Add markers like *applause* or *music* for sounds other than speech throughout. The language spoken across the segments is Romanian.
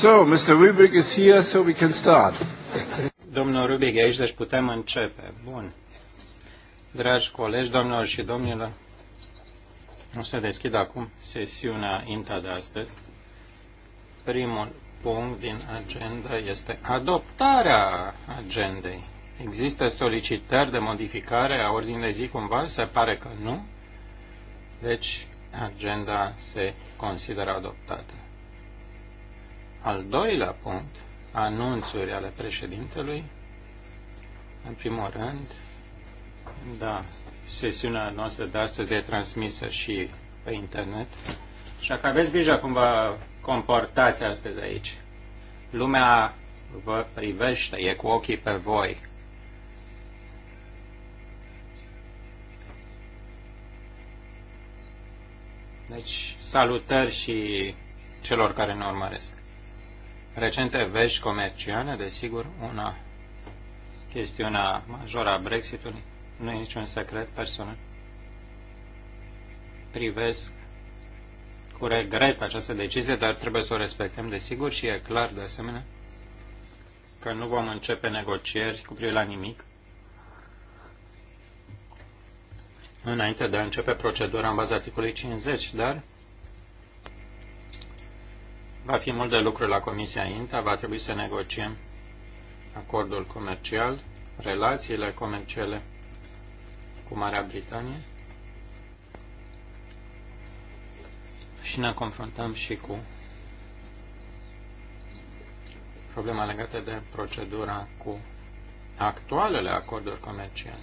So, Mr. Rubik is here, so we can start. Domnul Rubik e aici, deci putem începe. Bun. Dragi colegi, domnilor și domnilor, o să deschid acum sesiunea INTA de astăzi. Primul punct din agenda este adoptarea agendei. Există solicitări de modificare a ordinii de zi cumva? Se pare că nu. Deci, agenda se consideră adoptată. Al doilea punct, anunțuri ale președintelui. În primul rând, da, sesiunea noastră de astăzi e transmisă și pe internet. Așa că aveți grijă cum vă comportați astăzi aici. Lumea vă privește, e cu ochii pe voi. Deci, salutări și celor care ne urmăresc recente vești comerciale, desigur, una chestiunea majoră a Brexitului, nu e niciun secret personal. Privesc cu regret această decizie, dar trebuie să o respectăm, desigur, și e clar, de asemenea, că nu vom începe negocieri cu privire la nimic înainte de a începe procedura în baza articolului 50, dar Va fi mult de lucru la Comisia INTA, va trebui să negociem acordul comercial, relațiile comerciale cu Marea Britanie și ne confruntăm și cu problema legată de procedura cu actualele acorduri comerciale.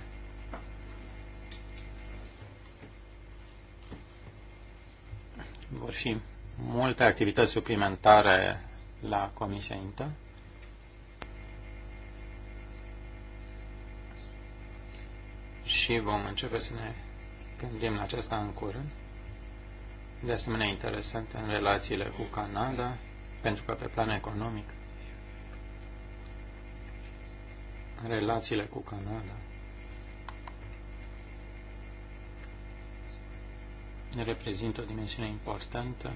Vor fi multe activități suplimentare la Comisia Intă. Și vom începe să ne gândim la aceasta în curând. De asemenea, interesant în relațiile cu Canada, pentru că pe plan economic relațiile cu Canada reprezintă o dimensiune importantă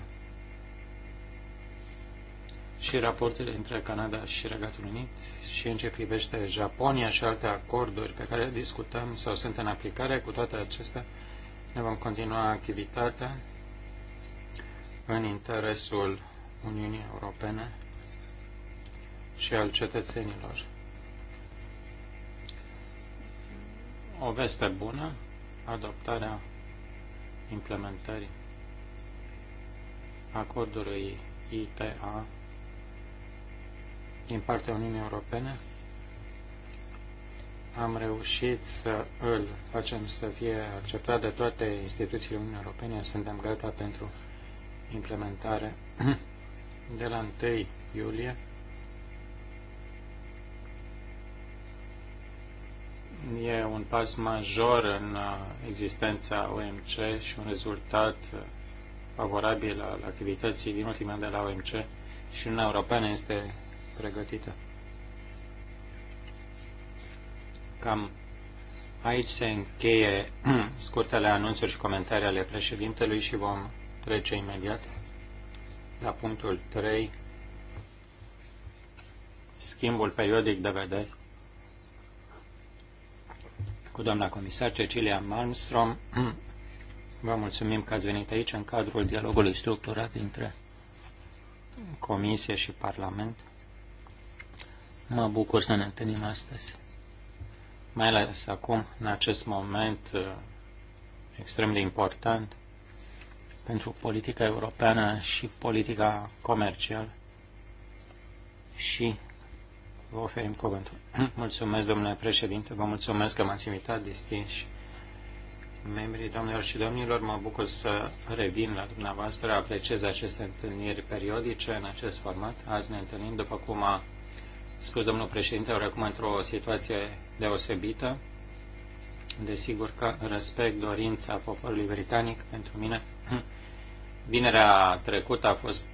și raportele între Canada și Regatul Unit și în ce privește Japonia și alte acorduri pe care discutăm sau sunt în aplicare. Cu toate acestea, ne vom continua activitatea în interesul Uniunii Europene și al cetățenilor. O veste bună, adoptarea implementării acordului ITA din partea Uniunii Europene, am reușit să îl facem să fie acceptat de toate instituțiile Uniunii Europene. Suntem gata pentru implementare *clears throat* de la 1 iulie. E un pas major în uh, existența OMC și un rezultat uh, favorabil al activității din ultimii ani de la OMC și Uniunea Europeană este pregătită. Cam aici se încheie *clears throat* scurtele anunțuri și comentarii ale președintelui și vom trece imediat la punctul 3, schimbul periodic de vedere. cu doamna comisar Cecilia Malmström. *clears throat* Vă mulțumim că ați venit aici în cadrul dialogului structurat dintre Comisie și Parlament. Mă bucur să ne întâlnim astăzi. Mai ales acum, în acest moment uh, extrem de important pentru politica europeană și politica comercială. Și vă oferim cuvântul. *clears throat* Mulțumesc, domnule președinte, vă mulțumesc că m-ați invitat, distinși membrii, domnilor și domnilor, mă bucur să revin la dumneavoastră, apreciez aceste întâlniri periodice în acest format. Azi ne întâlnim, după cum a spus domnul președinte, ori acum într-o situație deosebită. Desigur că respect dorința poporului britanic pentru mine. *clears throat* Vinerea trecută a fost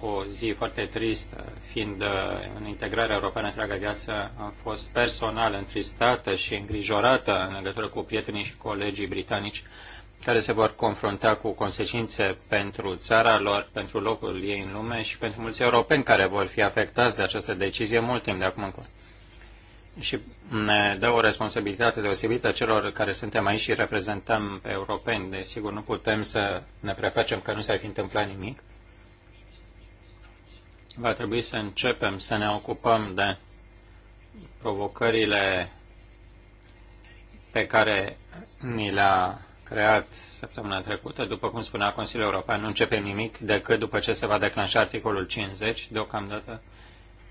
uh, o zi foarte tristă, fiind uh, în integrarea europeană întreaga viață, am fost personal întristată și îngrijorată în legătură cu prietenii și colegii britanici care se vor confrunta cu consecințe pentru țara lor, pentru locul ei în lume și pentru mulți europeni care vor fi afectați de această decizie mult timp de acum încolo. Și ne dă o responsabilitate deosebită celor care suntem aici și reprezentăm pe europeni. Desigur, nu putem să ne prefacem că nu s-ar fi întâmplat nimic. Va trebui să începem să ne ocupăm de provocările pe care ni le-a creat săptămâna trecută. După cum spunea Consiliul European, nu începem nimic decât după ce se va declanșa articolul 50. Deocamdată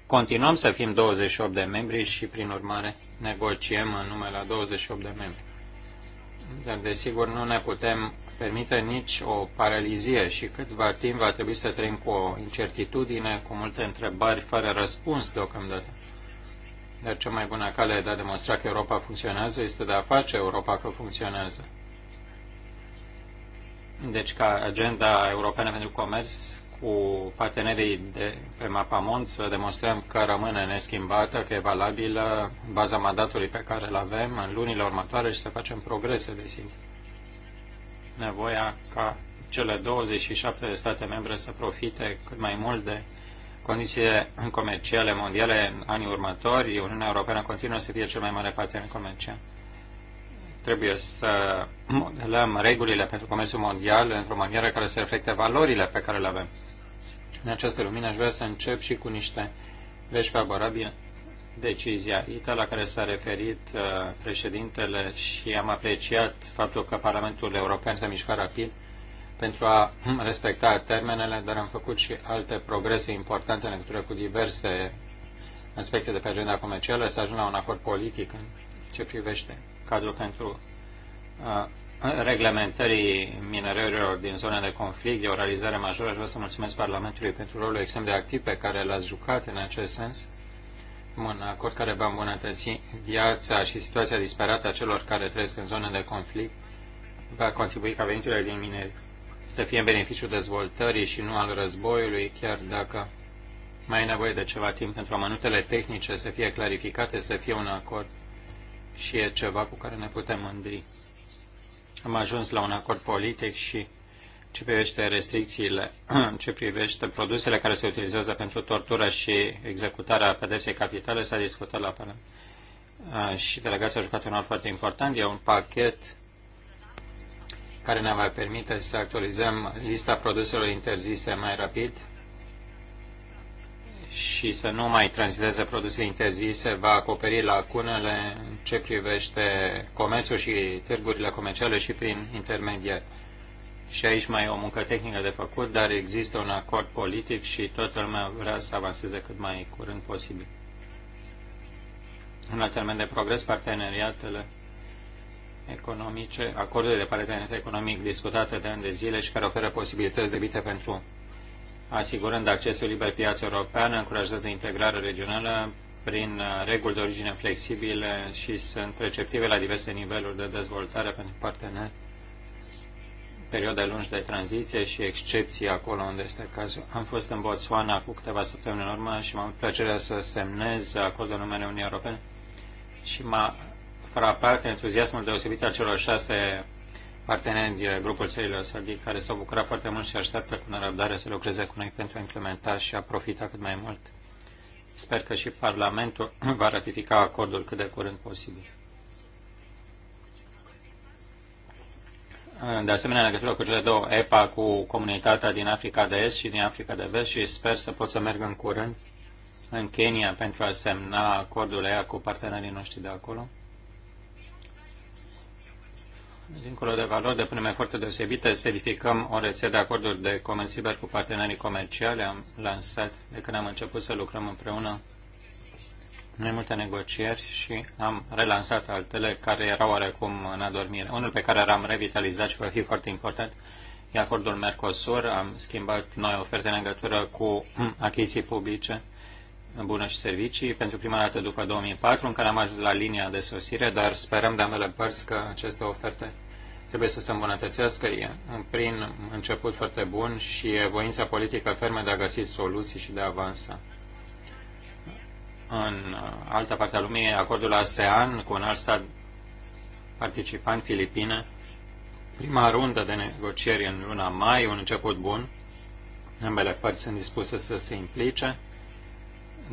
continuăm să fim 28 de membri și, prin urmare, negociem în numele la 28 de membri. Dar, desigur, nu ne putem permite nici o paralizie și câtva timp va trebui să trăim cu o incertitudine, cu multe întrebări fără răspuns deocamdată. Dar cea mai bună cale de a demonstra că Europa funcționează este de a face Europa că funcționează. Deci ca agenda europeană pentru comerț cu partenerii de pe Mapamont să demonstrăm că rămâne neschimbată, că e valabilă baza mandatului pe care îl avem în lunile următoare și să facem progrese, desigur. Nevoia ca cele 27 de state membre să profite cât mai mult de condițiile comerciale mondiale în anii următori. Uniunea Europeană continuă să fie cel mai mare partener comercial. Trebuie să modelăm regulile pentru comerțul mondial într-o manieră care să reflecte valorile pe care le avem. În această lumină aș vrea să încep și cu niște vești favorabile. Decizia ITA la care s-a referit uh, președintele și am apreciat faptul că Parlamentul European s-a mișcat rapid pentru a *clears throat* respecta termenele, dar am făcut și alte progrese importante în legătură cu diverse aspecte de pe agenda comercială, să ajung la un acord politic în ce privește cadrul pentru uh, reglementării minerărilor din zone de conflict, de o realizare majoră. Aș vrea să mulțumesc Parlamentului pentru rolul extrem de activ pe care l-ați jucat în acest sens. Un acord care va îmbunătăți viața și situația disperată a celor care trăiesc în zone de conflict va contribui ca veniturile din mineri să fie în beneficiul dezvoltării și nu al războiului, chiar dacă mai e nevoie de ceva timp pentru amănutele tehnice să fie clarificate, să fie un acord și e ceva cu care ne putem mândri. Am ajuns la un acord politic și ce privește restricțiile, *clears throat* ce privește produsele care se utilizează pentru tortură și executarea pedepsei capitale, s-a discutat la Parlament. Și delegația a jucat un rol foarte important. E un pachet care ne va permite să actualizăm lista produselor interzise mai rapid și să nu mai tranziteze produse interzise, va acoperi lacunele în ce privește comerțul și târgurile comerciale și prin intermediari. Și aici mai e o muncă tehnică de făcut, dar există un acord politic și toată lumea vrea să avanseze cât mai curând posibil. În termen de progres, parteneriatele economice, acordurile de parteneriat economic discutate de ani de zile și care oferă posibilități de vite pentru asigurând accesul liber piață europeană, încurajează integrarea regională prin uh, reguli de origine flexibile și sunt receptive la diverse niveluri de dezvoltare pentru parteneri, perioade lungi de tranziție și excepții acolo unde este cazul. Am fost în Botswana cu câteva săptămâni în urmă și m-am plăcerea să semnez acordul în numele Uniunii Europene și m-a frapat entuziasmul deosebit al celor șase parteneri din grupul țărilor sărbii care s-au bucurat foarte mult și așteaptă cu nerăbdare să lucreze cu noi pentru a implementa și a profita cât mai mult. Sper că și Parlamentul *clears throat* va ratifica acordul cât de curând posibil. De asemenea, în legătură cu cele două EPA, cu comunitatea din Africa de Est și din Africa de Vest și sper să pot să merg în curând în Kenya pentru a semna acordul ea cu partenerii noștri de acolo dincolo de valori, depunem eforturi deosebite să edificăm o rețea de acorduri de comerț liber cu partenerii comerciali. Am lansat, de când am început să lucrăm împreună, mai multe negocieri și am relansat altele care erau oarecum în adormire. Unul pe care l-am revitalizat și va fi foarte important e acordul Mercosur. Am schimbat noi oferte în legătură cu *clears throat* achiziții publice în bună și servicii pentru prima dată după 2004, încă n am ajuns la linia de sosire, dar sperăm de ambele părți că aceste oferte trebuie să se îmbunătățească. E un prin început foarte bun și e voința politică fermă de a găsi soluții și de a avansa. În alta parte a lumii, acordul ASEAN cu un alt stat participant, Filipine, prima rundă de negocieri în luna mai, un început bun. Ambele părți sunt dispuse să se implice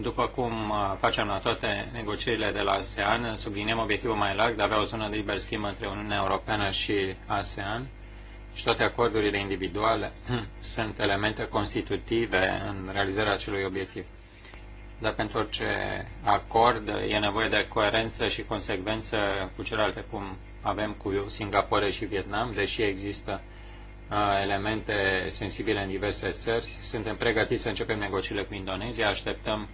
după cum uh, facem la toate negocierile de la ASEAN, subliniem obiectivul mai larg de a avea o zonă de liber schimb între Uniunea Europeană și ASEAN și toate acordurile individuale *clears throat* sunt elemente constitutive în realizarea acelui obiectiv. Dar pentru orice acord e nevoie de coerență și consecvență cu celelalte, cum avem cu Singapore și Vietnam, deși există uh, elemente sensibile în diverse țări. Suntem pregătiți să începem negocierile cu Indonezia, așteptăm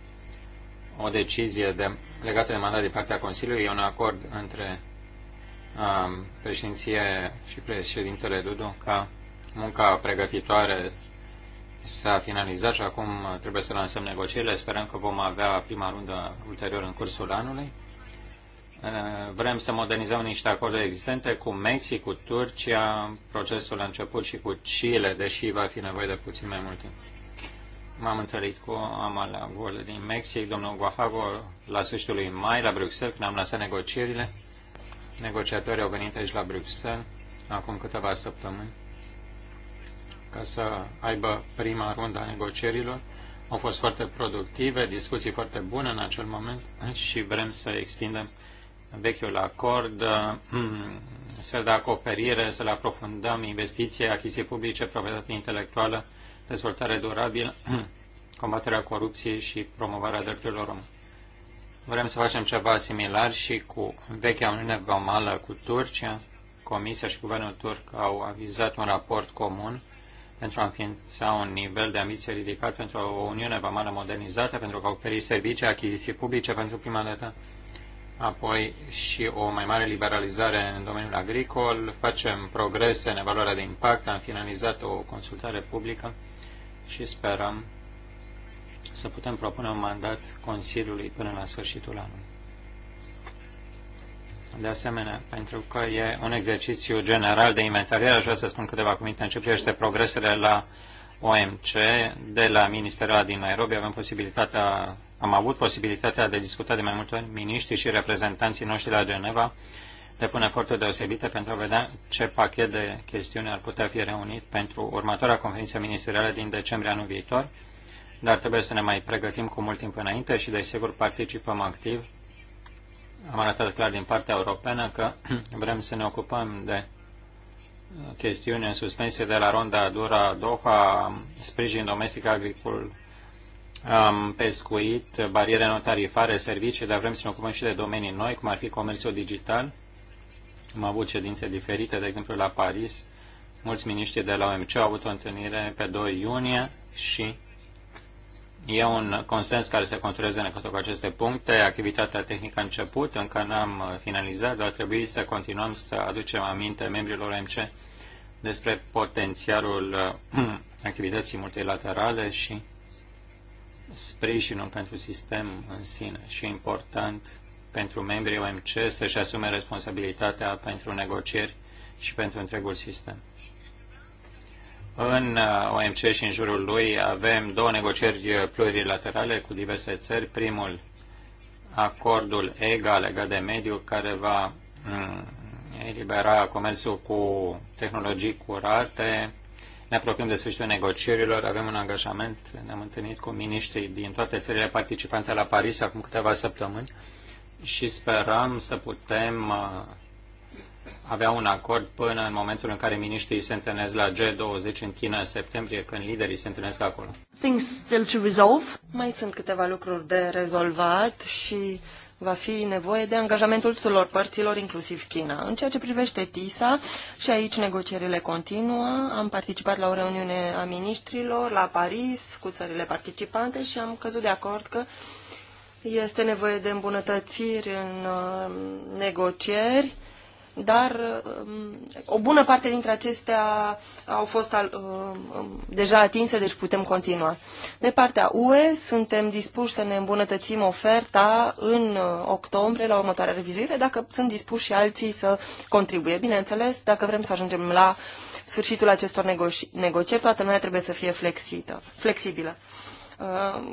o decizie de, legată de mandat din partea Consiliului, e un acord între um, președinție și președintele Dudu ca munca pregătitoare s-a finalizat și acum trebuie să lansăm negocierile. Sperăm că vom avea prima rundă ulterior în cursul anului. Uh, vrem să modernizăm niște acorduri existente cu Mexic, cu Turcia. Procesul a început și cu Chile, deși va fi nevoie de puțin mai mult timp. M-am întâlnit cu Amalagol din Mexic, domnul Guahago, la sfârșitul lui mai la Bruxelles, când am lăsat negocierile. Negociatorii au venit aici la Bruxelles acum câteva săptămâni ca să aibă prima rundă a negocierilor. Au fost foarte productive, discuții foarte bune în acel moment și vrem să extindem vechiul acord, *clears throat* sfert de acoperire, să le aprofundăm investiții, achiziții publice, proprietate intelectuală, dezvoltare durabilă, *clears throat* combaterea corupției și promovarea drepturilor omului. Vrem să facem ceva similar și cu vechea Uniune Vamală cu Turcia. Comisia și Guvernul Turc au avizat un raport comun pentru a înființa un nivel de ambiție ridicat pentru o Uniune Vamală modernizată, pentru că oferi servicii, achiziții publice pentru prima dată, apoi și o mai mare liberalizare în domeniul agricol. Facem progrese în evaluarea de impact, am finalizat o consultare publică și sperăm să putem propune un mandat Consiliului până la sfârșitul anului. De asemenea, pentru că e un exercițiu general de inventariere, aș vrea să spun câteva cuvinte în ce privește progresele la OMC de la Ministerul din Nairobi. Avem posibilitatea, am avut posibilitatea de discuta de mai multe ori miniștri și reprezentanții noștri la Geneva depun eforturi deosebite pentru a vedea ce pachet de chestiuni ar putea fi reunit pentru următoarea conferință ministerială din decembrie anul viitor, dar trebuie să ne mai pregătim cu mult timp înainte și, desigur, participăm activ. Am arătat clar din partea europeană că *clears throat* vrem să ne ocupăm de chestiuni în suspensie de la ronda Dura Doha, sprijin domestic agricol, pescuit, bariere notarifare, servicii, dar vrem să ne ocupăm și de domenii noi, cum ar fi comerțul digital am avut ședințe diferite, de exemplu la Paris. Mulți miniștri de la OMC au avut o întâlnire pe 2 iunie și e un consens care se contureze în cu aceste puncte. Activitatea tehnică a început, încă n-am finalizat, dar trebuie să continuăm să aducem aminte membrilor OMC despre potențialul uh, *clears throat* activității multilaterale și sprijinul pentru sistem în sine și important pentru membrii OMC să-și asume responsabilitatea pentru negocieri și pentru întregul sistem. În uh, OMC și în jurul lui avem două negocieri uh, plurilaterale cu diverse țări. Primul, acordul EGA legat de mediu, care va mm, elibera comerțul cu tehnologii curate. Ne apropiem de sfârșitul negocierilor, avem un angajament, ne-am întâlnit cu miniștrii din toate țările participante la Paris acum câteva săptămâni și sperăm să putem uh, avea un acord până în momentul în care miniștrii se întâlnesc la G20 în China în septembrie, când liderii se întâlnesc acolo. Things still to resolve. Mai sunt câteva lucruri de rezolvat și va fi nevoie de angajamentul tuturor părților, inclusiv China. În ceea ce privește TISA, și aici negocierile continuă, am participat la o reuniune a miniștrilor la Paris cu țările participante și am căzut de acord că este nevoie de îmbunătățiri în uh, negocieri, dar uh, o bună parte dintre acestea au fost uh, um, deja atinse, deci putem continua. De partea UE, suntem dispuși să ne îmbunătățim oferta în octombrie, la următoarea revizuire, dacă sunt dispuși și alții să contribuie. Bineînțeles, dacă vrem să ajungem la sfârșitul acestor negocieri, toată lumea trebuie să fie flexită, flexibilă. Uh,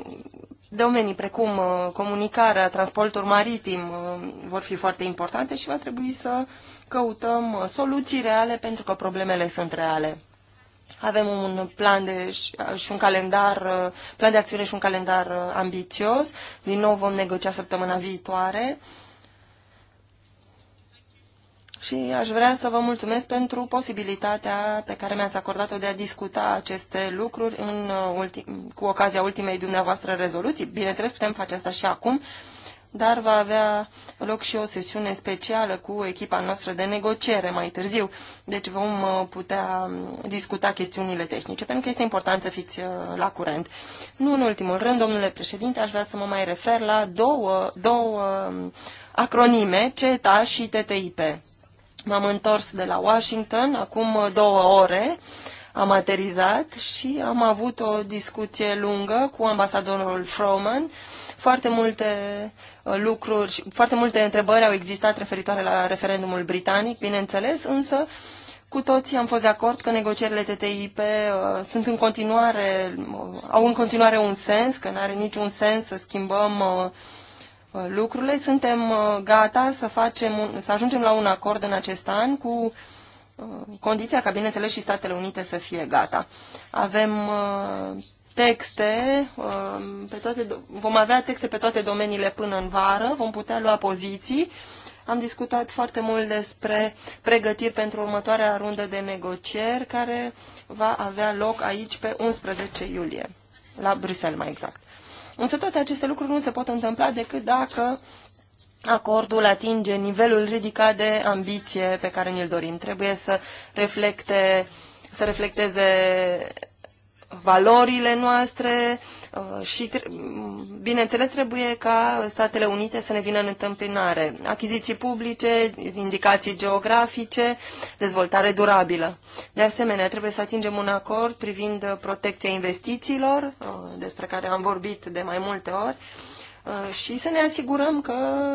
domenii precum uh, comunicarea, transportul maritim uh, vor fi foarte importante și va trebui să căutăm soluții reale pentru că problemele sunt reale. Avem un plan de, și un calendar, plan de acțiune și un calendar ambițios. Din nou vom negocia săptămâna viitoare și aș vrea să vă mulțumesc pentru posibilitatea pe care mi-ați acordat-o de a discuta aceste lucruri în uh, ultim, cu ocazia ultimei dumneavoastră rezoluții. Bineînțeles, putem face asta și acum, dar va avea loc și o sesiune specială cu echipa noastră de negociere mai târziu. Deci vom uh, putea um, discuta chestiunile tehnice, pentru că este important să fiți uh, la curent. Nu în ultimul rând, domnule președinte, aș vrea să mă mai refer la două, două um, acronime, CETA și TTIP M-am întors de la Washington acum uh, două ore, am aterizat și am avut o discuție lungă cu ambasadorul Froman. Foarte multe uh, lucruri, foarte multe întrebări au existat referitoare la referendumul britanic, bineînțeles, însă cu toții am fost de acord că negocierile TTIP uh, sunt în continuare, au în continuare un sens, că nu are niciun sens să schimbăm uh, Uh, lucrurile. Suntem uh, gata să, facem, să ajungem la un acord în acest an cu uh, condiția ca, bineînțeles, și Statele Unite să fie gata. Avem texte pe toate, vom avea texte pe toate domeniile până în vară, vom putea lua poziții. Am discutat foarte mult despre pregătiri pentru următoarea rundă de negocieri care va avea loc aici pe 11 iulie, la Bruxelles mai exact. Însă toate aceste lucruri nu se pot întâmpla decât dacă acordul atinge nivelul ridicat de ambiție pe care ni-l dorim. Trebuie să reflecte să reflecteze valorile noastre, Uh, și, bineînțeles, trebuie ca Statele Unite să ne vină în întâmpinare. Achiziții publice, indicații geografice, dezvoltare durabilă. De asemenea, trebuie să atingem un acord privind protecția investițiilor, uh, despre care am vorbit de mai multe ori, uh, și să ne asigurăm că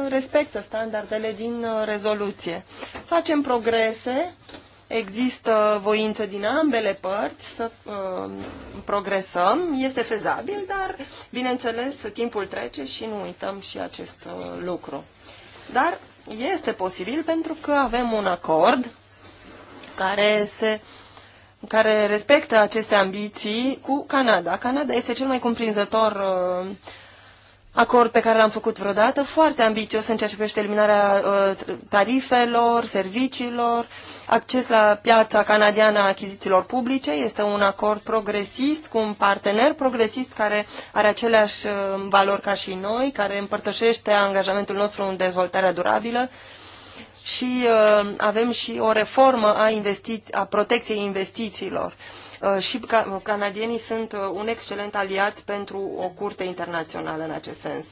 respectă standardele din rezoluție. Facem progrese Există voință din ambele părți să uh, progresăm. Este fezabil, dar, bineînțeles, timpul trece și nu uităm și acest uh, lucru. Dar este posibil pentru că avem un acord care se care respectă aceste ambiții cu Canada. Canada este cel mai cumprinzător uh, acord pe care l-am făcut vreodată, foarte ambițios în ceea ce privește eliminarea uh, tarifelor, serviciilor, acces la piața canadiană a achizițiilor publice. Este un acord progresist cu un partener progresist care are aceleași uh, valori ca și noi, care împărtășește angajamentul nostru în dezvoltarea durabilă și uh, avem și o reformă a, investi- a protecției investițiilor Uh, și canadienii sunt uh, un excelent aliat pentru o curte internațională în acest sens.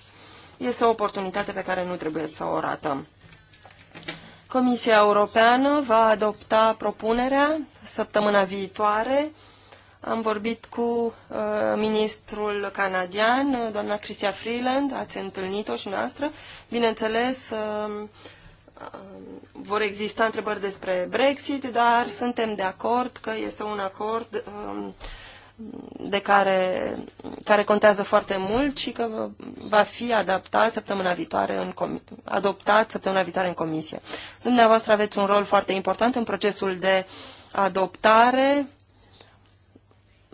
Este o oportunitate pe care nu trebuie să o ratăm. Comisia Europeană va adopta propunerea săptămâna viitoare. Am vorbit cu uh, ministrul canadian, uh, doamna Chrystia Freeland, ați întâlnit-o și noastră. Bineînțeles, uh, Um, vor exista întrebări despre Brexit, dar suntem de acord că este un acord um, de care, care contează foarte mult și că va fi adaptat săptămâna viitoare în adoptat săptămâna viitoare în comisie. Dumneavoastră aveți un rol foarte important în procesul de adoptare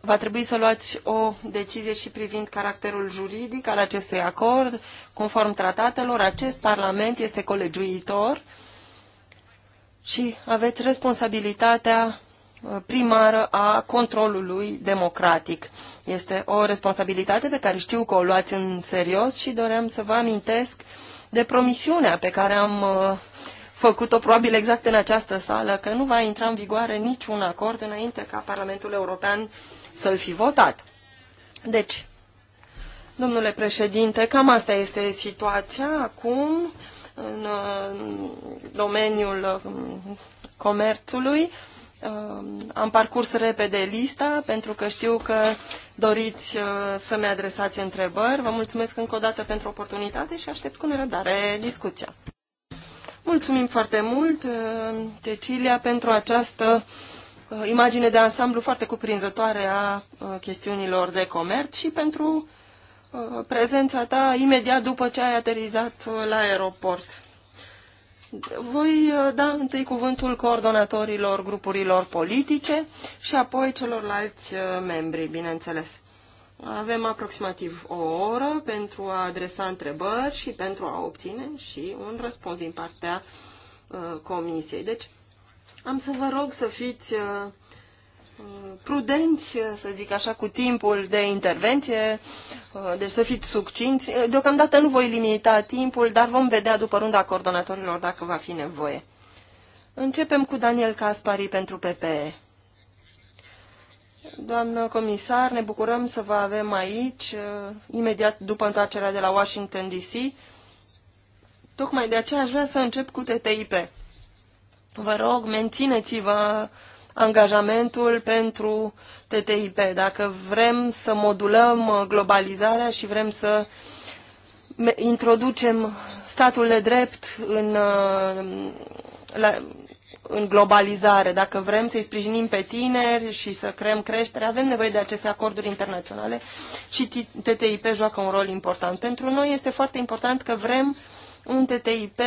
va trebui să luați o decizie și privind caracterul juridic al acestui acord. Conform tratatelor, acest Parlament este colegiuitor și aveți responsabilitatea uh, primară a controlului democratic. Este o responsabilitate pe care știu că o luați în serios și doream să vă amintesc de promisiunea pe care am uh, făcut-o probabil exact în această sală, că nu va intra în vigoare niciun acord înainte ca Parlamentul European să-l fi votat. Deci, domnule președinte, cam asta este situația acum în domeniul um, comerțului. Um, am parcurs repede lista pentru că știu că doriți uh, să-mi adresați întrebări. Vă mulțumesc încă o dată pentru oportunitate și aștept cu nerăbdare discuția. Mulțumim foarte mult, uh, Cecilia, pentru această Uh, imagine de ansamblu foarte cuprinzătoare a uh, chestiunilor de comerț și pentru uh, prezența ta imediat după ce ai aterizat la aeroport. Voi da întâi cuvântul coordonatorilor grupurilor politice și apoi celorlalți membri, bineînțeles. Avem aproximativ o oră pentru a adresa întrebări și pentru a obține și un răspuns din partea comisiei. Deci, am să vă rog să fiți uh, prudenți, să zic așa, cu timpul de intervenție, uh, deci să fiți succinți. Uh, deocamdată nu voi limita timpul, dar vom vedea după runda coordonatorilor dacă va fi nevoie. Începem cu Daniel Caspari pentru PPE. Doamnă comisar, ne bucurăm să vă avem aici, imediat după întoarcerea de la Washington DC. Tocmai de aceea aș vrea să încep cu TTIP. Vă rog, mențineți-vă angajamentul pentru TTIP. Dacă vrem să modulăm uh, globalizarea și vrem să introducem statul de drept în, uh, la, în globalizare, dacă vrem să-i sprijinim pe tineri și să creăm creștere, avem nevoie de aceste acorduri internaționale și TTIP joacă un rol important. Pentru noi este foarte important că vrem un TTIP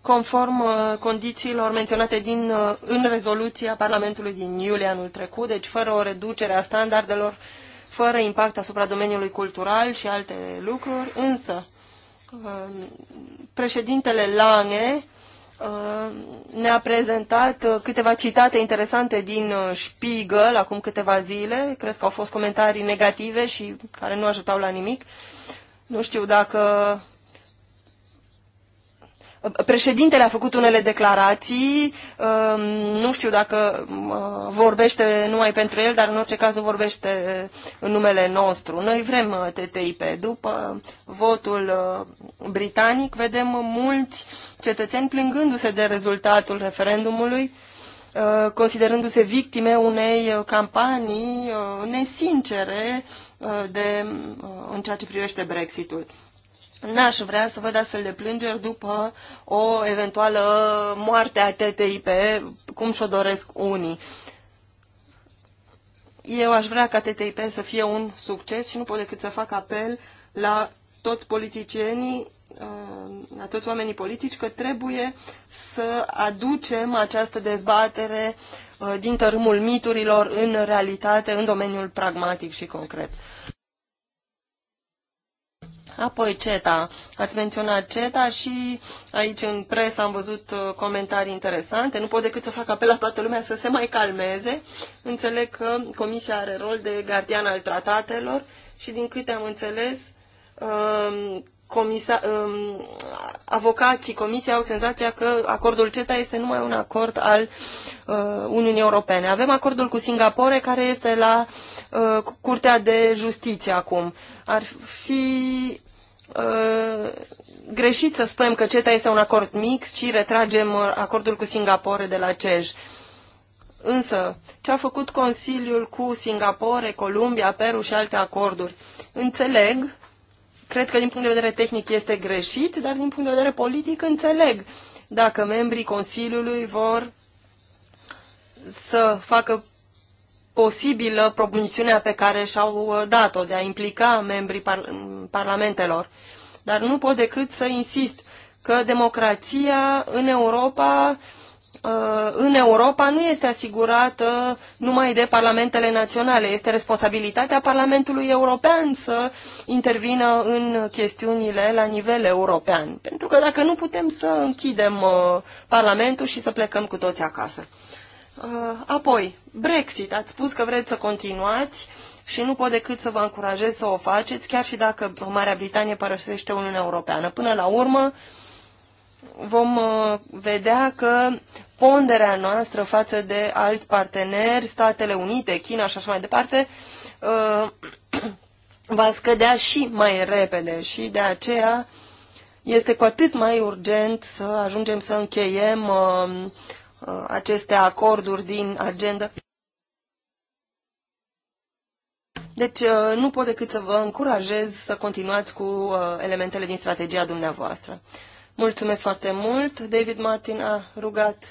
conform uh, condițiilor menționate din, uh, în rezoluția Parlamentului din iulie anul trecut, deci fără o reducere a standardelor, fără impact asupra domeniului cultural și alte lucruri, însă uh, președintele Lange ne-a prezentat câteva citate interesante din Spiegel acum câteva zile. Cred că au fost comentarii negative și care nu ajutau la nimic. Nu știu dacă Președintele a făcut unele declarații, um, nu știu dacă uh, vorbește numai pentru el, dar în orice caz vorbește uh, în numele nostru. Noi vrem uh, TTIP. După votul britanic vedem mulți cetățeni plângându-se de rezultatul referendumului, considerându-se victime unei campanii nesincere de, în ceea ce privește Brexitul. N-aș vrea să văd astfel de plângeri după o eventuală moarte a TTIP, cum și-o doresc unii. Eu aș vrea ca TTIP să fie un succes și nu pot decât să fac apel la toți politicienii, uh, la toți oamenii politici, că trebuie să aducem această dezbatere uh, din tărâmul miturilor în realitate, în domeniul pragmatic și concret. Apoi CETA. Ați menționat CETA și aici în presă am văzut uh, comentarii interesante. Nu pot decât să fac apel la toată lumea să se mai calmeze. Înțeleg că Comisia are rol de gardian al tratatelor și din câte am înțeles, um, comisa, um, avocații Comisiei au senzația că acordul CETA este numai un acord al uh, Uniunii Europene. Avem acordul cu Singapore care este la uh, Curtea de Justiție acum. Ar fi Uh, greșit să spunem că CETA este un acord mix și retragem uh, acordul cu Singapore de la CEJ. Însă, ce a făcut Consiliul cu Singapore, Columbia, Peru și alte acorduri? Înțeleg, cred că din punct de vedere tehnic este greșit, dar din punct de vedere politic înțeleg dacă membrii Consiliului vor să facă posibilă promisiunea pe care și-au uh, dat-o de a implica membrii par parlamentelor. Dar nu pot decât să insist că democrația în Europa uh, în Europa nu este asigurată numai de parlamentele naționale. Este responsabilitatea Parlamentului European să intervină în chestiunile la nivel european. Pentru că dacă nu putem să închidem uh, Parlamentul și să plecăm cu toți acasă. Uh, apoi, Brexit. Ați spus că vreți să continuați și nu pot decât să vă încurajez să o faceți, chiar și dacă Marea Britanie părăsește Uniunea Europeană. Până la urmă, vom uh, vedea că ponderea noastră față de alți parteneri, Statele Unite, China și așa mai departe, uh, *clears throat* va scădea și mai repede și de aceea este cu atât mai urgent să ajungem să încheiem Uh, aceste acorduri din agenda. Deci uh, nu pot decât să vă încurajez să continuați cu uh, elementele din strategia dumneavoastră. Mulțumesc foarte mult. David Martin a rugat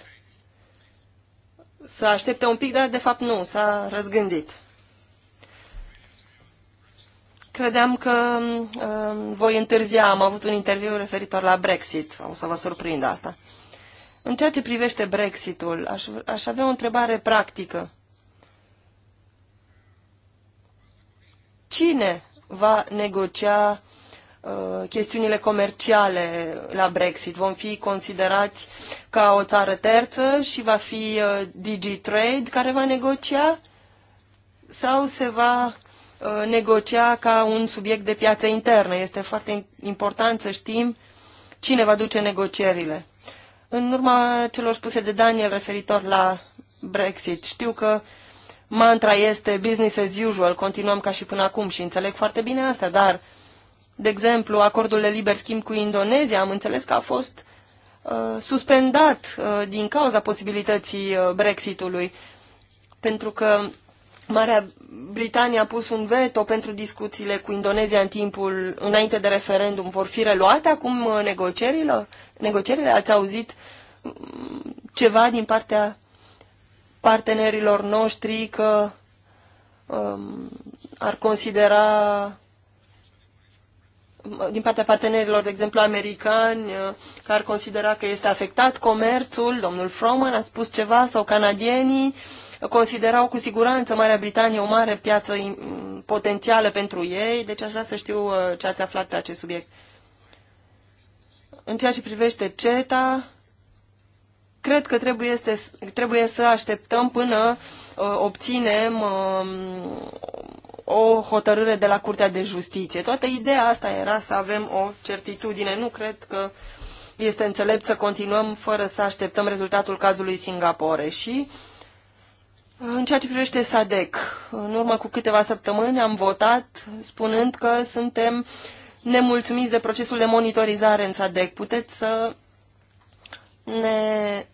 să aștepte un pic, dar de fapt nu, s-a răzgândit. Credeam că um, voi întârzia, am avut un interviu referitor la Brexit, o să vă surprind asta. În ceea ce privește Brexitul, aș, aș avea o întrebare practică. Cine va negocia uh, chestiunile comerciale la Brexit? Vom fi considerați ca o țară terță și va fi uh, DigiTrade care va negocia? Sau se va uh, negocia ca un subiect de piață internă? Este foarte important să știm cine va duce negocierile. În urma celor spuse de Daniel referitor la Brexit, știu că mantra este business as usual, continuăm ca și până acum și înțeleg foarte bine asta, dar, de exemplu, acordul de liber schimb cu Indonezia, am înțeles că a fost uh, suspendat uh, din cauza posibilității uh, Brexitului, pentru că Marea Britanie a pus un veto pentru discuțiile cu Indonezia în timpul, înainte de referendum, vor fi reluate acum uh, negocierile? Negocierile? Ați auzit mm, ceva din partea partenerilor noștri că um, ar considera mm, din partea partenerilor, de exemplu, americani, uh, că ar considera că este afectat comerțul, domnul Froman a spus ceva, sau canadienii, uh, considerau cu siguranță Marea Britanie o mare piață potențială pentru ei, deci aș vrea să știu uh, ce ați aflat pe acest subiect. În ceea ce privește CETA, cred că trebuie, este, trebuie să așteptăm până uh, obținem uh, o hotărâre de la Curtea de Justiție. Toată ideea asta era să avem o certitudine. Nu cred că este înțelept să continuăm fără să așteptăm rezultatul cazului Singapore și în ceea ce privește SADEC, în urmă cu câteva săptămâni am votat spunând că suntem nemulțumiți de procesul de monitorizare în SADEC. Puteți să ne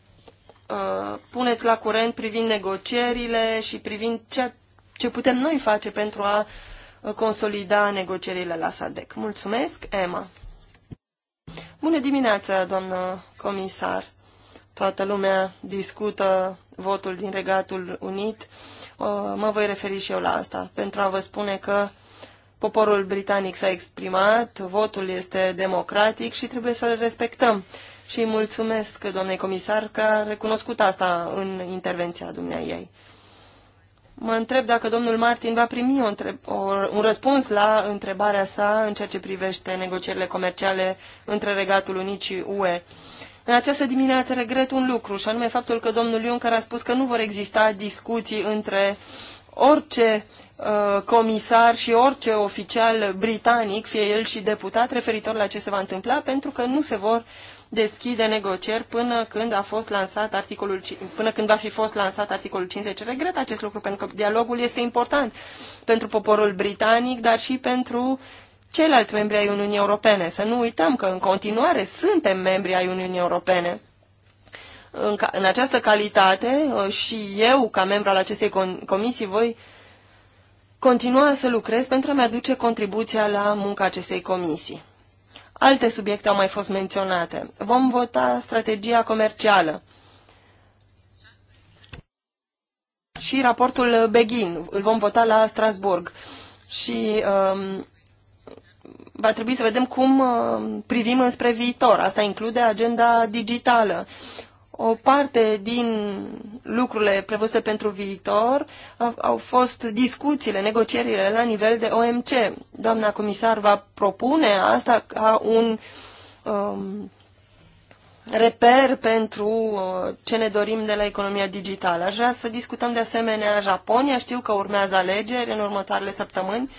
uh, puneți la curent privind negocierile și privind ce, ce putem noi face pentru a uh, consolida negocierile la SADEC. Mulțumesc, Emma. Bună dimineața, doamnă comisar toată lumea discută votul din Regatul Unit, mă voi referi și eu la asta, pentru a vă spune că poporul britanic s-a exprimat, votul este democratic și trebuie să-l respectăm. Și mulțumesc, doamnei comisar, că a recunoscut asta în intervenția dumneai ei. Mă întreb dacă domnul Martin va primi o întreb, o, un răspuns la întrebarea sa în ceea ce privește negocierile comerciale între Regatul Unit și UE în această dimineață regret un lucru, și anume faptul că domnul Juncker a spus că nu vor exista discuții între orice uh, comisar și orice oficial britanic, fie el și deputat, referitor la ce se va întâmpla, pentru că nu se vor deschide negocieri până când a fost lansat articolul, până când va fi fost lansat articolul 50. Regret acest lucru pentru că dialogul este important pentru poporul britanic, dar și pentru uh, ceilalți membri ai Uniunii Europene. Să nu uităm că în continuare suntem membri ai Uniunii Europene. În, ca, în această calitate ă, și eu, ca membru al acestei comisii, voi continua să lucrez pentru a-mi aduce contribuția la munca acestei comisii. Alte subiecte au mai fost menționate. Vom vota strategia comercială. și raportul Beghin. Îl vom vota la Strasburg. Și um, va trebui să vedem cum uh, privim înspre viitor. Asta include agenda digitală. O parte din lucrurile prevăzute pentru viitor au fost discuțiile, negocierile la nivel de OMC. Doamna comisar va propune asta ca un um, reper pentru uh, ce ne dorim de la economia digitală. Aș vrea să discutăm de asemenea Japonia. Știu că urmează alegeri în următoarele săptămâni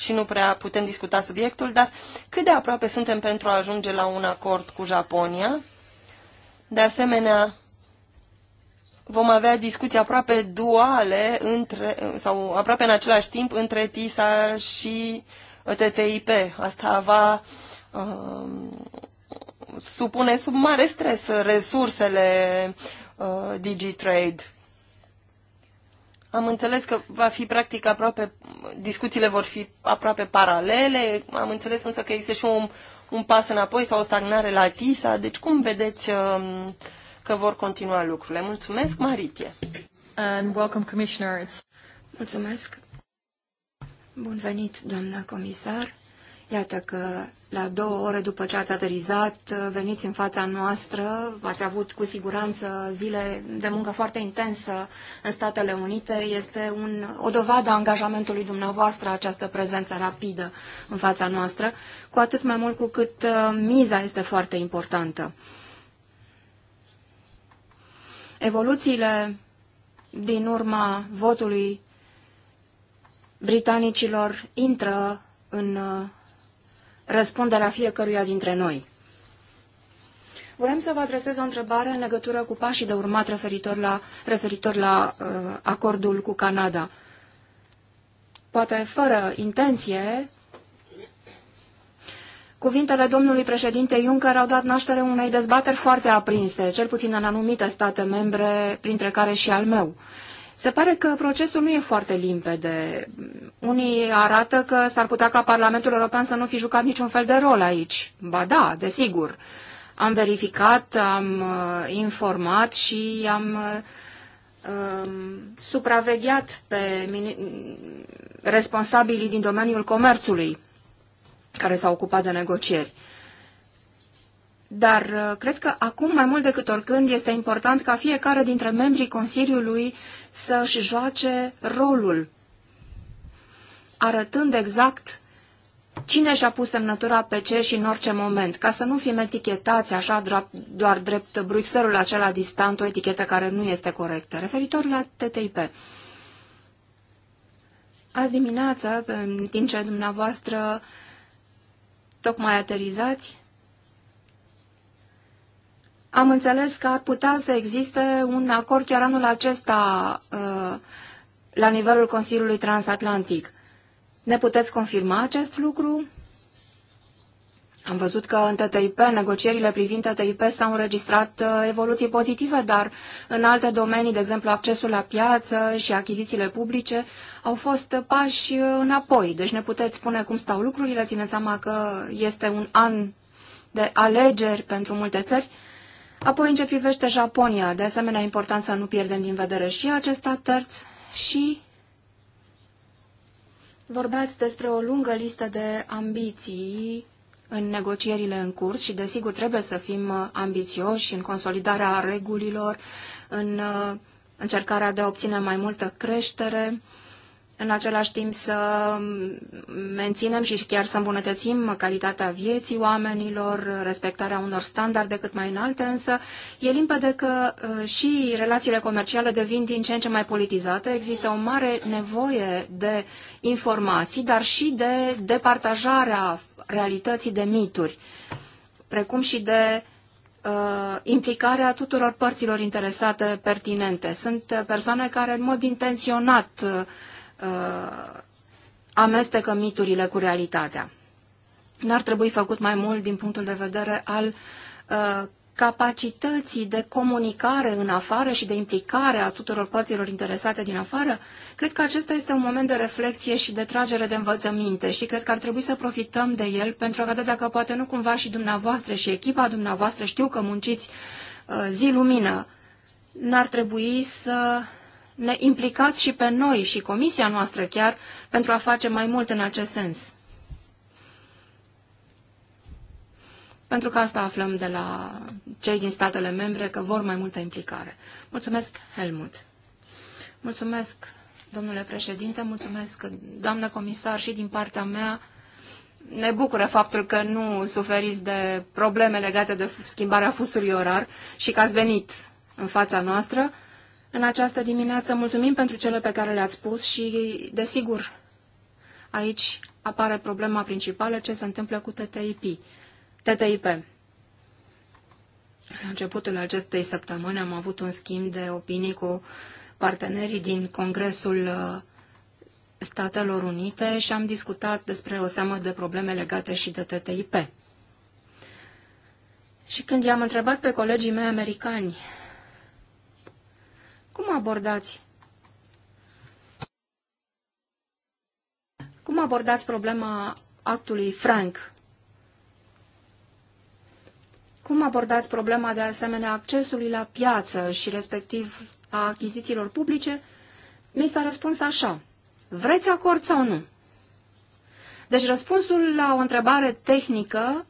și nu prea putem discuta subiectul, dar cât de aproape suntem pentru a ajunge la un acord cu Japonia? De asemenea, vom avea discuții aproape duale între, sau aproape în același timp între TISA și TTIP. Asta va uh, supune sub mare stres resursele uh, DigiTrade. Am înțeles că va fi practic aproape, discuțiile vor fi aproape paralele, am înțeles însă că există și un, un pas înapoi sau o stagnare la TISA, deci cum vedeți um, că vor continua lucrurile? Mulțumesc, Maritie! And welcome, Commissioner. Mulțumesc! Bun venit, doamna comisar! Iată că la două ore după ce ați aterizat, veniți în fața noastră, ați avut cu siguranță zile de muncă foarte intensă în Statele Unite. Este un, o dovadă a angajamentului dumneavoastră această prezență rapidă în fața noastră, cu atât mai mult cu cât uh, miza este foarte importantă. Evoluțiile din urma votului britanicilor intră în uh, la fiecăruia dintre noi. Voiam să vă adresez o întrebare în legătură cu pașii de urmat referitor la, referitor la uh, acordul cu Canada. Poate fără intenție, cuvintele domnului președinte Juncker au dat naștere unei dezbateri foarte aprinse, cel puțin în anumite state membre, printre care și al meu. Uh, se pare că procesul nu e foarte limpede. Unii arată că s-ar putea ca Parlamentul European să nu fi jucat niciun fel de rol aici. Ba da, desigur. Am verificat, am uh, informat și am uh, um, supravegheat pe responsabilii din domeniul comerțului care s-au ocupat de negocieri. Dar uh, cred că acum, mai mult decât oricând, este important ca fiecare dintre membrii Consiliului să-și joace rolul, arătând exact cine și-a pus semnătura pe ce și în orice moment, ca să nu fim etichetați așa doar drept Bruxelul acela distant, o etichetă care nu este corectă. Referitor la TTIP, azi dimineață, în timp ce dumneavoastră tocmai aterizați, am înțeles că ar putea să existe un acord chiar anul acesta uh, la nivelul Consiliului Transatlantic. Ne puteți confirma acest lucru? Am văzut că în TTIP, negocierile privind TTIP s-au înregistrat uh, evoluții pozitive, dar în alte domenii, de exemplu accesul la piață și achizițiile publice, au fost pași uh, înapoi. Deci ne puteți spune cum stau lucrurile, ținând seama că este un an de alegeri pentru multe țări. Apoi, în ce privește Japonia, de asemenea, important să nu pierdem din vedere și acest stat terț și vorbeați despre o lungă listă de ambiții în negocierile în curs și, desigur, trebuie să fim ambițioși în consolidarea regulilor, în uh, încercarea de a obține mai multă creștere, în același timp să menținem și chiar să îmbunătățim calitatea vieții oamenilor, respectarea unor standarde cât mai înalte, însă e limpede că uh, și relațiile comerciale devin din ce în ce mai politizate. Există o mare nevoie de informații, dar și de departajarea realității de mituri, precum și de uh, implicarea tuturor părților interesate pertinente. Sunt uh, persoane care în mod intenționat uh, amestecă miturile cu realitatea. N-ar trebui făcut mai mult din punctul de vedere al uh, capacității de comunicare în afară și de implicare a tuturor părților interesate din afară, cred că acesta este un moment de reflexie și de tragere de învățăminte și cred că ar trebui să profităm de el pentru a vedea dacă poate nu cumva și dumneavoastră și echipa dumneavoastră știu că munciți uh, zi lumină. N-ar trebui să ne implicați și pe noi și comisia noastră chiar pentru a face mai mult în acest sens. Pentru că asta aflăm de la cei din statele membre că vor mai multă implicare. Mulțumesc, Helmut. Mulțumesc, domnule președinte, mulțumesc, doamnă comisar, și din partea mea. Ne bucură faptul că nu suferiți de probleme legate de schimbarea fusului orar și că ați venit în fața noastră în această dimineață. Mulțumim pentru cele pe care le-ați spus și, desigur, aici apare problema principală, ce se întâmplă cu TTIP. TTIP. La începutul acestei săptămâni am avut un schimb de opinii cu partenerii din Congresul uh, Statelor Unite și am discutat despre o seamă de probleme legate și de TTIP. Și când i-am întrebat pe colegii mei americani cum abordați? Cum abordați problema actului Frank? Cum abordați problema de asemenea accesului la piață și respectiv a achizițiilor publice? Mi s-a răspuns așa. Vreți acord sau nu? Deci răspunsul la o întrebare tehnică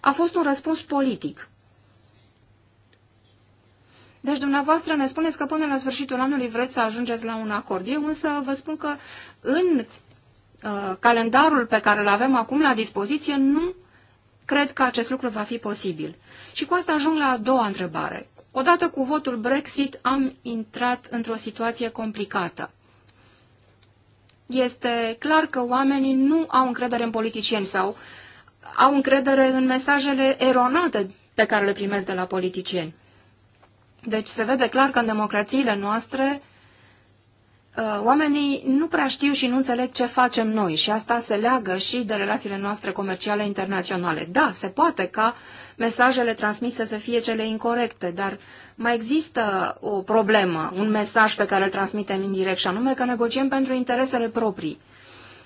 a fost un răspuns politic. Deci dumneavoastră ne spuneți că până la sfârșitul anului vreți să ajungeți la un acord. Eu însă vă spun că în uh, calendarul pe care îl avem acum la dispoziție nu cred că acest lucru va fi posibil. Și cu asta ajung la a doua întrebare. Odată cu votul Brexit am intrat într-o situație complicată. Este clar că oamenii nu au încredere în politicieni sau au încredere în mesajele eronate pe care le primesc de la politicieni. Deci se vede clar că în democrațiile noastre uh, oamenii nu prea știu și nu înțeleg ce facem noi și asta se leagă și de relațiile noastre comerciale internaționale. Da, se poate ca mesajele transmise să fie cele incorrecte, dar mai există o problemă, un mesaj pe care îl transmitem indirect și anume că negociem pentru interesele proprii.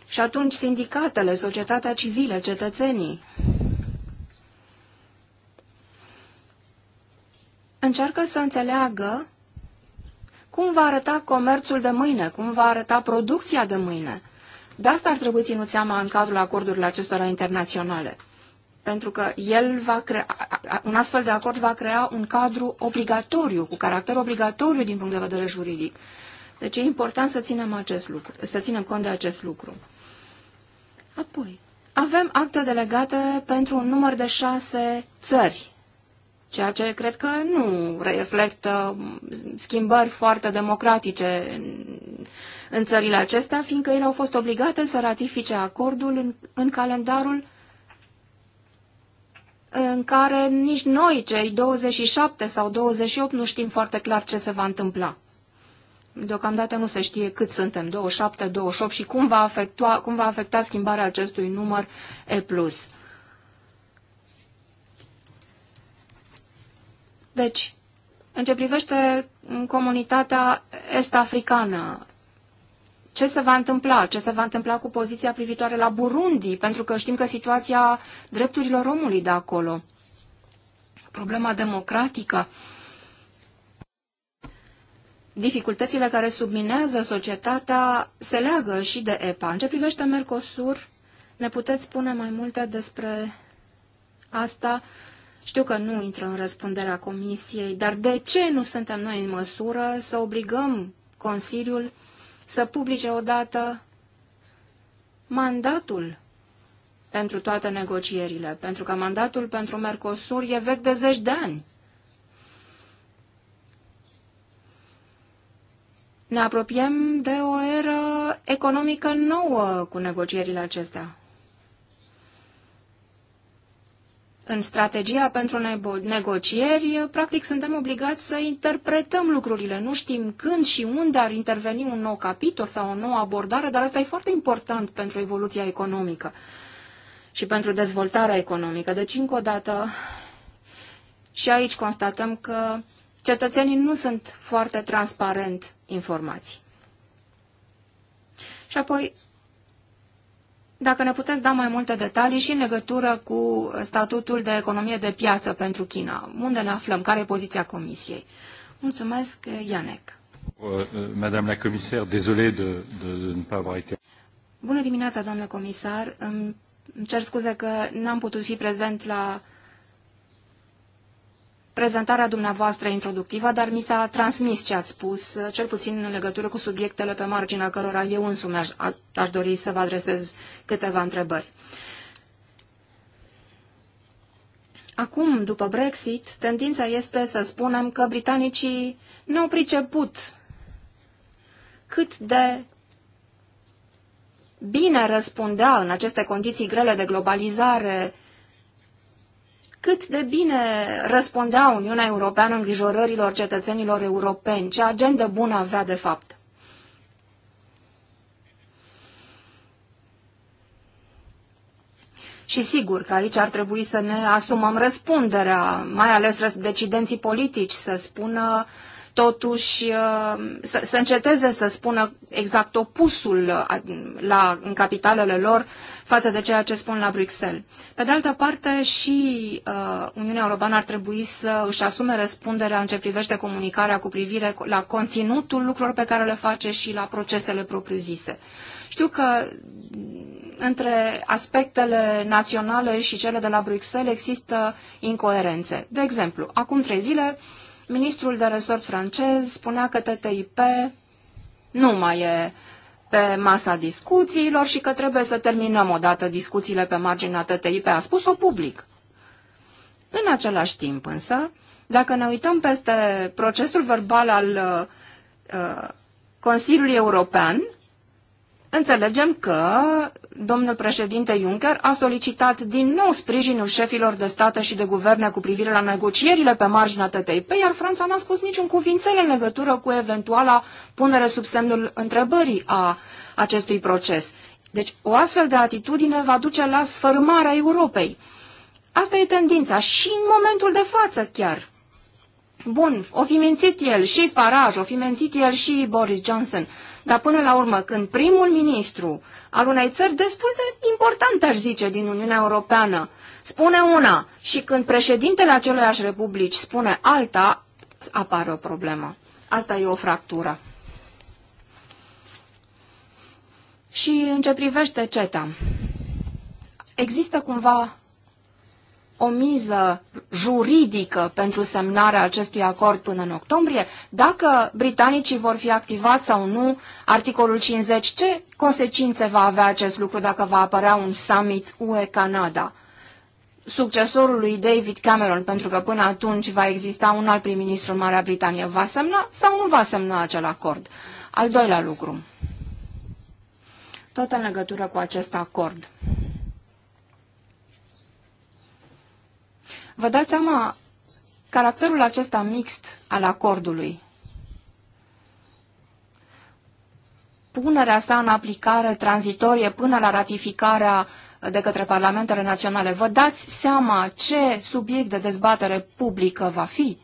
Și atunci sindicatele, societatea civilă, cetățenii încearcă să înțeleagă cum va arăta comerțul de mâine, cum va arăta producția de mâine. De asta ar trebui ținut seama în cadrul acordurilor acestora internaționale. Pentru că el va crea, un astfel de acord va crea un cadru obligatoriu, cu caracter obligatoriu din punct de vedere juridic. Deci e important să ținem, acest lucru, să ținem cont de acest lucru. Apoi, avem acte delegate pentru un număr de șase țări ceea ce cred că nu reflectă schimbări foarte democratice în țările acestea, fiindcă ele au fost obligate să ratifice acordul în, în calendarul în care nici noi, cei 27 sau 28, nu știm foarte clar ce se va întâmpla. Deocamdată nu se știe cât suntem, 27, 28 și cum va afecta, cum va afecta schimbarea acestui număr E+. Deci, în ce privește comunitatea est-africană, ce se va întâmpla? Ce se va întâmpla cu poziția privitoare la Burundi? Pentru că știm că situația drepturilor omului de acolo, problema democratică, dificultățile care subminează societatea se leagă și de EPA. În ce privește Mercosur, ne puteți spune mai multe despre asta? Știu că nu intră în răspunderea Comisiei, dar de ce nu suntem noi în măsură să obligăm Consiliul să publice odată mandatul pentru toate negocierile, pentru că mandatul pentru Mercosur e vechi de zeci de ani. Ne apropiem de o eră economică nouă cu negocierile acestea. în strategia pentru negocieri, eh, practic suntem obligați să interpretăm lucrurile. Nu știm când și unde ar interveni un nou capitol sau o nouă abordare, dar asta e foarte important pentru evoluția economică și pentru dezvoltarea economică. Deci, încă o dată, și aici constatăm că cetățenii nu sunt foarte transparent informați. Și apoi, dacă ne puteți da mai multe detalii și în legătură cu statutul de economie de piață pentru China. Unde ne aflăm? Care e poziția Comisiei? Mulțumesc, Ianec. Uh, Madame la comisar, désolé de, de, de ne pas avoir été... Bună dimineața, doamnă comisar. Îmi cer scuze că n-am putut fi prezent la prezentarea dumneavoastră introductivă, dar mi s-a transmis ce ați spus, cel puțin în legătură cu subiectele pe marginea cărora eu însumi aș, aș dori să vă adresez câteva întrebări. Acum, după Brexit, tendința este să spunem că britanicii nu au priceput cât de bine răspundea în aceste condiții grele de globalizare cât de bine răspundea Uniunea Europeană îngrijorărilor cetățenilor europeni, ce agendă bună avea de fapt. Și sigur că aici ar trebui să ne asumăm răspunderea, mai ales decidenții politici, să spună uh, totuși uh, să, să înceteze să spună exact opusul uh, la, în capitalele lor față de ceea ce spun la Bruxelles. Pe de altă parte, și uh, Uniunea Europeană ar trebui să își asume răspunderea în ce privește comunicarea cu privire la conținutul lucrurilor pe care le face și la procesele propriu-zise. Știu că mm, între aspectele naționale și cele de la Bruxelles există incoerențe. De exemplu, acum trei zile, uh, Ministrul de resort francez spunea că TTIP nu mai e pe masa discuțiilor și că trebuie să terminăm odată discuțiile pe marginea TTIP, a spus-o public. În același timp însă, dacă ne uităm peste procesul verbal al uh, uh Consiliului European, Înțelegem că domnul președinte Juncker a solicitat din nou sprijinul șefilor de state și de guverne cu privire la negocierile pe marginea TTIP, iar Franța n-a spus niciun cuvințel în legătură cu eventuala punere sub semnul întrebării a acestui proces. Deci o astfel de atitudine va duce la sfărâmarea Europei. Asta e tendința și în momentul de față chiar. Bun, o fi mințit el și Farage, o fi mințit el și Boris Johnson. Dar până la urmă, când primul ministru al unei țări destul de importante, aș zice, din Uniunea Europeană, spune una și când președintele aceleiași republici spune alta, apare o problemă. Asta e o fractură. Și în ce privește CETA, există cumva o miză juridică pentru semnarea acestui acord până în octombrie, dacă britanicii vor fi activați sau nu articolul 50, ce consecințe va avea acest lucru dacă va apărea un summit UE-Canada? Succesorul lui David Cameron, pentru că până atunci va exista un alt prim-ministru în Marea Britanie, va semna sau nu va semna acel acord? Al doilea lucru, tot în legătură cu acest acord. Vă dați seama caracterul acesta mixt al acordului. Punerea sa în aplicare tranzitorie până la ratificarea de către parlamentele naționale. Vă dați seama ce subiect de dezbatere publică va fi?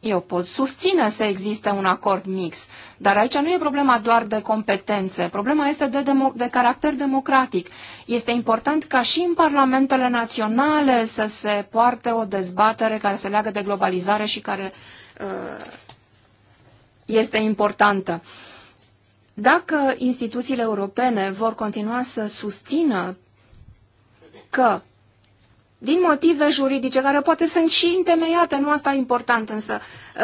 Eu pot susține să existe un acord mix, dar aici nu e problema doar de competențe, problema este de, demo- de caracter democratic. Este important ca și în parlamentele naționale să se poarte o dezbatere care se leagă de globalizare și care uh, este importantă. Dacă instituțiile europene vor continua să susțină că din motive juridice, care poate sunt și întemeiate, nu asta e important, însă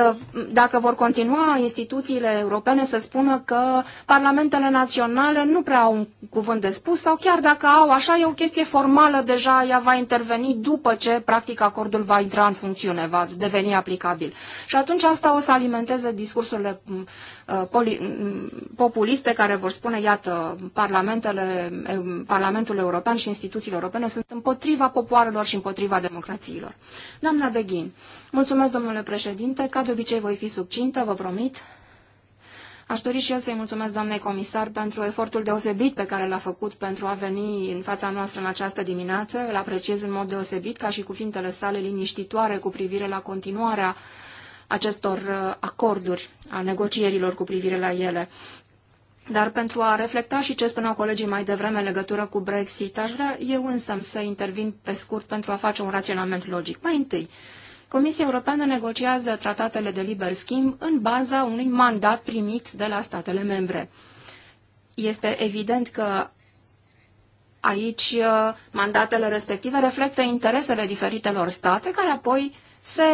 uh, dacă vor continua instituțiile europene să spună că parlamentele naționale nu prea au un cuvânt de spus sau chiar dacă au, așa e o chestie formală deja, ea va interveni după ce, practic, acordul va intra în funcțiune, va deveni aplicabil. Și atunci asta o să alimenteze discursurile mm, uh, mm, populiste care vor spune, iată, parlamentele, mm, Parlamentul European și instituțiile europene sunt împotriva popoarelor și împotriva democrațiilor. Doamna Beghin, mulțumesc, domnule președinte, ca de obicei voi fi subcintă, vă promit. Aș dori și eu să-i mulțumesc doamnei comisar pentru efortul deosebit pe care l-a făcut pentru a veni în fața noastră în această dimineață. Îl apreciez în mod deosebit ca și cuvintele sale liniștitoare cu privire la continuarea acestor uh, acorduri, a negocierilor cu privire la ele. Dar pentru a reflecta și ce spuneau colegii mai devreme în legătură cu Brexit, aș vrea eu însă să intervin pe scurt pentru a face un raționament logic. Mai întâi, Comisia Europeană negociază tratatele de liber schimb în baza unui mandat primit de la statele membre. Este evident că aici uh, mandatele respective reflectă interesele diferitelor state, care apoi se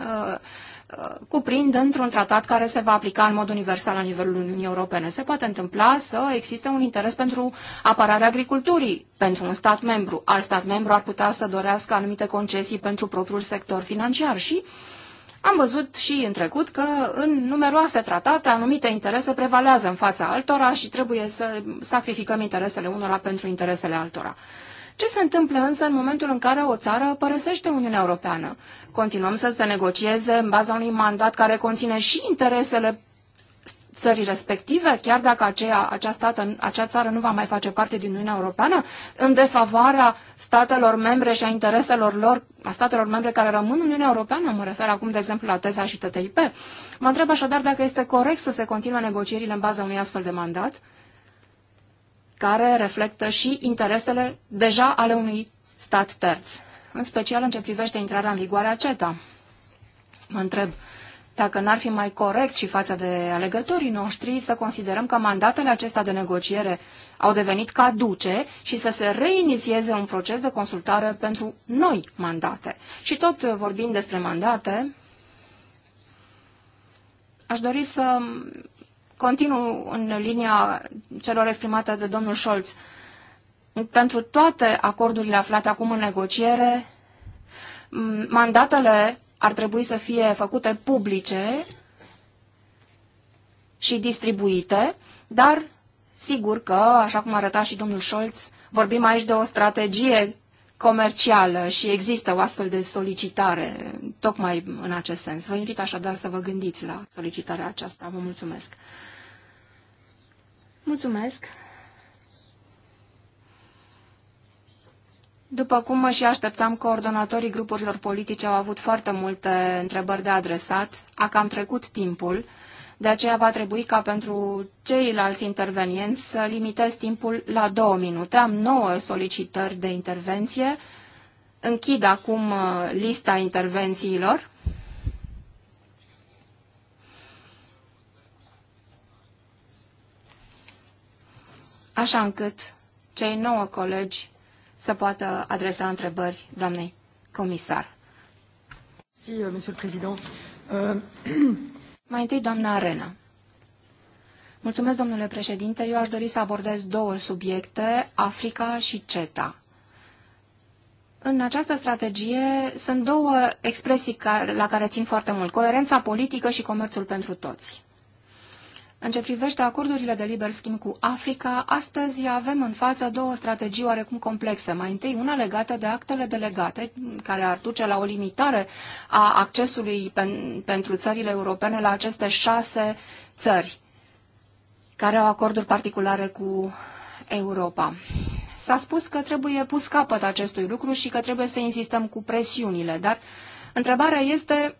uh, Uh, cuprind într-un tratat care se va aplica în mod universal la nivelul Uniunii Europene. Se poate întâmpla să existe un interes pentru apărarea agriculturii pentru un stat membru. Alt stat membru ar putea să dorească anumite concesii pentru propriul sector financiar și am văzut și în trecut că în numeroase tratate anumite interese prevalează în fața altora și trebuie să sacrificăm interesele unora pentru interesele altora. Ce se întâmplă însă în momentul în care o țară părăsește Uniunea Europeană? Continuăm să se negocieze în baza unui mandat care conține și interesele țării respective, chiar dacă aceea, acea, stată, acea țară nu va mai face parte din Uniunea Europeană, în defavoarea statelor membre și a intereselor lor, a statelor membre care rămân în Uniunea Europeană, mă refer acum, de exemplu, la TESA și TTIP. Mă întreb așadar dacă este corect să se continue negocierile în baza unui astfel de mandat care reflectă și interesele deja ale unui stat terț, în special în ce privește intrarea în vigoare a CETA. Mă întreb dacă n-ar fi mai corect și față de alegătorii noștri să considerăm că mandatele acestea de negociere au devenit caduce și să se reinițieze un proces de consultare pentru noi mandate. Și tot vorbind despre mandate, aș dori să continuu în linia celor exprimate de domnul Scholz. Pentru toate acordurile aflate acum în negociere, mandatele ar trebui să fie făcute publice și distribuite, dar sigur că, așa cum arăta și domnul Scholz, vorbim aici de o strategie comercială și există o astfel de solicitare, tocmai în acest sens. Vă invit așadar să vă gândiți la solicitarea aceasta. Vă mulțumesc. Mulțumesc! După cum mă și așteptam, coordonatorii grupurilor politice au avut foarte multe întrebări de adresat, a cam trecut timpul, de aceea va trebui ca pentru ceilalți intervenienți să limitez timpul la două minute. Am nouă solicitări de intervenție. Închid acum uh, lista intervențiilor. așa încât cei nouă colegi să poată adresa întrebări doamnei comisar. Si, euh, monsieur le président. Uh... Mai întâi, doamna Arena. Mulțumesc, domnule președinte. Eu aș dori să abordez două subiecte, Africa și CETA. În această strategie sunt două expresii care, la care țin foarte mult, coerența politică și comerțul pentru toți. În ce privește acordurile de liber schimb cu Africa, astăzi avem în față două strategii oarecum complexe. Mai întâi una legată de actele delegate, care ar duce la o limitare a accesului pen, pentru țările europene la aceste șase țări care au acorduri particulare cu Europa. S-a spus că trebuie pus capăt acestui lucru și că trebuie să insistăm cu presiunile, dar întrebarea este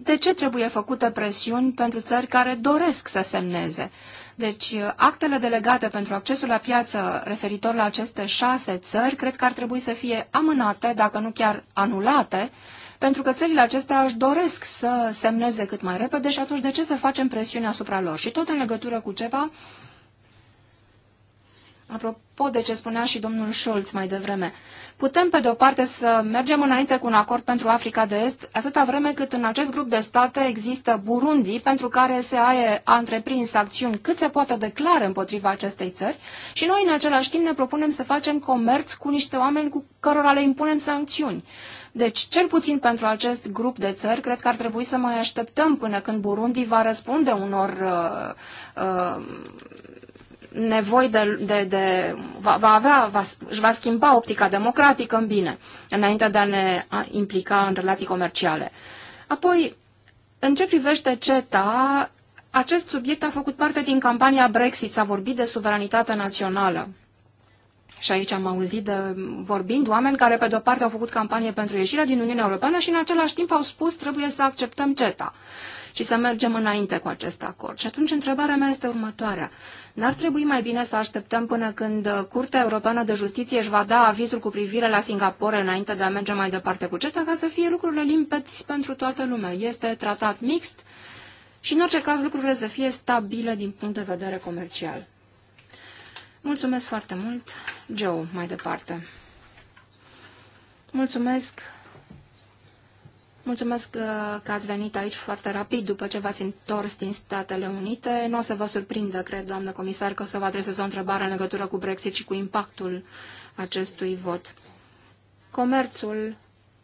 de ce trebuie făcute presiuni pentru țări care doresc să semneze? Deci, uh, actele delegate pentru accesul la piață referitor la aceste șase țări, cred că ar trebui să fie amânate, dacă nu chiar anulate, pentru că țările acestea își doresc să semneze cât mai repede și atunci de ce să facem presiune asupra lor? Și tot în legătură cu ceva, Apropo de ce spunea și domnul Schulz mai devreme, putem pe de o parte să mergem înainte cu un acord pentru Africa de Est, atâta vreme cât în acest grup de state există Burundi, pentru care aie a întreprins acțiuni cât se poate declară împotriva acestei țări și noi în același timp ne propunem să facem comerț cu niște oameni cu cărora le impunem sancțiuni. Deci, cel puțin pentru acest grup de țări, cred că ar trebui să mai așteptăm până când Burundi va răspunde unor uh, uh, nevoi de, de, de va, va avea, va, își va schimba optica democratică în bine, înainte de a ne implica în relații comerciale. Apoi, în ce privește CETA, acest subiect a făcut parte din campania Brexit, s-a vorbit de suveranitate națională. Și aici am auzit de, vorbind oameni care, pe de-o parte, au făcut campanie pentru ieșirea din Uniunea Europeană și, în același timp, au spus trebuie să acceptăm CETA și să mergem înainte cu acest acord. Și atunci, întrebarea mea este următoarea. N-ar trebui mai bine să așteptăm până când Curtea Europeană de Justiție își va da avizul cu privire la Singapore înainte de a merge mai departe cu CETA ca să fie lucrurile limpezi pentru toată lumea. Este tratat mixt și în orice caz lucrurile să fie stabile din punct de vedere comercial. Mulțumesc foarte mult, Joe, mai departe. Mulțumesc Mulțumesc uh, că ați venit aici foarte rapid după ce v-ați întors din Statele Unite. Nu o să vă surprindă, cred, doamnă comisar, că o să vă adresez o întrebare în legătură cu Brexit și cu impactul acestui vot. Comerțul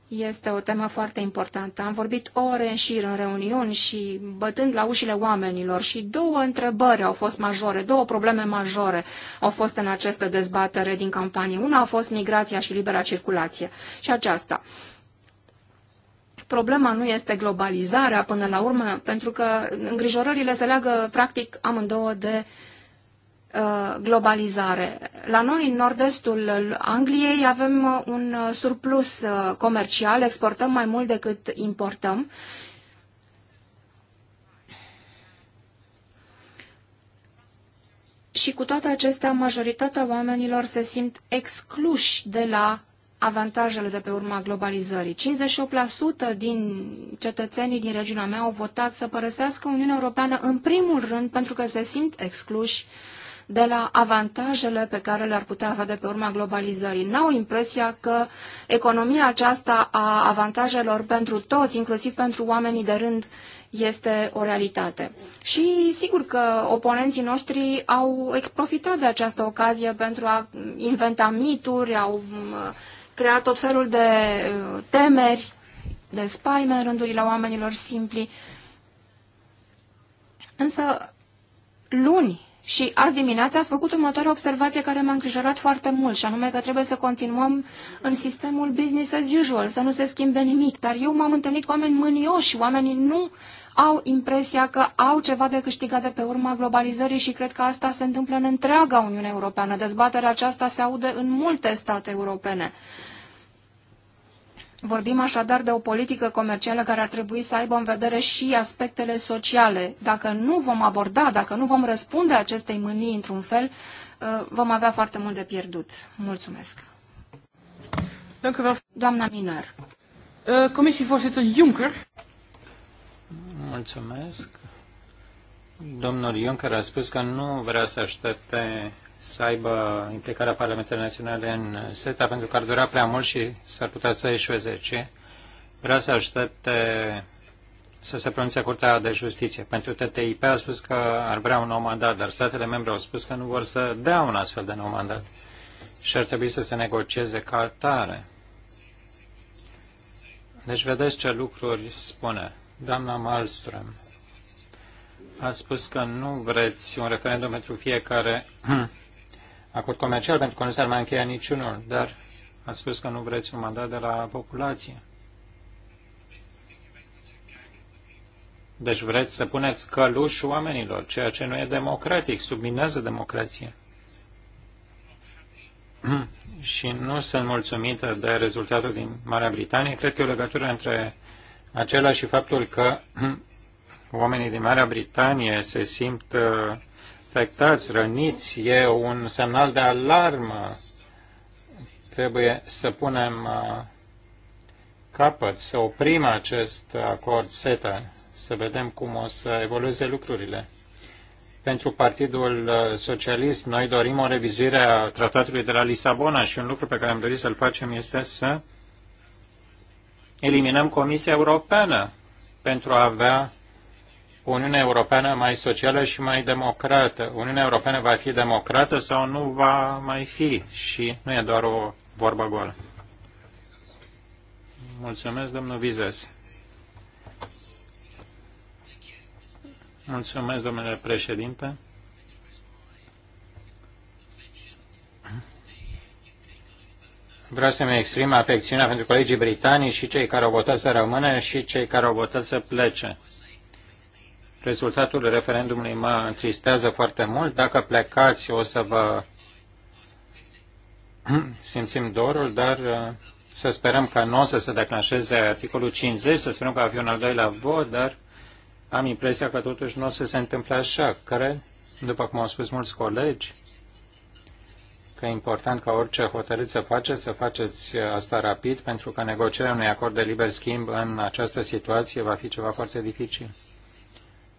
este o temă foarte importantă. Am vorbit ore în șir în reuniuni și bătând la ușile oamenilor și două întrebări au fost majore, două probleme majore au fost în această dezbatere din campanie. Una a fost migrația și libera circulație și aceasta problema nu este globalizarea până la urmă, pentru că îngrijorările se leagă practic amândouă de uh, globalizare. La noi, în nord-estul Angliei, avem un surplus uh, comercial, exportăm mai mult decât importăm. Și cu toate acestea, majoritatea oamenilor se simt excluși de la avantajele de pe urma globalizării. 58% din cetățenii din regiunea mea au votat să părăsească Uniunea Europeană în primul rând pentru că se simt excluși de la avantajele pe care le-ar putea avea de pe urma globalizării. N-au impresia că economia aceasta a avantajelor pentru toți, inclusiv pentru oamenii de rând, este o realitate. Și sigur că oponenții noștri au profitat de această ocazie pentru a inventa mituri, au crea tot felul de uh, temeri, de spaime în rândurile oamenilor simpli. Însă, luni și azi dimineața ați făcut următoarea observație care m-a îngrijorat foarte mult, și anume că trebuie să continuăm în sistemul business as usual, să nu se schimbe nimic. Dar eu m-am întâlnit cu oameni mânioși, oamenii nu au impresia că au ceva de câștigat de pe urma globalizării și cred că asta se întâmplă în întreaga Uniune Europeană. Dezbaterea aceasta se aude în multe state europene. Vorbim așadar de o politică comercială care ar trebui să aibă în vedere și aspectele sociale. Dacă nu vom aborda, dacă nu vom răspunde acestei mânii într-un fel, uh, vom avea foarte mult de pierdut. Mulțumesc. Doamna Miner. Eh, Comisie Voorzitter Juncker. Mulțumesc. Domnul Juncker a spus că nu vrea să aștepte să aibă implicarea Parlamentului Naționale în SETA, pentru că ar dura prea mult și s-ar putea să eșueze. Ce? Vrea să aștepte să se pronunțe Curtea de Justiție. Pentru TTIP a spus că ar vrea un nou mandat, dar statele membre au spus că nu vor să dea un astfel de nou mandat și ar trebui să se negocieze ca atare. Deci vedeți ce lucruri spune doamna Malmström. A spus că nu vreți un referendum pentru fiecare *clears throat* acord comercial pentru că nu s-ar mai încheia niciunul, dar a spus că nu vreți un mandat de la populație. Deci vreți să puneți căluși oamenilor, ceea ce nu e democratic, subminează democrația. *clears throat* și nu sunt mulțumită de rezultatul din Marea Britanie. Cred că e o legătură între acela și faptul că *clears throat* oamenii din Marea Britanie se simt uh, afectați, răniți, e un semnal de alarmă. Trebuie să punem uh, capăt, să oprim acest acord SETA, să vedem cum o să evolueze lucrurile. Pentru Partidul uh, Socialist, noi dorim o revizuire a tratatului de la Lisabona și un lucru pe care am dorit să-l facem este să eliminăm Comisia Europeană pentru a avea o Uniune Europeană mai socială și mai democrată. Uniunea Europeană va fi democrată sau nu va mai fi și nu e doar o vorbă goală. Mulțumesc, domnul Vizes. Mulțumesc, domnule președinte. Vreau să-mi exprim afecțiunea pentru colegii britanici și cei care au votat să rămână și cei care au votat să plece. Rezultatul referendumului mă întristează foarte mult. Dacă plecați, o să vă *clears throat* simțim dorul, dar uh, să sperăm că nu o să se declanșeze articolul 50, să sperăm că va fi un al doilea vot, dar am impresia că totuși nu o să se întâmple așa. care, după cum au spus mulți colegi, că e important ca orice hotărât să faceți, să faceți uh, asta rapid, pentru că negocierea unui acord de liber schimb în această situație va fi ceva foarte dificil.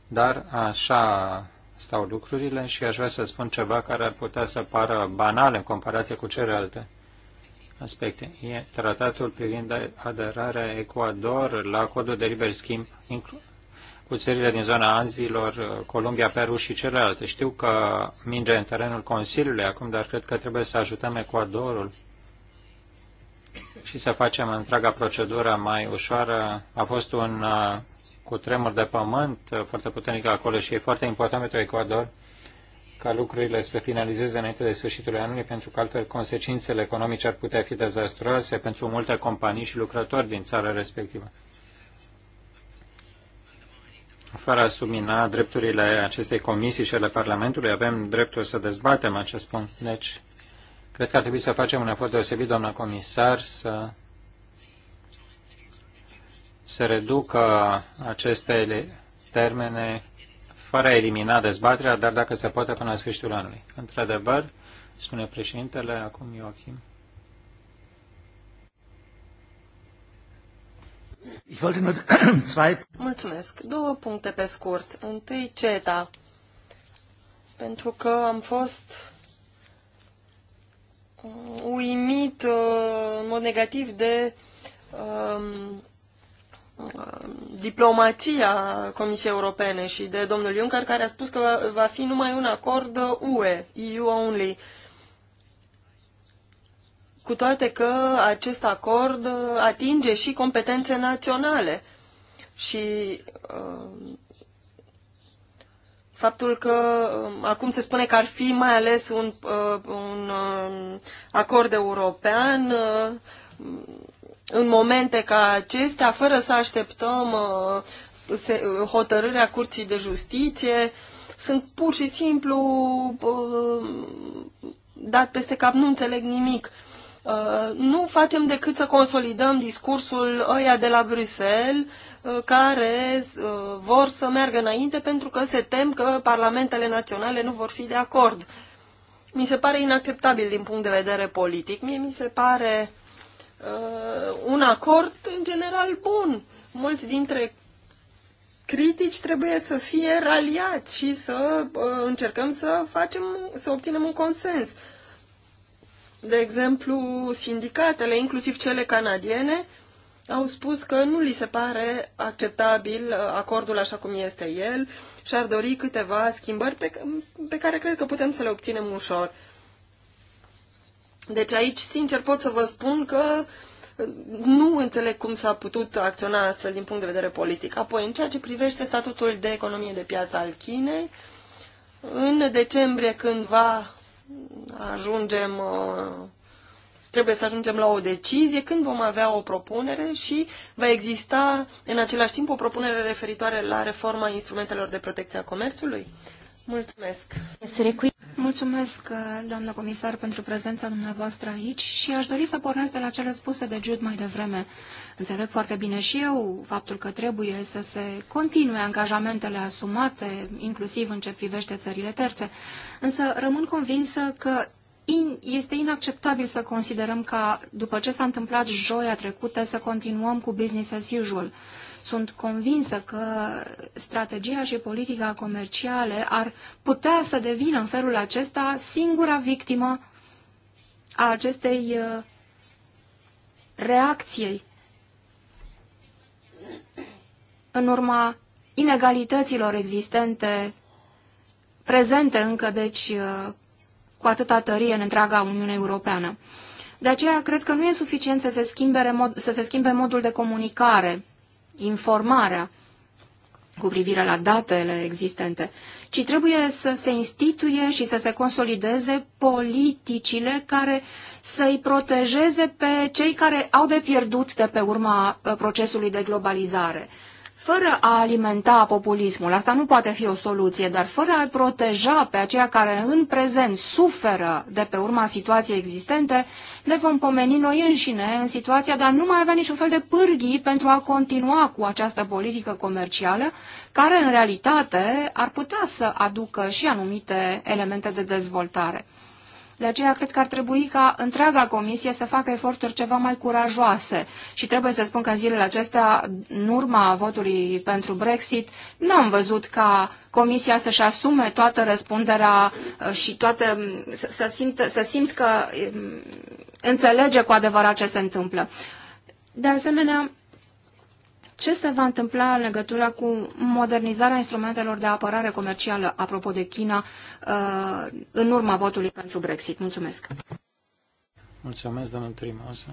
Dar așa stau lucrurile și aș vrea să spun ceva care ar putea să pară banal în comparație cu celelalte aspecte. E tratatul privind aderarea Ecuador la codul de liber schimb cu țările din zona Anzilor, Columbia, Peru și celelalte. Știu că minge în terenul Consiliului acum, dar cred că trebuie să ajutăm Ecuadorul și să facem întreaga procedură mai ușoară. A fost un uh, cu tremur de pământ uh, foarte puternic acolo și e foarte important pentru Ecuador ca lucrurile să finalizeze înainte de sfârșitul anului, pentru că altfel consecințele economice ar putea fi dezastroase pentru multe companii și lucrători din țara respectivă. Fără a submina drepturile acestei comisii și ale Parlamentului, avem dreptul să dezbatem acest punct. Deci, cred că ar trebui să facem un efort deosebit, doamna comisar, să se reducă aceste termene fără a elimina dezbaterea, dar dacă se poate până la sfârșitul anului. Într-adevăr, spune președintele, acum Joachim. *clears throat* Mulțumesc. Două puncte pe scurt. Întâi CETA, pentru că am fost um, uimit uh, în mod negativ de um, diplomația Comisiei Europene și de domnul Juncker, care a spus că va fi numai un acord UE, EU only. Cu toate că acest acord atinge și competențe naționale și uh, faptul că uh, acum se spune că ar fi mai ales un, uh, un acord european în momente ca acestea, fără să așteptăm uh, uh, hotărârea Curții de Justiție, sunt pur și simplu uh, dat peste cap, nu înțeleg nimic. Nu facem decât să consolidăm discursul ăia de la Bruxelles, care vor să meargă înainte pentru că se tem că parlamentele naționale nu vor fi de acord. Mi se pare inacceptabil din punct de vedere politic. Mie mi se pare uh, Uh, un acord în general bun. Mulți dintre critici trebuie să fie raliați și să uh, încercăm să facem, să obținem un consens. De exemplu, sindicatele, inclusiv cele canadiene, au spus că nu li se pare acceptabil uh, acordul așa cum este el și ar dori câteva schimbări pe, pe care cred că putem să le obținem ușor. Uh, deci aici, sincer, pot să vă spun că uh, nu înțeleg cum s-a putut acționa astfel din punct de vedere politic. Apoi, în ceea ce privește statutul de economie de piață al Chinei, în decembrie cândva ajungem, uh, trebuie să ajungem la o decizie, când vom avea o propunere și va exista în același timp o propunere referitoare la reforma instrumentelor de protecție a comerțului. Mulțumesc! Mulțumesc, doamnă comisar, pentru prezența dumneavoastră aici și aș dori să pornesc de la cele spuse de Jude mai devreme. Înțeleg foarte bine și eu faptul că trebuie să se continue angajamentele asumate, inclusiv în ce privește țările terțe, însă rămân convinsă că in, este inacceptabil să considerăm ca, după ce s-a întâmplat joia trecută, să continuăm cu business as usual. Sunt convinsă că strategia și politica comerciale ar putea să devină în felul acesta singura victimă a acestei uh, reacției în urma inegalităților existente, prezente încă, deci, uh, cu atâta tărie în întreaga Uniune Europeană. De aceea, cred că nu e suficient să se schimbe, remod, să se schimbe modul de comunicare informarea cu privire la datele existente, ci trebuie să se instituie și să se consolideze politicile care să-i protejeze pe cei care au de pierdut de pe urma uh, procesului de globalizare fără a alimenta populismul, asta nu poate fi o soluție, dar fără a proteja pe aceia care în prezent suferă de pe urma situației existente, ne vom pomeni noi înșine în situația de a nu mai avea niciun fel de pârghii pentru a continua cu această politică comercială, care în realitate ar putea să aducă și anumite elemente de dezvoltare. De aceea cred că ar trebui ca întreaga comisie să facă eforturi ceva mai curajoase. Și trebuie să spun că în zilele acestea, în urma votului pentru Brexit, n-am văzut ca comisia să-și asume toată răspunderea uh, și toată, mm, să, să, simt, să simt că mm, înțelege cu adevărat ce se întâmplă. De asemenea, ce se va întâmpla în legătură cu modernizarea instrumentelor de apărare comercială, apropo de China, uh, în urma votului pentru Brexit. Mulțumesc! Mulțumesc, domnul Trimosa.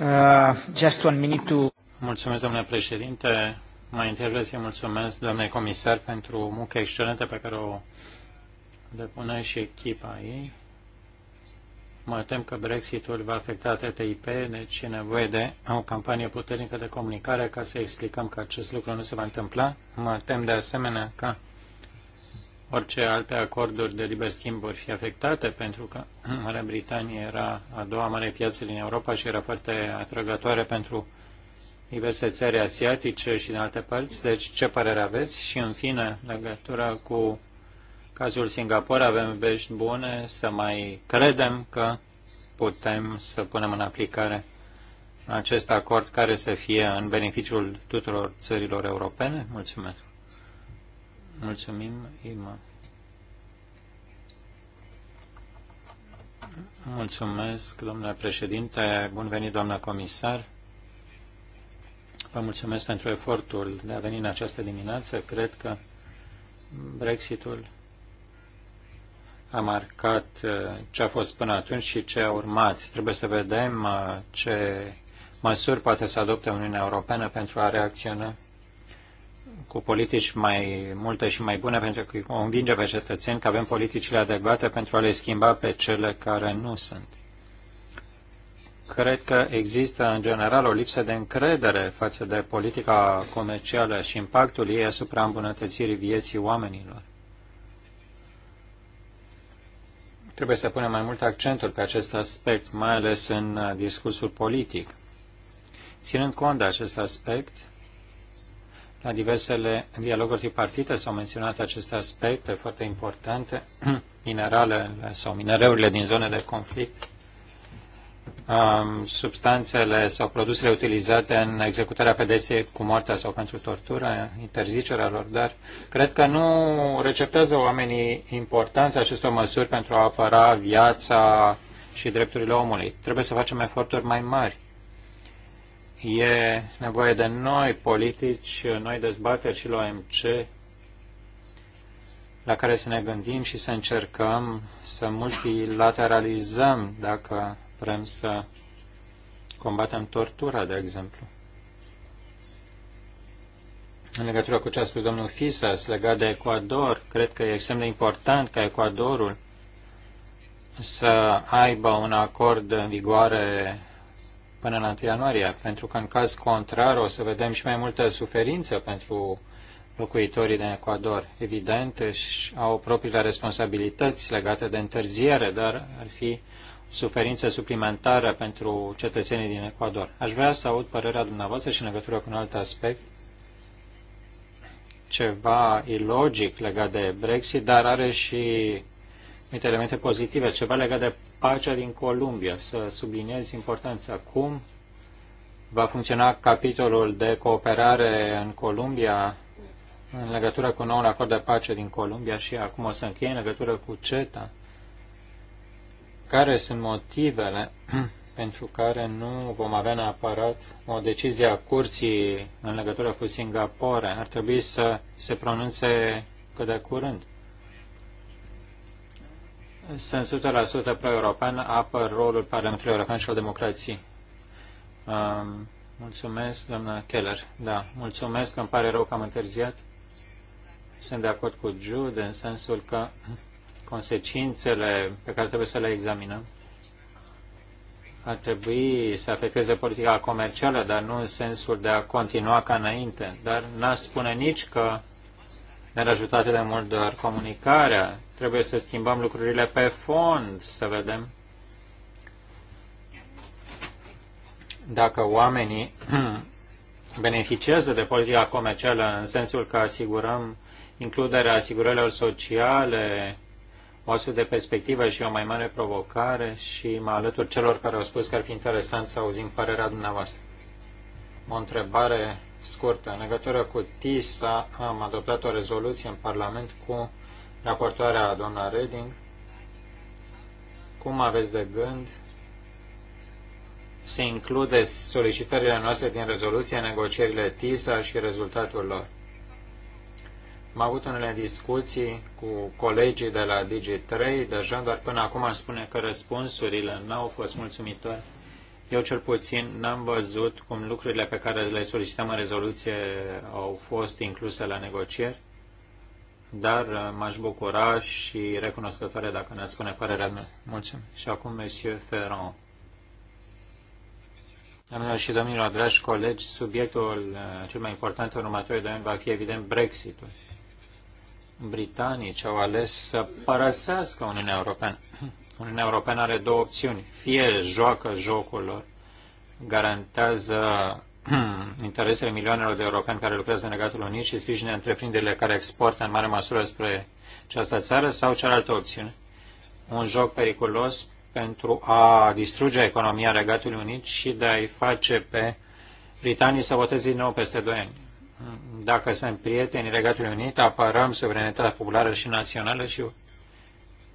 Uh, just one minute to... Mulțumesc, domnule președinte. Mai întâi vreau să mulțumesc, domnule comisar, pentru munca excelentă pe care o depune și echipa ei. Mă tem că Brexitul va afecta TTIP, deci e nevoie de o campanie puternică de comunicare ca să explicăm că acest lucru nu se va întâmpla. Mă tem de asemenea că orice alte acorduri de liber schimb vor fi afectate, pentru că *clears throat* Marea Britanie era a doua mare piață din Europa și era foarte atrăgătoare pentru diverse țări asiatice și din alte părți. Deci, ce părere aveți? Și, în fine, legătura cu cazul Singapore avem vești bune să mai credem că putem să punem în aplicare acest acord care să fie în beneficiul tuturor țărilor europene? Mulțumesc. Mulțumim, Ima. Mulțumesc, domnule președinte. Bun venit, doamna comisar. Vă mulțumesc pentru efortul de a veni în această dimineață. Cred că Brexitul a marcat uh, ce a fost până atunci și ce a urmat. Trebuie să vedem uh, ce măsuri poate să adopte Uniunea Europeană pentru a reacționa cu politici mai multe și mai bune pentru că o învinge pe cetățeni că avem politicile adecvate pentru a le schimba pe cele care nu sunt. Cred că există în general o lipsă de încredere față de politica comercială și impactul ei asupra îmbunătățirii vieții oamenilor. Trebuie să punem mai mult accentul pe acest aspect, mai ales în uh, discursul politic. Ținând cont de acest aspect, la diversele dialoguri tripartite s-au menționat aceste aspecte foarte importante, *clears throat* mineralele sau minereurile din zone de conflict Um, substanțele sau produsele utilizate în executarea pedesei cu moartea sau pentru tortură, interzicerea lor, dar cred că nu receptează oamenii importanța acestor măsuri pentru a apăra viața și drepturile omului. Trebuie să facem eforturi mai mari. E nevoie de noi politici, noi dezbateri și la OMC la care să ne gândim și să încercăm să multilateralizăm dacă Vrem să combatem tortura, de exemplu. În legătură cu ce a spus domnul Fisas legat de Ecuador, cred că e extrem de important ca Ecuadorul să aibă un acord în vigoare până în 1 ianuarie, pentru că în caz contrar o să vedem și mai multă suferință pentru locuitorii din Ecuador. Evident, își au propriile responsabilități legate de întârziere, dar ar fi suferințe suplimentară pentru cetățenii din Ecuador. Aș vrea să aud părerea dumneavoastră și în legătură cu un alt aspect, ceva ilogic legat de Brexit, dar are și multe elemente pozitive, ceva legat de pacea din Columbia. Să subliniez importanța. Cum va funcționa capitolul de cooperare în Columbia în legătură cu noul acord de pace din Columbia și acum o să încheie în legătură cu CETA care sunt motivele *clears throat* pentru care nu vom avea neapărat o decizie a curții în legătură cu Singapore. Ar trebui să se pronunțe cât de curând. Sunt 100% pro-european, apăr rolul Parlamentului European și al democrației. Um, mulțumesc, doamna Keller. Da, mulțumesc, îmi pare rău că am întârziat. Sunt de acord cu Jude în sensul că consecințele pe care trebuie să le examinăm ar trebui să afecteze politica comercială, dar nu în sensul de a continua ca înainte. Dar n a spune nici că ne-ar ajuta atât de mult doar comunicarea. Trebuie să schimbăm lucrurile pe fond, să vedem dacă oamenii *clears throat* beneficiază de politica comercială în sensul că asigurăm includerea asigurărilor sociale, o astfel de perspectivă și o mai mare provocare și mă alătur celor care au spus că ar fi interesant să auzim părerea dumneavoastră. O întrebare scurtă. În legătură cu TISA am adoptat o rezoluție în Parlament cu raportoarea doamna Reding. Cum aveți de gând să includeți solicitările noastre din rezoluție, negocierile TISA și rezultatul lor? Am avut unele discuții cu colegii de la dg 3 deja, dar până acum a spune că răspunsurile n-au fost mulțumitoare. Eu cel puțin n-am văzut cum lucrurile pe care le solicităm în rezoluție au fost incluse la negocieri, dar uh, m-aș bucura și recunoscătoare dacă ne-ați spune părerea mea. Mulțumim. Și acum, Monsieur Ferrand. Doamnelor și domnilor, dragi colegi, subiectul uh, cel mai important în următorii doi ani va fi, evident, Brexitul britanici au ales să părăsească Uniunea Europeană. *clears throat* Uniunea Europeană are două opțiuni. Fie joacă jocul lor, garantează *clears throat* interesele milioanelor de europeni care lucrează în Regatul Unit și sprijină întreprinderile care exportă în mare măsură spre această țară sau cealaltă opțiune. Un joc periculos pentru a distruge economia Regatului Unit și de a-i face pe britanii să voteze din nou peste 2 ani. Dacă sunt prieteni Regatului Unit, apărăm suverenitatea populară și națională și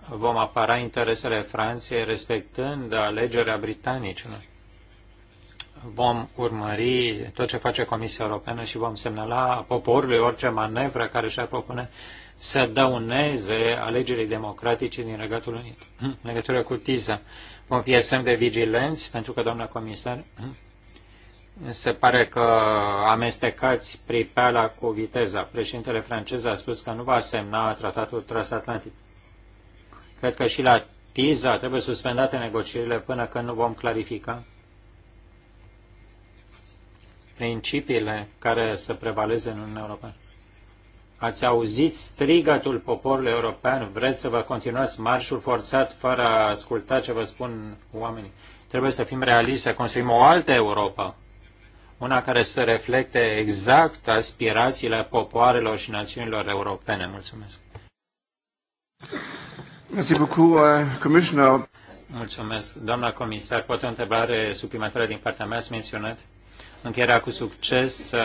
vom apăra interesele Franței respectând alegerea britanicilor. Vom urmări tot ce face Comisia Europeană și vom semnala poporului orice manevră care și-ar propune să dăuneze alegerii democratice din Regatul Unit. În legătură cu TISA, vom fi extrem de vigilenți pentru că, doamna comisar, se pare că amestecați pripeala cu viteza. Președintele francez a spus că nu va semna tratatul transatlantic. Cred că și la TISA trebuie suspendate negocierile până când nu vom clarifica principiile care să prevaleze în Uniunea Europeană. Ați auzit strigătul poporului european, vreți să vă continuați marșul forțat fără a asculta ce vă spun oamenii. Trebuie să fim realiști, să construim o altă Europa una care să reflecte exact aspirațiile popoarelor și națiunilor europene. Mulțumesc! Uh, Mulțumesc. Doamna comisar, poate o întrebare suplimentară din partea mea ați menționat încheierea cu succes uh,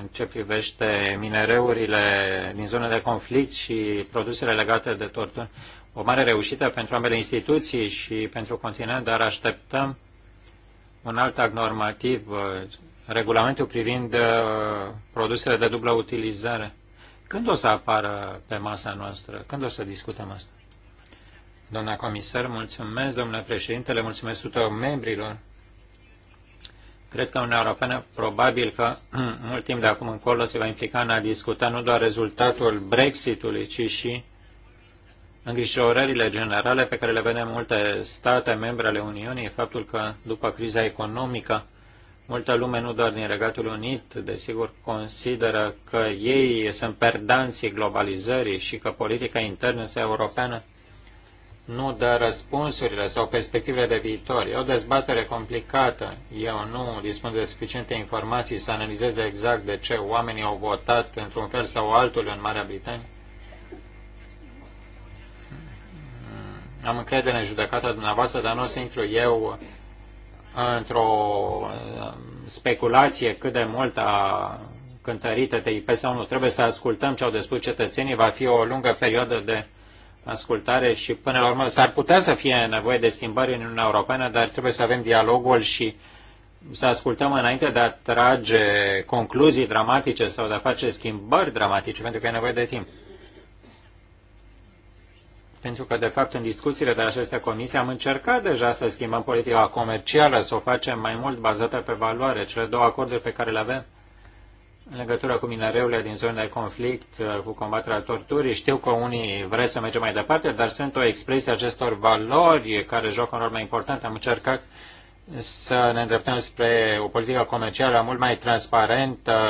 în ce privește minereurile din zonele de conflict și produsele legate de torturi. O mare reușită pentru ambele instituții și pentru continent, dar așteptăm un alt act normativ, uh, regulamentul privind uh, produsele de dublă utilizare. Când o să apară pe masa noastră? Când o să discutăm asta? Doamna comisar, mulțumesc, domnule președintele, mulțumesc tuturor membrilor. Cred că Uniunea Europeană probabil că *clears throat* mult timp de acum încolo se va implica în a discuta nu doar rezultatul Brexitului, ci și Îngrijorările generale pe care le vedem multe state membre ale Uniunii faptul că după criza economică, multă lume, nu doar din Regatul Unit, desigur, consideră că ei sunt perdanții globalizării și că politica internă sau europeană nu dă răspunsurile sau perspectivele de viitor. E o dezbatere complicată. Eu nu dispun de suficiente informații să analizez exact de ce oamenii au votat într-un fel sau altul în Marea Britanie Am încredere în judecata dumneavoastră, dar nu o să intru eu într-o uh, speculație cât de mult a cântărită TIP sau nu. Trebuie să ascultăm ce au de spus cetățenii. Va fi o lungă perioadă de ascultare și până la urmă s-ar putea să fie nevoie de schimbări în Uniunea Europeană, dar trebuie să avem dialogul și să ascultăm înainte de a trage concluzii dramatice sau de a face schimbări dramatice, pentru că e nevoie de timp. Pentru că, de fapt, în discuțiile de aceste comisii am încercat deja să schimbăm politica comercială, să o facem mai mult bazată pe valoare. Cele două acorduri pe care le avem în legătură cu minereurile din zone de conflict, uh, cu combaterea torturii. Știu că unii vreți să mergem mai departe, dar sunt o expresie acestor valori care joacă un rol mai important. Am încercat să ne îndreptăm spre o politică comercială mult mai transparentă,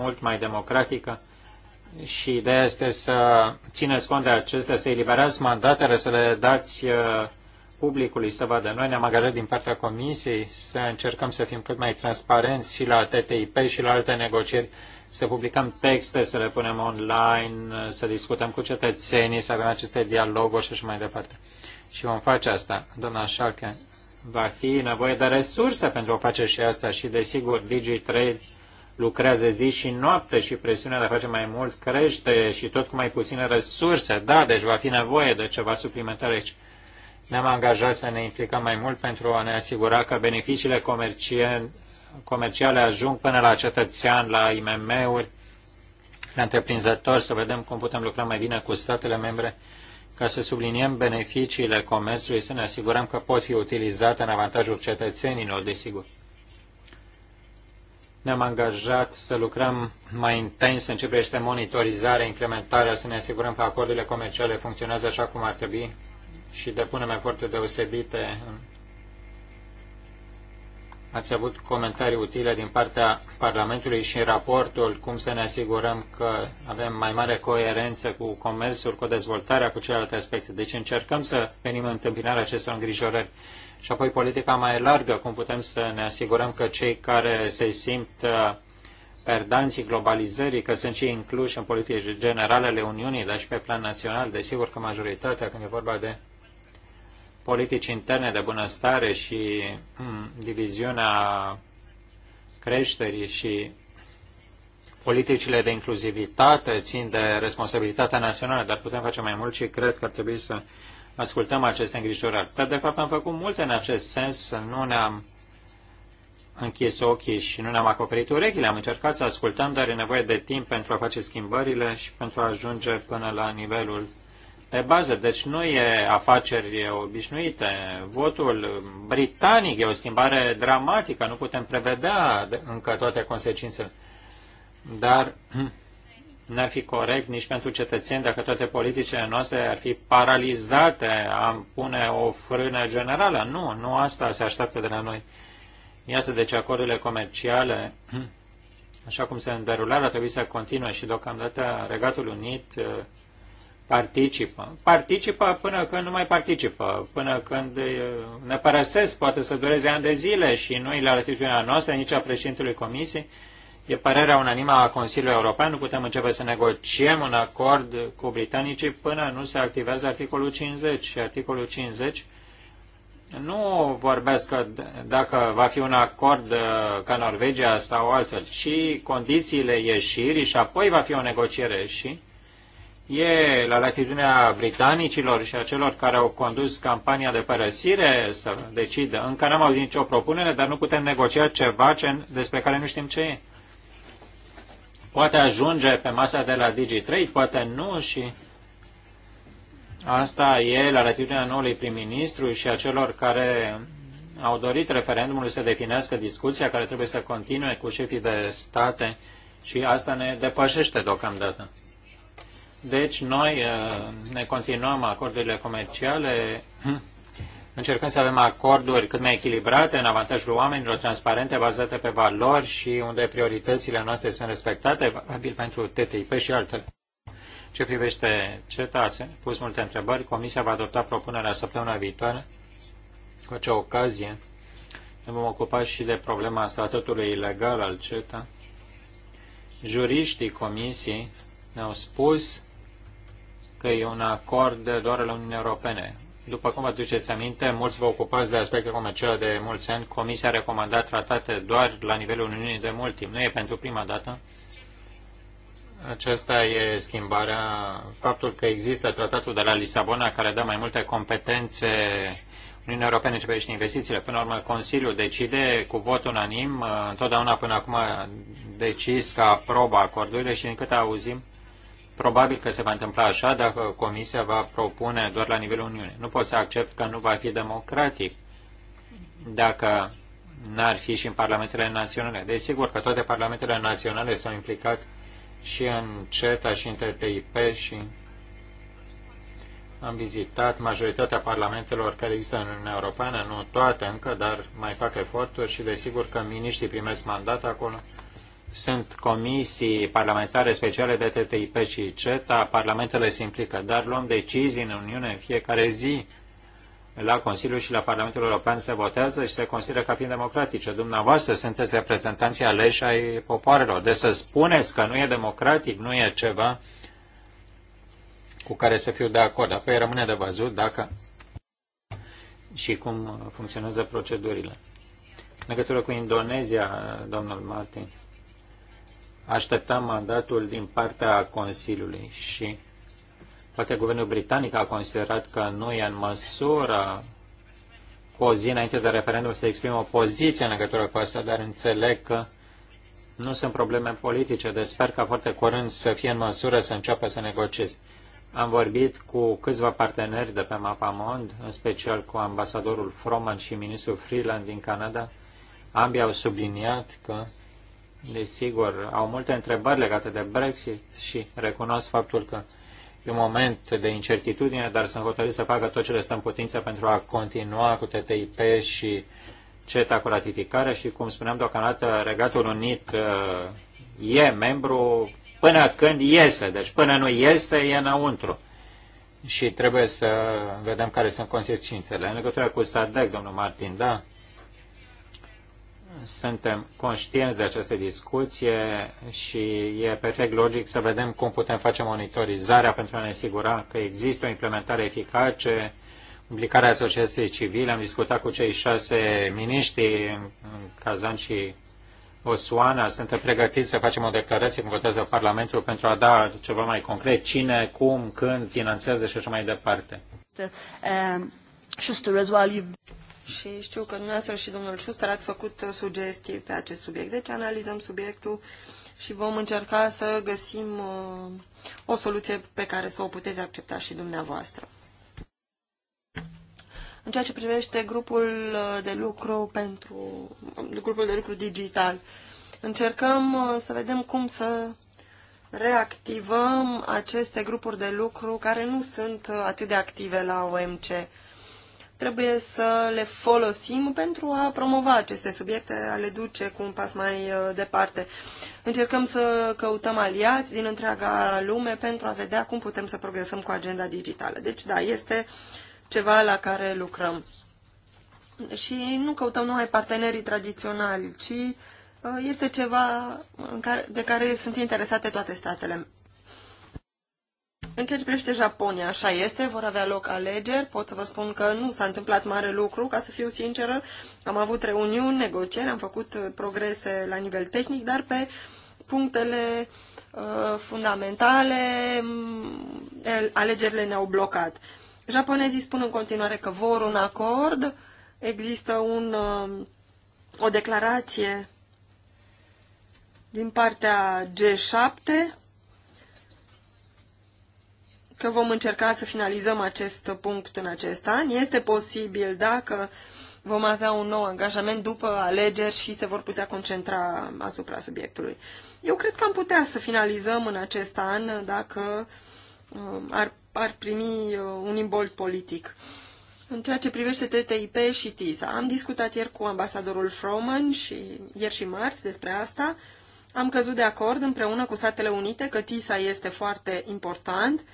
mult mai democratică și ideea este să țineți cont de acestea, să eliberați mandatele, să le dați uh, publicului să vadă. Noi ne-am angajat din partea Comisiei să încercăm să fim cât mai transparenți și la TTIP și la alte negocieri, să publicăm texte, să le punem online, uh, să discutăm cu cetățenii, să avem aceste dialoguri și așa mai departe. Și vom face asta. Doamna Șalche, va fi nevoie de resurse pentru a face și asta și, desigur, DigiTrade lucrează zi și noapte și presiunea de a face mai mult crește și tot cu mai puține resurse. Da, deci va fi nevoie de ceva suplimentar aici. Ne-am angajat să ne implicăm mai mult pentru a ne asigura că beneficiile comerciale ajung până la cetățean, la IMM-uri, la întreprinzători, să vedem cum putem lucra mai bine cu statele membre ca să subliniem beneficiile comerțului, să ne asigurăm că pot fi utilizate în avantajul cetățenilor, desigur. Ne-am angajat să lucrăm mai intens în ce privește monitorizarea, implementarea, să ne asigurăm că acordurile comerciale funcționează așa cum ar trebui și depunem eforturi deosebite. Ați avut comentarii utile din partea Parlamentului și în raportul cum să ne asigurăm că avem mai mare coerență cu comerțul, cu dezvoltarea, cu celelalte aspecte. Deci încercăm să venim în întâmpinarea acestor îngrijorări și apoi politica mai largă, cum putem să ne asigurăm că cei care se simt uh, perdanții globalizării, că sunt și incluși în politici generale ale Uniunii, dar și pe plan național, desigur că majoritatea, când e vorba de politici interne de bunăstare și hmm, diviziunea creșterii și politicile de inclusivitate țin de responsabilitatea națională, dar putem face mai mult și cred că ar trebui să ascultăm aceste îngrijorări. Dar, de fapt, am făcut multe în acest sens, nu ne-am închis ochii și nu ne-am acoperit urechile. Am încercat să ascultăm, dar e nevoie de timp pentru a face schimbările și pentru a ajunge până la nivelul de bază. Deci nu e afaceri obișnuite. Votul britanic e o schimbare dramatică. Nu putem prevedea încă toate consecințele. Dar *clears throat* N-ar fi corect nici pentru cetățeni dacă toate politicile noastre ar fi paralizate, am pune o frână generală. Nu, nu asta se așteaptă de la noi. Iată, deci acordurile comerciale, *clears throat* așa cum se înderulare, ar trebui să continue și deocamdată Regatul Unit uh, participă. Participă până când nu mai participă, până când uh, ne părăsesc, poate să dureze ani de zile și nu la latitudinea noastră, nici a președintelui Comisiei, E părerea unanimă a Consiliului European, nu putem începe să negociem un acord cu britanicii până nu se activează articolul 50. Și articolul 50 nu vorbesc că dacă va fi un acord uh, ca Norvegia sau altfel, ci condițiile ieșirii și apoi va fi o negociere și e la latitudinea britanicilor și a celor care au condus campania de părăsire să decidă. Încă n-am auzit nicio propunere, dar nu putem negocia ceva ce, despre care nu știm ce e poate ajunge pe masa de la DG3, poate nu și asta e la latitudinea noului prim-ministru și a celor care au dorit referendumul să definească discuția care trebuie să continue cu șefii de state și asta ne depășește deocamdată. Deci noi eh, ne continuăm acordurile comerciale *clears throat* Încercând să avem acorduri cât mai echilibrate, în avantajul oamenilor, transparente, bazate pe valori și unde prioritățile noastre sunt respectate, valabil pentru TTIP și altele. Ce privește CETA, ați pus multe întrebări. Comisia va adopta propunerea săptămâna viitoare. Cu acea ocazie ne vom ocupa și de problema statutului ilegal al CETA. Juriștii Comisiei ne-au spus că e un acord doar la Uniunea Europene. După cum vă duceți aminte, mulți vă ocupați de aspecte comerciale de mulți ani. Comisia a recomandat tratate doar la nivelul Uniunii de mult timp. Nu e pentru prima dată. Aceasta e schimbarea. Faptul că există tratatul de la Lisabona care dă mai multe competențe Uniunii Europene ce privește investițiile. Până la urmă, Consiliul decide cu vot unanim, întotdeauna până acum a decis că aprobă acordurile și din câte auzim, Probabil că se va întâmpla așa dacă Comisia va propune doar la nivelul Uniunii. Nu pot să accept că nu va fi democratic dacă n-ar fi și în parlamentele naționale. Desigur că toate parlamentele naționale s-au implicat și în CETA și în TTIP și am vizitat majoritatea parlamentelor care există în Uniunea Europeană, nu toate încă, dar mai fac eforturi și desigur că miniștrii primesc mandat acolo sunt comisii parlamentare speciale de TTIP și CETA, parlamentele se implică, dar luăm decizii în Uniune în fiecare zi. La Consiliu și la Parlamentul European se votează și se consideră ca fiind democratice. Dumneavoastră sunteți reprezentanții aleși ai popoarelor. De deci să spuneți că nu e democratic, nu e ceva cu care să fiu de acord. Apoi rămâne de văzut dacă și cum funcționează procedurile. În legătură cu Indonezia, domnul Martin, așteptăm mandatul din partea Consiliului și poate guvernul britanic a considerat că nu e în măsură cu o zi înainte de referendum să exprime o poziție în legătură cu asta, dar înțeleg că nu sunt probleme politice, deci sper ca foarte curând să fie în măsură să înceapă să negocieze. Am vorbit cu câțiva parteneri de pe Mapamond, în special cu ambasadorul Froman și ministrul Freeland din Canada. Ambii au subliniat că desigur, au multe întrebări legate de Brexit și recunosc faptul că e un moment de incertitudine, dar sunt hotărât să facă tot ce le stă în putință pentru a continua cu TTIP și CETA cu ratificarea și, cum spuneam deocamdată, Regatul Unit uh, e membru până când iese, deci până nu iese, e înăuntru. Și trebuie să vedem care sunt consecințele. În legătură cu SADEC, domnul Martin, da, suntem conștienți de această discuție și e perfect logic să vedem cum putem face monitorizarea pentru a ne asigura că există o implementare eficace, implicarea societății civile. Am discutat cu cei șase miniștri, Kazan și Osoana, suntem pregătiți să facem o declarație când votează Parlamentul pentru a da ceva mai concret cine, cum, când finanțează și așa mai departe și știu că dumneavoastră și domnul Schuster ați făcut sugestii pe acest subiect. Deci analizăm subiectul și vom încerca să găsim uh, o soluție pe care să o puteți accepta și dumneavoastră. În ceea ce privește grupul uh, de lucru pentru uh, grupul de lucru digital, încercăm uh, să vedem cum să reactivăm aceste grupuri de lucru care nu sunt atât de active la OMC trebuie să le folosim pentru a promova aceste subiecte, a le duce cu un pas mai uh, departe. Încercăm să căutăm aliați din întreaga lume pentru a vedea cum putem să progresăm cu agenda digitală. Deci, da, este ceva la care lucrăm. Și nu căutăm numai partenerii tradiționali, ci uh, este ceva de care sunt interesate toate statele în ce privește Japonia, așa este, vor avea loc alegeri. Pot să vă spun că nu s-a întâmplat mare lucru, ca să fiu sinceră. Am avut reuniuni, negocieri, am făcut uh, progrese la nivel tehnic, dar pe punctele uh, fundamentale mm, alegerile ne-au blocat. Japonezii spun în continuare că vor un acord. Există un, uh, o declarație din partea G7 că vom încerca să finalizăm acest punct în acest an. Este posibil dacă vom avea un nou angajament după alegeri și se vor putea concentra asupra subiectului. Eu cred că am putea să finalizăm în acest an dacă um, ar, ar primi uh, un imbold politic. În ceea ce privește TTIP și TISA, am discutat ieri cu ambasadorul Froman și ieri și marți despre asta. Am căzut de acord împreună cu Statele Unite că TISA este foarte important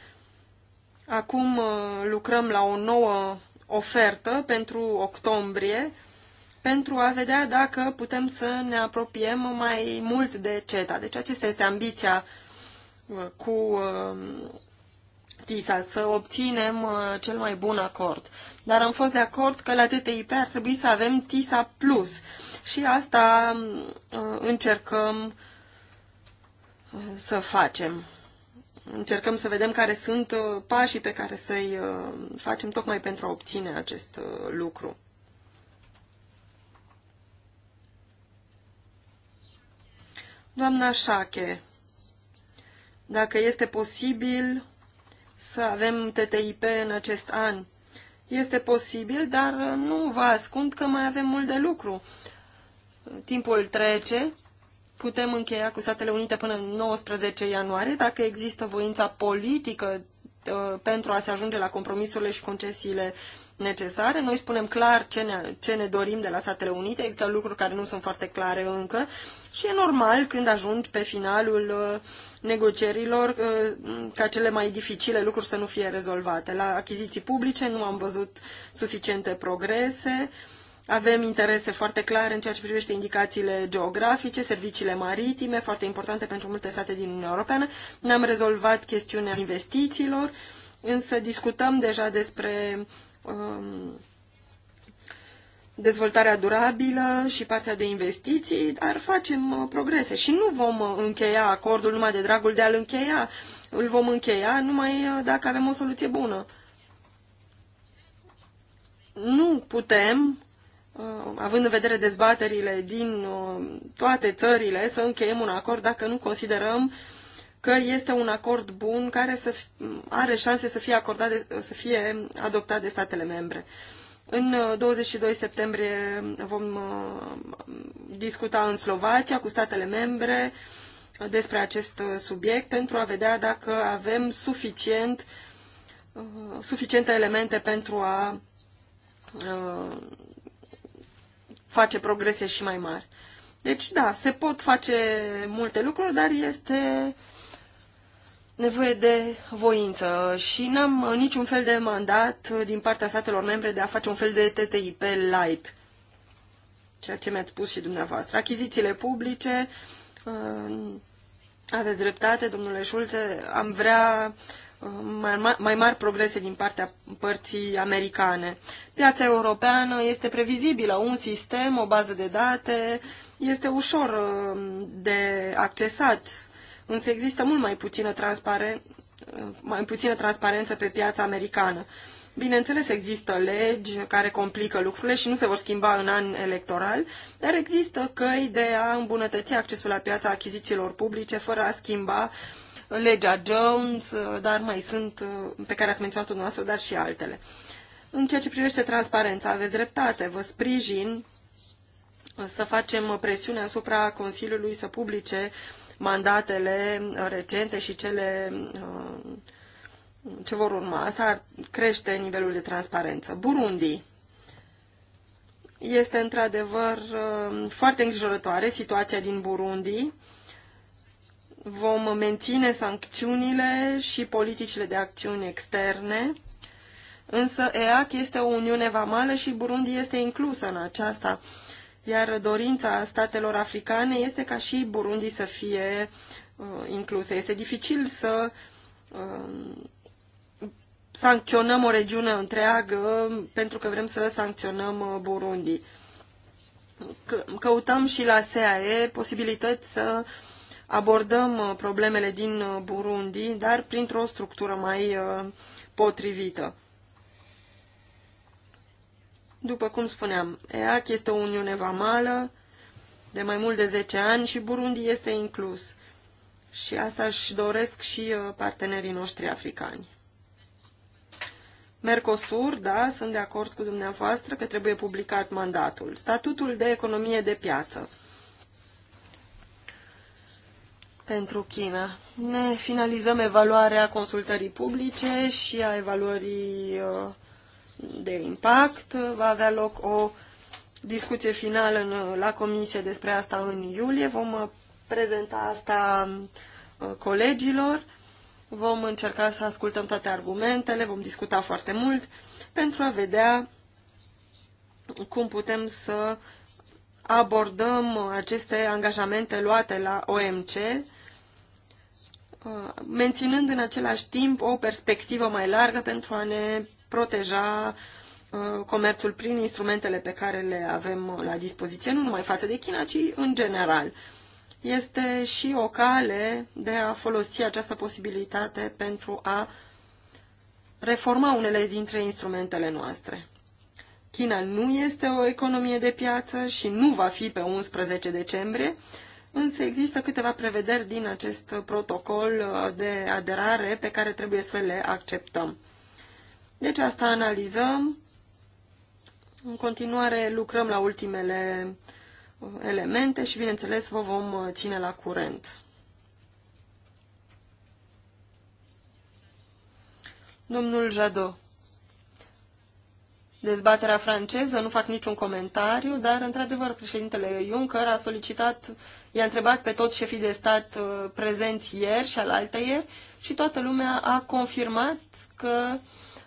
Acum uh, lucrăm la o nouă ofertă pentru octombrie, pentru a vedea dacă putem să ne apropiem mai mult de CETA. Deci acesta este ambiția uh, cu uh, TISA, să obținem cel mai bun acord. Dar am fost de acord că la TTIP ar trebui să avem TISA Plus și asta încercăm să facem încercăm să vedem care sunt uh, pașii pe care să-i uh, facem tocmai pentru a obține acest uh, lucru. Doamna Șache, dacă este posibil să avem TTIP în acest an. Este posibil, dar nu vă ascund că mai avem mult de lucru. Timpul trece putem încheia cu Statele Unite până în 19 ianuarie, dacă există voința politică uh, pentru a se ajunge la compromisurile și concesiile necesare. Noi spunem clar ce ne, ce ne dorim de la Statele Unite, există lucruri care nu sunt foarte clare încă și e normal când ajungi pe finalul uh, negocierilor uh, ca cele mai dificile lucruri să nu fie rezolvate. La achiziții publice nu am văzut suficiente progrese, avem interese foarte clare în ceea ce privește indicațiile geografice, serviciile maritime, foarte importante pentru multe state din Uniunea Europeană. Ne-am rezolvat chestiunea investițiilor, însă discutăm deja despre um, dezvoltarea durabilă și partea de investiții, dar facem uh, progrese și nu vom uh, încheia acordul numai de dragul de a-l încheia. Îl vom încheia numai uh, dacă avem o soluție bună. Nu putem Uh, având în vedere dezbaterile din uh, toate țările, să încheiem un acord dacă nu considerăm că este un acord bun care să are șanse să fie, acordat de, să fie adoptat de statele membre. În 22 uh, septembrie vom discuta în Slovacia cu statele membre despre acest subiect pentru a vedea dacă avem suficient, suficiente elemente pentru a face progrese și mai mari. Deci, da, se pot face multe lucruri, dar este nevoie de voință și n-am uh, niciun fel de mandat uh, din partea statelor membre de a face un fel de TTIP light, ceea ce mi-ați spus și dumneavoastră. Achizițiile publice, uh, aveți dreptate, domnule Șulțe, am vrea uh, mai, mai mari progrese din partea părții americane. Piața europeană este previzibilă, un sistem, o bază de date, este ușor uh, de accesat, însă există mult mai puțină, transparen... Uh, mai puțină transparență pe piața americană. Bineînțeles, există legi care complică lucrurile și nu se vor schimba în an electoral, dar există căi de a îmbunătăți accesul la piața achizițiilor publice fără a schimba uh, legea Jones, uh, dar mai sunt, uh, pe care ați menționat-o noastră, dar și altele. În ceea ce privește transparența, aveți dreptate, vă sprijin uh, să facem presiune asupra Consiliului să publice mandatele recente și cele ce vor urma. Asta ar crește nivelul de transparență. Burundi este într-adevăr foarte îngrijorătoare situația din Burundi Vom menține sancțiunile și politicile de acțiuni externe, însă EAC este o uniune vamală și Burundi este inclusă în aceasta, iar dorința statelor africane este ca și Burundi să fie uh, inclusă. Este dificil să uh, sancționăm o regiune întreagă pentru că vrem să sancționăm uh, Burundi. Căutăm și la SAE posibilități să uh, abordăm uh, problemele din uh, Burundi, dar printr-o structură mai uh, potrivită. După cum spuneam, EAC este o uniune vamală de mai mult de 10 ani și Burundi este inclus. Și asta își doresc și partenerii noștri africani. Mercosur, da, sunt de acord cu dumneavoastră că trebuie publicat mandatul. Statutul de economie de piață pentru China. Ne finalizăm evaluarea consultării publice și a evaluării uh, de impact. Va avea loc o discuție finală în, la comisie despre asta în iulie. Vom uh, prezenta asta uh, colegilor. Vom încerca să ascultăm toate argumentele, vom discuta foarte mult pentru a vedea cum putem să abordăm aceste angajamente luate la OMC Uh, menținând în același timp o perspectivă mai largă pentru a ne proteja uh, comerțul prin instrumentele pe care le avem la dispoziție, nu numai față de China, ci în general. Este și o cale de a folosi această posibilitate pentru a reforma unele dintre instrumentele noastre. China nu este o economie de piață și nu va fi pe 11 decembrie, însă există câteva prevederi din acest protocol uh, de aderare pe care trebuie să le acceptăm. Deci asta analizăm. În continuare lucrăm la ultimele uh, elemente și, bineînțeles, vă vom uh, ține la curent. Domnul Jadot dezbaterea franceză, nu fac niciun comentariu, dar, într-adevăr, președintele Juncker a solicitat, i-a întrebat pe toți șefii de stat uh, prezenți ieri și alaltă ieri și toată lumea a confirmat că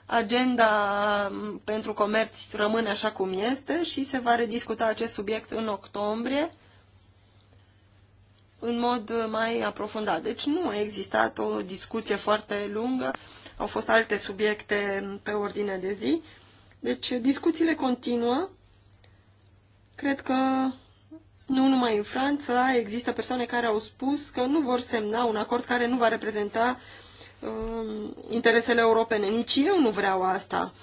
agenda um, pentru comerț rămâne așa cum este și se va rediscuta acest subiect în octombrie în mod mai aprofundat. Deci nu a existat o discuție foarte lungă, au fost alte subiecte pe ordine de zi deci discuțiile continuă. Cred că nu numai în Franța există persoane care au spus că nu vor semna un acord care nu va reprezenta uh, interesele europene. Nici eu nu vreau asta.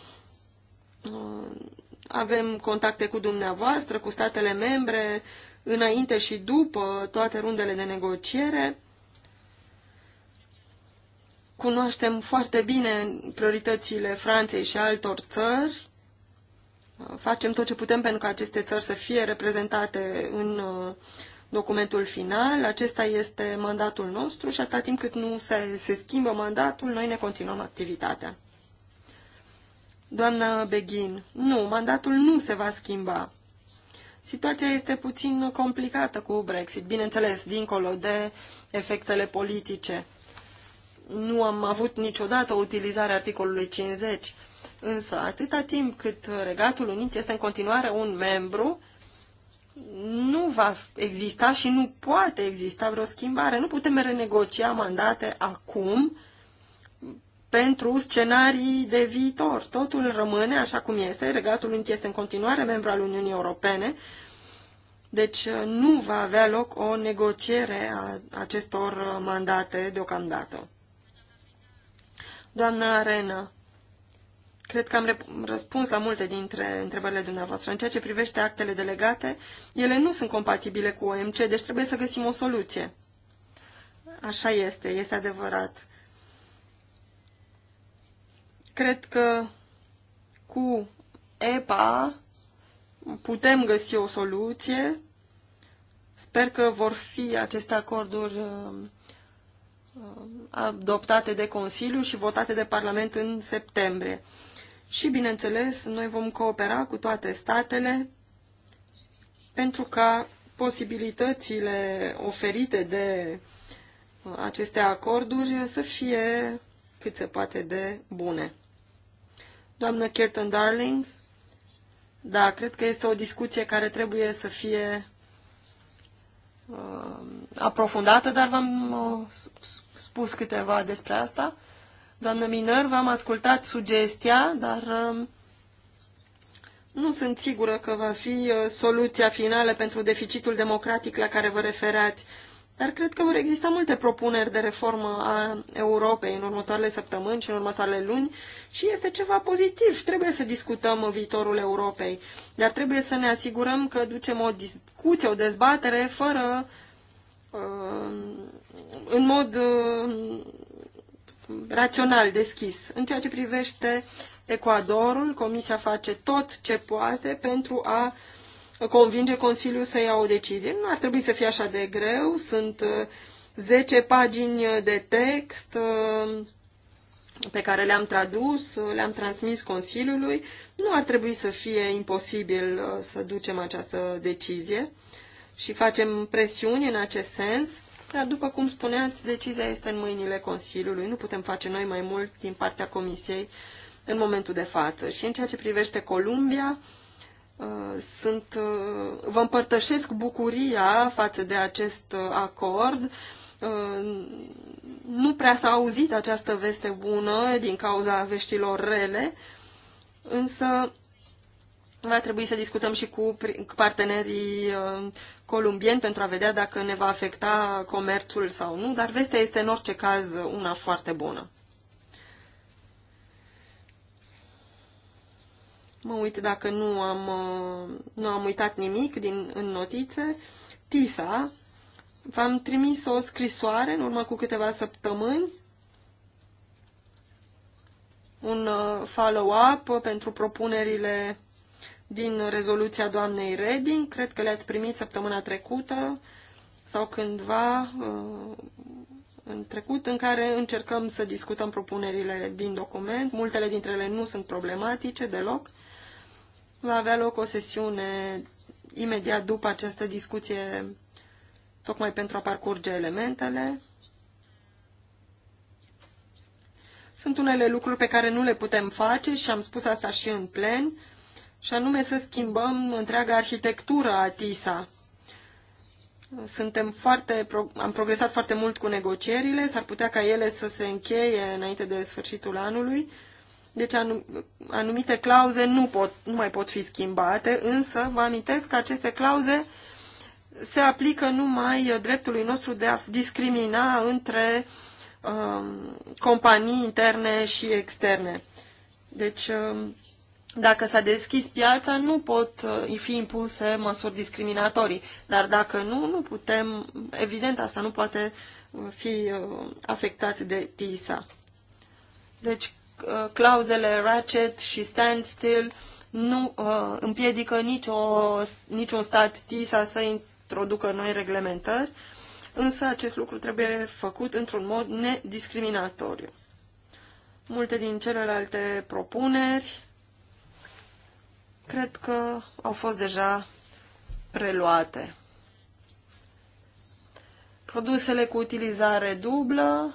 Uh, avem contacte cu dumneavoastră, cu statele membre, înainte și după toate rundele de negociere Cunoaștem foarte bine prioritățile Franței și altor țări. Facem tot ce putem pentru ca aceste țări să fie reprezentate în uh, documentul final. Acesta este mandatul nostru și atâta timp cât nu se, se schimbă mandatul, noi ne continuăm activitatea. Doamna Beghin, nu, mandatul nu se va schimba. Situația este puțin complicată cu Brexit, bineînțeles, dincolo de efectele politice nu am avut niciodată utilizarea articolului 50, însă atâta timp cât Regatul Unit este în continuare un membru, nu va exista și nu poate exista vreo schimbare. Nu putem renegocia mandate acum pentru scenarii de viitor. Totul rămâne așa cum este. Regatul Unit este în continuare membru al Uniunii Europene, deci nu va avea loc o negociere a acestor mandate deocamdată. Doamna Arena, cred că am răspuns la multe dintre întrebările dumneavoastră. În ceea ce privește actele delegate, ele nu sunt compatibile cu OMC, deci trebuie să găsim o soluție. Așa este, este adevărat. Cred că cu EPA putem găsi o soluție. Sper că vor fi aceste acorduri uh, Uh, adoptate de Consiliu și votate de Parlament în septembrie. Și, bineînțeles, noi vom coopera cu toate statele pentru ca posibilitățile oferite de uh, aceste acorduri să fie cât se poate de bune. Doamnă Kirtan Darling, da, cred că este o discuție care trebuie să fie uh, aprofundată, dar v-am uh, spus câteva despre asta. Doamnă Minăr, v-am ascultat sugestia, dar um, nu sunt sigură că va fi uh, soluția finală pentru deficitul democratic la care vă referați. Dar cred că vor exista multe propuneri de reformă a Europei în următoarele săptămâni și în următoarele luni și este ceva pozitiv. Trebuie să discutăm viitorul Europei, dar trebuie să ne asigurăm că ducem o discuție, o dezbatere fără uh, în mod uh, rațional deschis. În ceea ce privește Ecuadorul, Comisia face tot ce poate pentru a convinge Consiliul să ia o decizie. Nu ar trebui să fie așa de greu, sunt 10 uh, pagini de text uh, pe care le-am tradus, le-am transmis Consiliului. Nu ar trebui să fie imposibil să ducem această decizie și facem presiuni în acest sens dar, după cum spuneați, decizia este în mâinile Consiliului. Nu putem face noi mai mult din partea Comisiei în momentul de față. Și în ceea ce privește Columbia, uh, sunt, uh, vă împărtășesc bucuria față de acest uh, acord. Nu prea s-a auzit această veste bună din cauza veștilor rele, însă va trebui să discutăm și cu partenerii columbieni pentru a vedea dacă ne va afecta comerțul sau nu, dar vestea este în orice caz una foarte bună. Mă uit dacă nu am, uh, nu am uitat nimic din, în notițe. TISA, v-am trimis o scrisoare în urmă cu câteva săptămâni, un uh, follow-up pentru propunerile din rezoluția doamnei Reding, cred că le-ați primit săptămâna trecută sau cândva uh, în trecut, în care încercăm să discutăm propunerile din document. Multele dintre ele nu sunt problematice deloc. Va avea loc o sesiune imediat după această discuție, tocmai pentru a parcurge elementele. Sunt unele lucruri pe care nu le putem face și am spus asta și în plen și anume să schimbăm întreaga arhitectură a TISA. Suntem foarte, am progresat foarte mult cu negocierile, s-ar putea ca ele să se încheie înainte de sfârșitul anului, deci anumite clauze nu, pot, nu mai pot fi schimbate, însă vă amintesc că aceste clauze se aplică numai dreptului nostru de a discrimina între um, companii interne și externe. Deci um, dacă s-a deschis piața, nu pot uh, fi impuse măsuri discriminatorii. Dar dacă nu, nu putem, evident, asta nu poate uh, fi uh, afectat de TISA. Deci, clauzele ratchet și standstill nu împiedică nicio, niciun stat TISA să introducă noi reglementări, însă acest lucru trebuie făcut într-un mod nediscriminatoriu. Multe din celelalte propuneri cred că au fost deja preluate. Produsele cu utilizare dublă,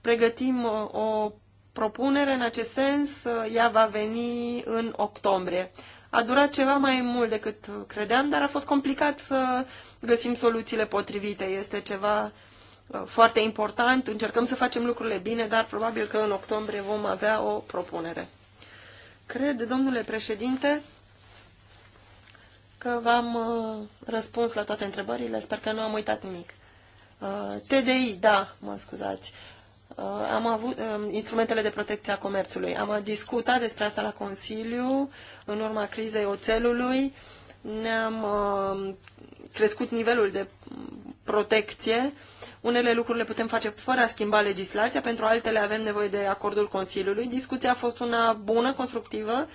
pregătim uh, o propunere în acest sens, uh, ea va veni în octombrie. A durat ceva mai mult decât credeam, dar a fost complicat să găsim soluțiile potrivite. Este ceva uh, foarte important, încercăm să facem lucrurile bine, dar probabil că în octombrie vom avea o propunere. Cred, domnule președinte, că v-am uh, răspuns la toate întrebările. Sper că nu am uitat nimic. Uh, TDI, da, mă scuzați. Uh, am avut um, instrumentele de protecție a comerțului. Am discutat despre asta la Consiliu în urma crizei oțelului. Ne-am crescut nivelul de protecție unele lucruri le putem face fără a schimba legislația, pentru altele avem nevoie de acordul Consiliului. Discuția a fost una bună, constructivă.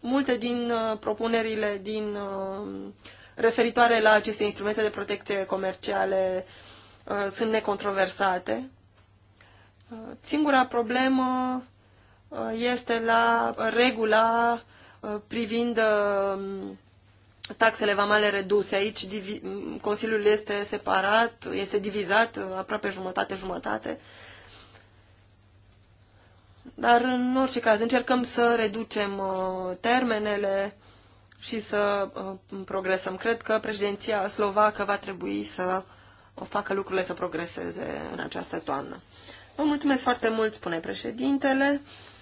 Multe din uh, propunerile din uh, referitoare la aceste instrumente de protecție comerciale uh, sunt necontroversate. Singura problemă este la regula privind taxele vamale reduse. Aici divi, Consiliul este separat, este divizat aproape jumătate-jumătate. Dar în orice caz încercăm să reducem uh, termenele și să uh, progresăm. Cred că președinția slovacă va trebui să facă lucrurile să progreseze în această toamnă. Vă mulțumesc foarte mult, spune președintele.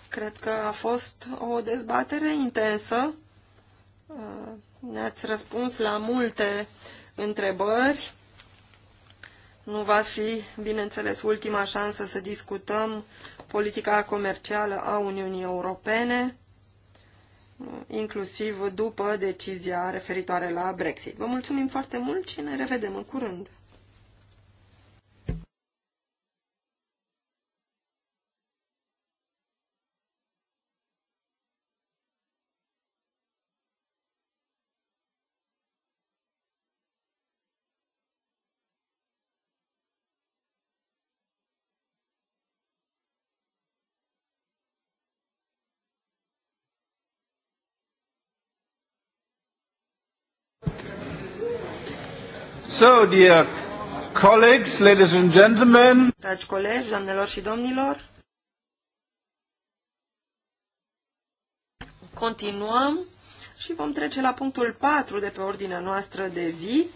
Cred că a fost o dezbatere intensă. Uh, ne-ați răspuns la multe întrebări. Nu va fi, bineînțeles, ultima șansă să discutăm politica comercială a Uniunii Europene, inclusiv după decizia referitoare la Brexit. Vă mulțumim foarte mult și ne revedem în curând! So, dear colleagues, ladies and gentlemen. Dragi colegi, doamnelor și domnilor. Continuăm și vom trece la punctul 4 de pe ordinea noastră de zi.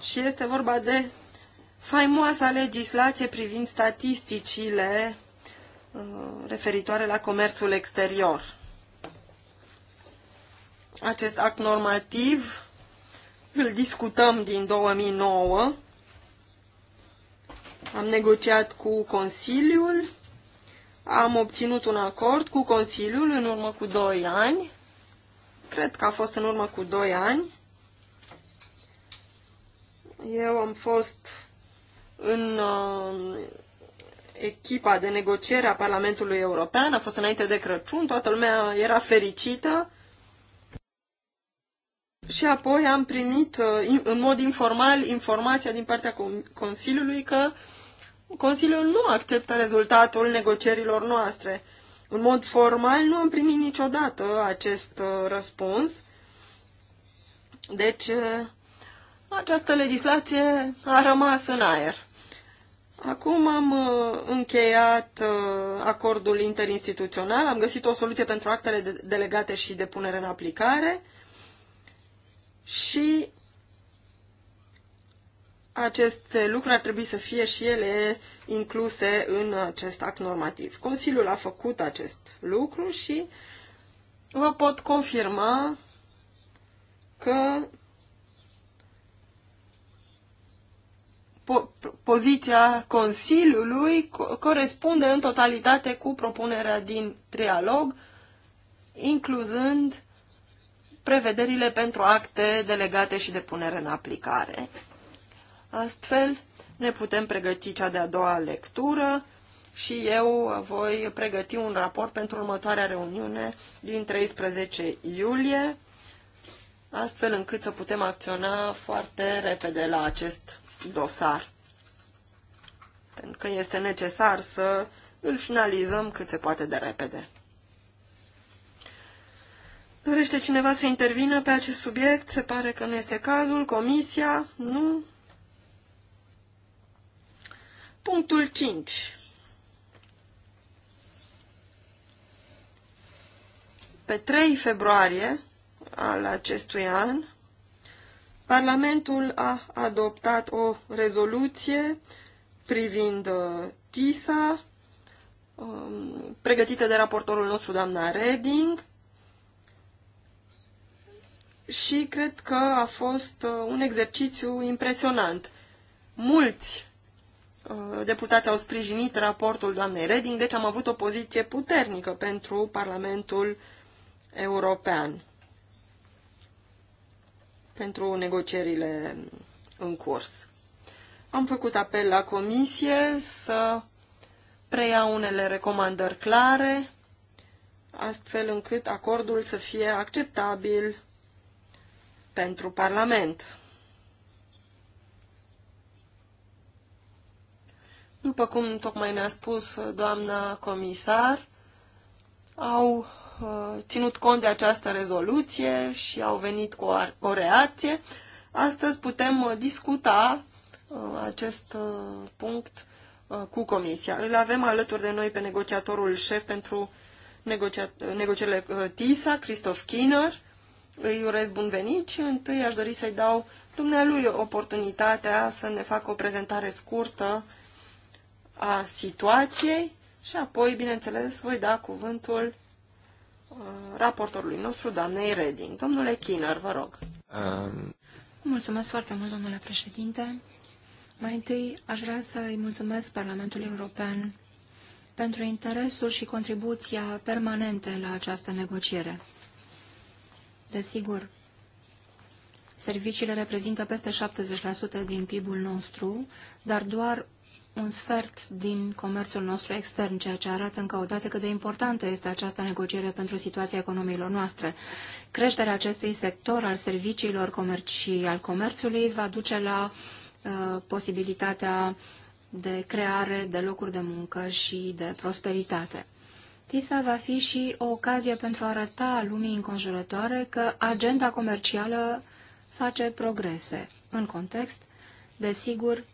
Și este vorba de faimoasa legislație privind statisticile uh, referitoare la comerțul exterior. Acest act normativ îl discutăm din 2009. Am negociat cu Consiliul, am obținut un acord cu Consiliul în urmă cu 2 ani. Cred că a fost în urmă cu 2 ani. Eu am fost în uh, echipa de negociere a Parlamentului European, a fost înainte de Crăciun, toată lumea era fericită și apoi am primit uh, în mod informal informația din partea Consiliului că Consiliul nu acceptă rezultatul negocierilor noastre. În mod formal nu am primit niciodată acest uh, răspuns. Deci uh, această legislație a rămas în aer. Acum am încheiat acordul interinstituțional, am găsit o soluție pentru actele delegate și de punere în aplicare și aceste lucruri ar trebui să fie și ele incluse în acest act normativ. Consiliul a făcut acest lucru și vă pot confirma că po- poziția Consiliului corespunde în totalitate cu propunerea din trialog, incluzând prevederile pentru acte delegate și de punere în aplicare. Astfel, ne putem pregăti cea de-a doua lectură și eu voi pregăti un raport pentru următoarea reuniune din 13 iulie, astfel încât să putem acționa foarte repede la acest dosar. Pentru că este necesar să îl finalizăm cât se poate de repede. Dorește cineva să intervină pe acest subiect? Se pare că nu este cazul. Comisia? Nu. Punctul 5. Pe 3 februarie al acestui an, Parlamentul a adoptat o rezoluție privind uh, TISA, um, pregătită de raportorul nostru, doamna Reding, și cred că a fost uh, un exercițiu impresionant. Mulți uh, deputați au sprijinit raportul doamnei Reding, deci am avut o poziție puternică pentru Parlamentul European pentru negocierile în curs. Am făcut apel la comisie să preia unele recomandări clare, astfel încât acordul să fie acceptabil pentru Parlament. După cum tocmai ne-a spus doamna comisar, au uh, ținut cont de această rezoluție și au venit cu o reacție. Astăzi putem uh, discuta uh, acest punct cu Comisia. Îl avem alături de noi pe negociatorul șef pentru negocia negocierile TISA, Christoph Kiner, îi urez bun venit și întâi aș dori să-i dau dumnealui oportunitatea să ne facă o prezentare scurtă a situației și apoi, bineînțeles, voi da cuvântul uh, raportorului nostru, doamnei Reding. Domnule Kinner, vă rog. Um... Mulțumesc foarte mult, domnule președinte. Mai întâi aș vrea să îi mulțumesc Parlamentului European pentru interesul și contribuția permanente la această negociere. Desigur, serviciile reprezintă peste 70% din PIB-ul nostru, dar doar un sfert din comerțul nostru extern, ceea ce arată încă o dată cât de importantă este această negociere pentru situația economiilor noastre. Creșterea acestui sector al serviciilor comerci și al comerțului va duce la uh, posibilitatea de creare de locuri de muncă și de prosperitate. TISA va fi și o ocazie pentru a arăta lumii înconjurătoare că agenda comercială face progrese. În context, desigur,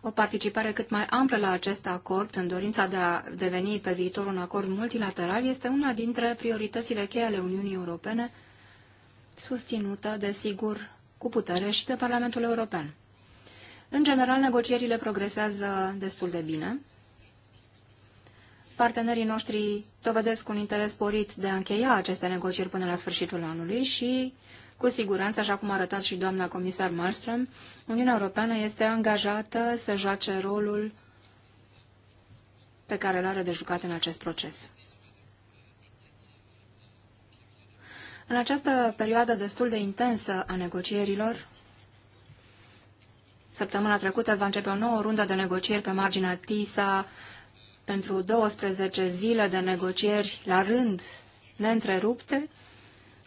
o participare cât mai amplă la acest acord, în dorința de a deveni pe viitor un acord multilateral, este una dintre prioritățile cheie ale Uniunii Europene, susținută, desigur, cu putere și de Parlamentul European. În general, negocierile progresează destul de bine. Partenerii noștri dovedesc un interes sporit de a încheia aceste negocieri până la sfârșitul anului și, cu siguranță, așa cum a arătat și doamna comisar Malmström, Uniunea Europeană este angajată să joace rolul pe care l are de jucat în acest proces. În această perioadă destul de intensă a negocierilor, săptămâna trecută va începe o nouă rundă de negocieri pe marginea TISA, pentru 12 zile de negocieri la rând neîntrerupte,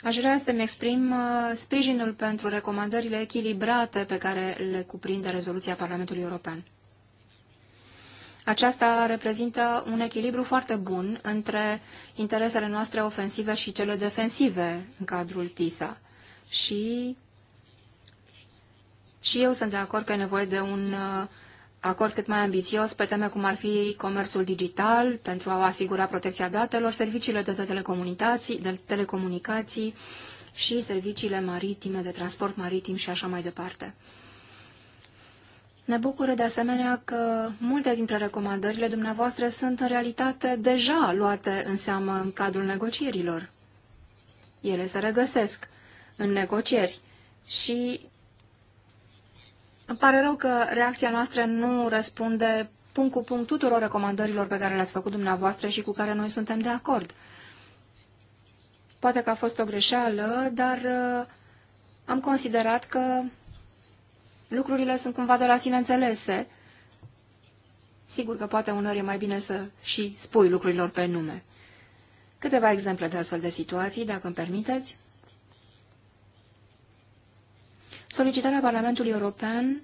aș vrea să-mi exprim uh, sprijinul pentru recomandările echilibrate pe care le cuprinde rezoluția Parlamentului European. Aceasta reprezintă un echilibru foarte bun între interesele noastre ofensive și cele defensive în cadrul TISA. Și, și eu sunt de acord că e nevoie de un uh, acord cât mai ambițios pe teme cum ar fi comerțul digital pentru a asigura protecția datelor, serviciile de telecomunicații, de telecomunicații și serviciile maritime, de transport maritim și așa mai departe. Ne bucură de asemenea că multe dintre recomandările dumneavoastră sunt în realitate deja luate în seamă în cadrul negocierilor. Ele se regăsesc în negocieri și îmi pare rău că reacția noastră nu răspunde punct cu punct tuturor recomandărilor pe care le-ați făcut dumneavoastră și cu care noi suntem de acord. Poate că a fost o greșeală, dar uh, am considerat că lucrurile sunt cumva de la sine înțelese. Sigur că poate uneori e mai bine să și spui lucrurilor pe nume. Câteva exemple de astfel de situații, dacă îmi permiteți solicitarea Parlamentului European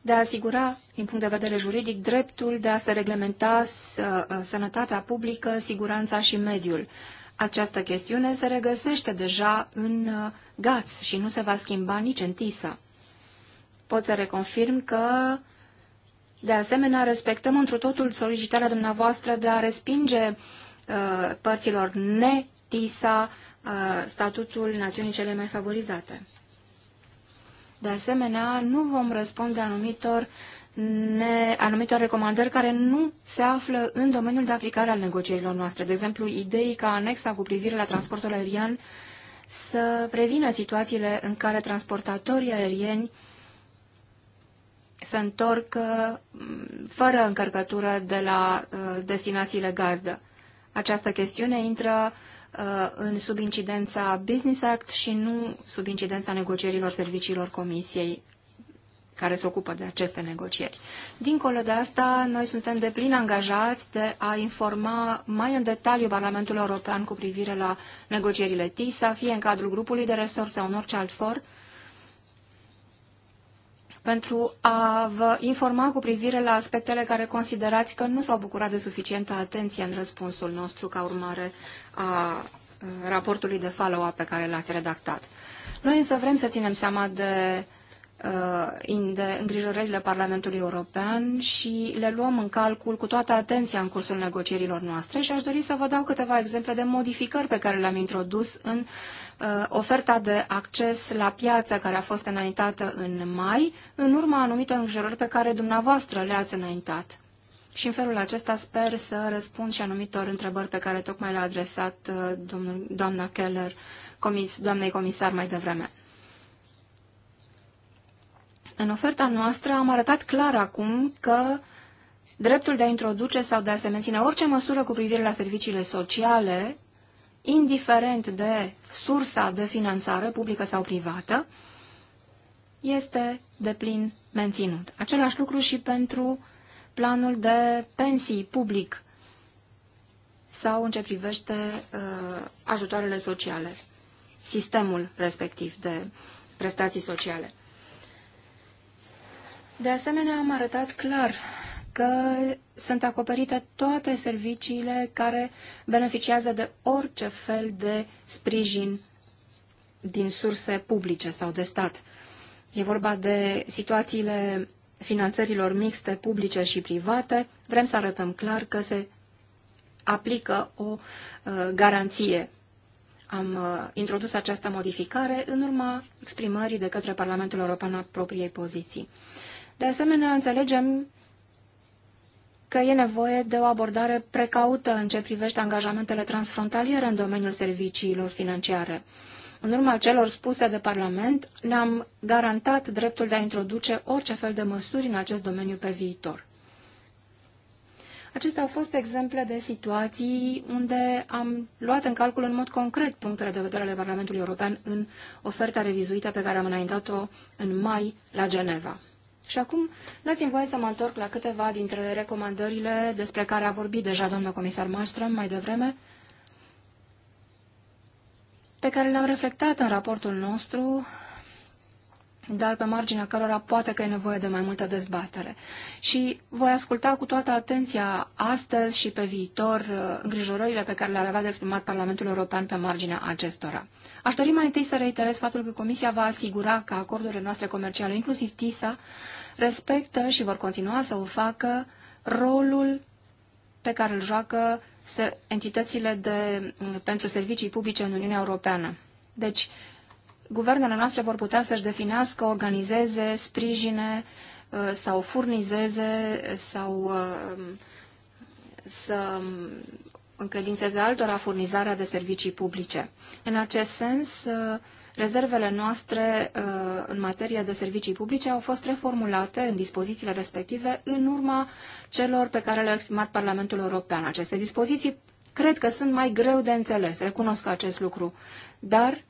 de a asigura, din punct de vedere juridic, dreptul de a se reglementa uh, sănătatea publică, siguranța și mediul. Această chestiune se regăsește deja în uh, GATS și nu se va schimba nici în TISA. Pot să reconfirm că, de asemenea, respectăm întru totul solicitarea dumneavoastră de a respinge uh, părților ne-TISA statutul națiunii cele mai favorizate. De asemenea, nu vom răspunde anumitor, ne, anumitor recomandări care nu se află în domeniul de aplicare al negocierilor noastre. De exemplu, idei ca anexa cu privire la transportul aerian să prevină situațiile în care transportatorii aerieni se întorc uh, fără încărcătură de la uh, destinațiile gazdă. Această chestiune intră Uh, în sub incidența Business Act și nu sub incidența negocierilor serviciilor Comisiei care se ocupă de aceste negocieri. Dincolo de asta, noi suntem de plin angajați de a informa mai în detaliu Parlamentul European cu privire la negocierile TISA, fie în cadrul grupului de resurse sau în orice alt for, pentru a vă informa cu privire la aspectele care considerați că nu s-au bucurat de suficientă atenție în răspunsul nostru ca urmare a raportului de follow-up pe care l-ați redactat. Noi însă vrem să ținem seama de de îngrijorările Parlamentului European și le luăm în calcul cu toată atenția în cursul negocierilor noastre și aș dori să vă dau câteva exemple de modificări pe care le-am introdus în Uh, oferta de acces la piață care a fost înaintată în mai, în urma anumitor îngrijorări pe care dumneavoastră le-ați înaintat. Și în felul acesta sper să răspund și anumitor întrebări pe care tocmai le-a adresat uh, domnul, doamna Keller, comis, doamnei comisar mai devreme. În oferta noastră am arătat clar acum că dreptul de a introduce sau de a se menține orice măsură cu privire la serviciile sociale indiferent de sursa de finanțare, publică sau privată, este de plin menținut. Același lucru și pentru planul de pensii public sau în ce privește uh, ajutoarele sociale, sistemul respectiv de prestații sociale. De asemenea, am arătat clar că sunt acoperite toate serviciile care beneficiază de orice fel de sprijin din surse publice sau de stat. E vorba de situațiile finanțărilor mixte, publice și private. Vrem să arătăm clar că se aplică o uh, garanție. Am uh, introdus această modificare în urma exprimării de către Parlamentul European a propriei poziții. De asemenea, înțelegem că e nevoie de o abordare precaută în ce privește angajamentele transfrontaliere în domeniul serviciilor financiare. În urma celor spuse de Parlament, ne-am garantat dreptul de a introduce orice fel de măsuri în acest domeniu pe viitor. Acestea au fost exemple de situații unde am luat în calcul în mod concret punctele de vedere ale Parlamentului European în oferta revizuită pe care am înaintat-o în mai la Geneva. Și acum dați-mi voie să mă întorc la câteva dintre recomandările despre care a vorbit deja domnul comisar Marström mai devreme, pe care le-am reflectat în raportul nostru dar pe marginea cărora poate că e nevoie de mai multă dezbatere. Și voi asculta cu toată atenția astăzi și pe viitor uh, îngrijorările pe care le-ar avea desprimat exprimat Parlamentul European pe marginea acestora. Aș dori mai întâi să reiterez faptul că Comisia va asigura că acordurile noastre comerciale, inclusiv TISA, respectă și vor continua să o facă rolul pe care îl joacă entitățile de, mm, pentru servicii publice în Uniunea Europeană. Deci, guvernele noastre vor putea să-și definească, organizeze, sprijine uh, sau furnizeze sau uh, să um, încredințeze altora furnizarea de servicii publice. În acest sens, uh, rezervele noastre în materie de servicii publice au fost reformulate în dispozițiile respective în urma celor pe care le-a exprimat Parlamentul European. Aceste dispoziții cred că sunt mai greu de înțeles, recunosc acest lucru, dar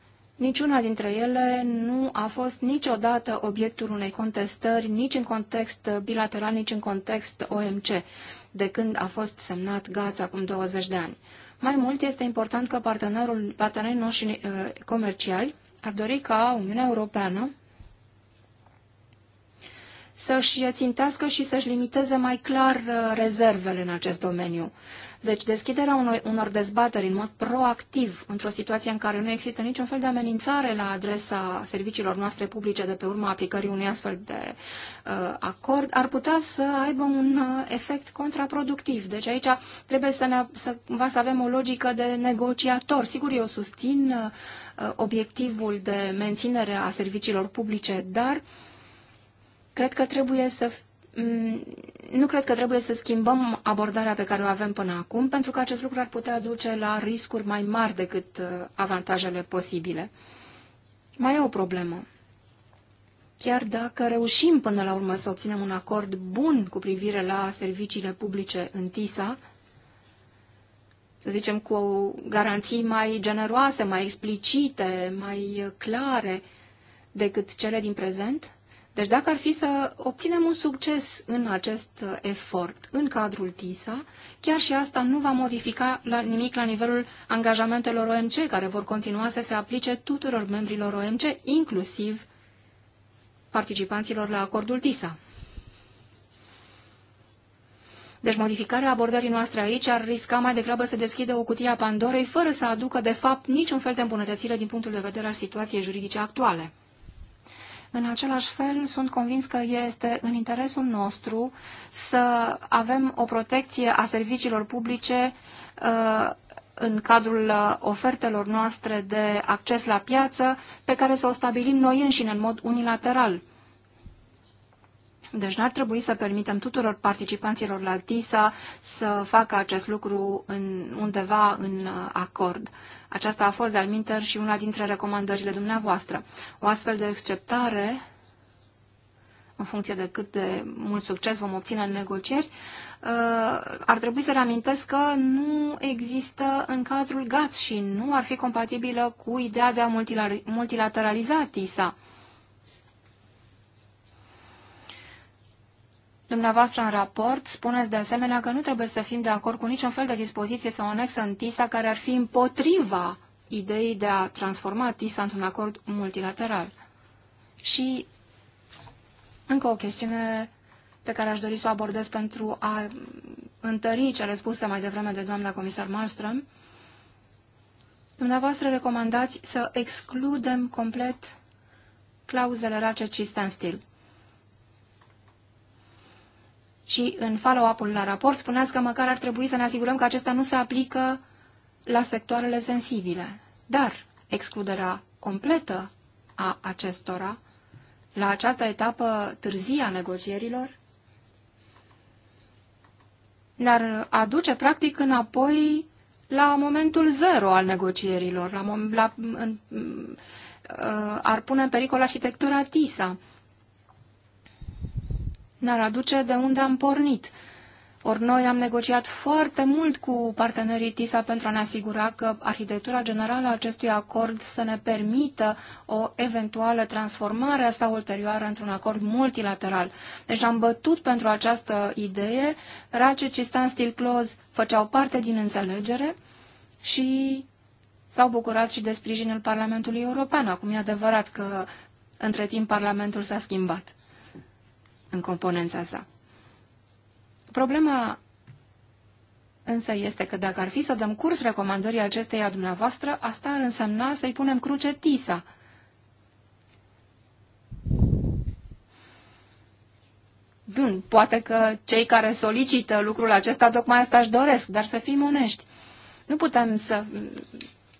Niciuna dintre ele nu a fost niciodată obiectul unei contestări, nici în context bilateral, nici în context OMC, de când a fost semnat gaz acum 20 de ani. Mai mult este important că partenerul, partenerii noștri eh, comerciali ar dori ca Uniunea Europeană să-și țintească și să-și limiteze mai clar uh, rezervele în acest domeniu. Deci deschiderea unor, unor dezbateri în mod proactiv într-o situație în care nu există niciun fel de amenințare la adresa serviciilor noastre publice de pe urma aplicării unui astfel de uh, acord ar putea să aibă un uh, efect contraproductiv. Deci aici trebuie să, ne, să cumva să avem o logică de negociator. Sigur, eu susțin uh, obiectivul de menținere a serviciilor publice, dar uh, Cred că trebuie să nu cred că trebuie să schimbăm abordarea pe care o avem până acum, pentru că acest lucru ar putea duce la riscuri mai mari decât uh, avantajele posibile. Mai e o problemă. Chiar dacă reușim până la urmă să obținem un acord bun cu privire la serviciile publice în TISA, să zicem cu garanții mai generoase, mai explicite, mai clare decât cele din prezent, deci dacă ar fi să obținem un succes în acest efort, în cadrul TISA, chiar și asta nu va modifica la nimic la nivelul angajamentelor OMC, care vor continua să se aplice tuturor membrilor OMC, inclusiv participanților la acordul TISA. Deci modificarea abordării noastre aici ar risca mai degrabă să deschidă o cutie a Pandorei fără să aducă, de fapt, niciun fel de îmbunătățire din punctul de vedere al situației juridice actuale. În același fel, sunt convins că este în interesul nostru să avem o protecție a serviciilor publice uh, în cadrul uh, ofertelor noastre de acces la piață, pe care să o stabilim noi înșine în mod unilateral. Deci n-ar trebui să permitem tuturor participanților la TISA să facă acest lucru în, undeva în uh, acord. Aceasta a fost, de-al și una dintre recomandările dumneavoastră. O astfel de exceptare, în funcție de cât de mult succes vom obține în negocieri, uh, ar trebui să reamintesc că nu există în cadrul GATS și nu ar fi compatibilă cu ideea de a multilateraliza TISA. Dumneavoastră, în raport, spuneți de asemenea că nu trebuie să fim de acord cu niciun fel de dispoziție sau anexă în TISA care ar fi împotriva ideii de a transforma TISA într-un acord multilateral. Și încă o chestiune pe care aș dori să o abordez pentru a întări cele spuse mai devreme de doamna comisar Malmström. Dumneavoastră recomandați să excludem complet clauzele RACE și still. Și în follow-up-ul la raport spuneați că măcar ar trebui să ne asigurăm că acesta nu se aplică la sectoarele sensibile. Dar excluderea completă a acestora la această etapă târzie a negocierilor ne-ar aduce practic înapoi la momentul zero al negocierilor, la, la, în, ar pune în pericol arhitectura TISA ne-ar aduce de unde am pornit. Ori noi am negociat foarte mult cu partenerii TISA pentru a ne asigura că arhitectura generală a acestui acord să ne permită o eventuală transformare sau ulterioară într-un acord multilateral. Deci am bătut pentru această idee, RACE și Steel Close făceau parte din înțelegere și s-au bucurat și de sprijinul Parlamentului European. Acum e adevărat că între timp Parlamentul s-a schimbat în componența sa. Problema însă este că dacă ar fi să dăm curs recomandării acesteia dumneavoastră, asta ar însemna să-i punem cruce TISA. Bun, poate că cei care solicită lucrul acesta tocmai asta își doresc, dar să fim onești. Nu putem să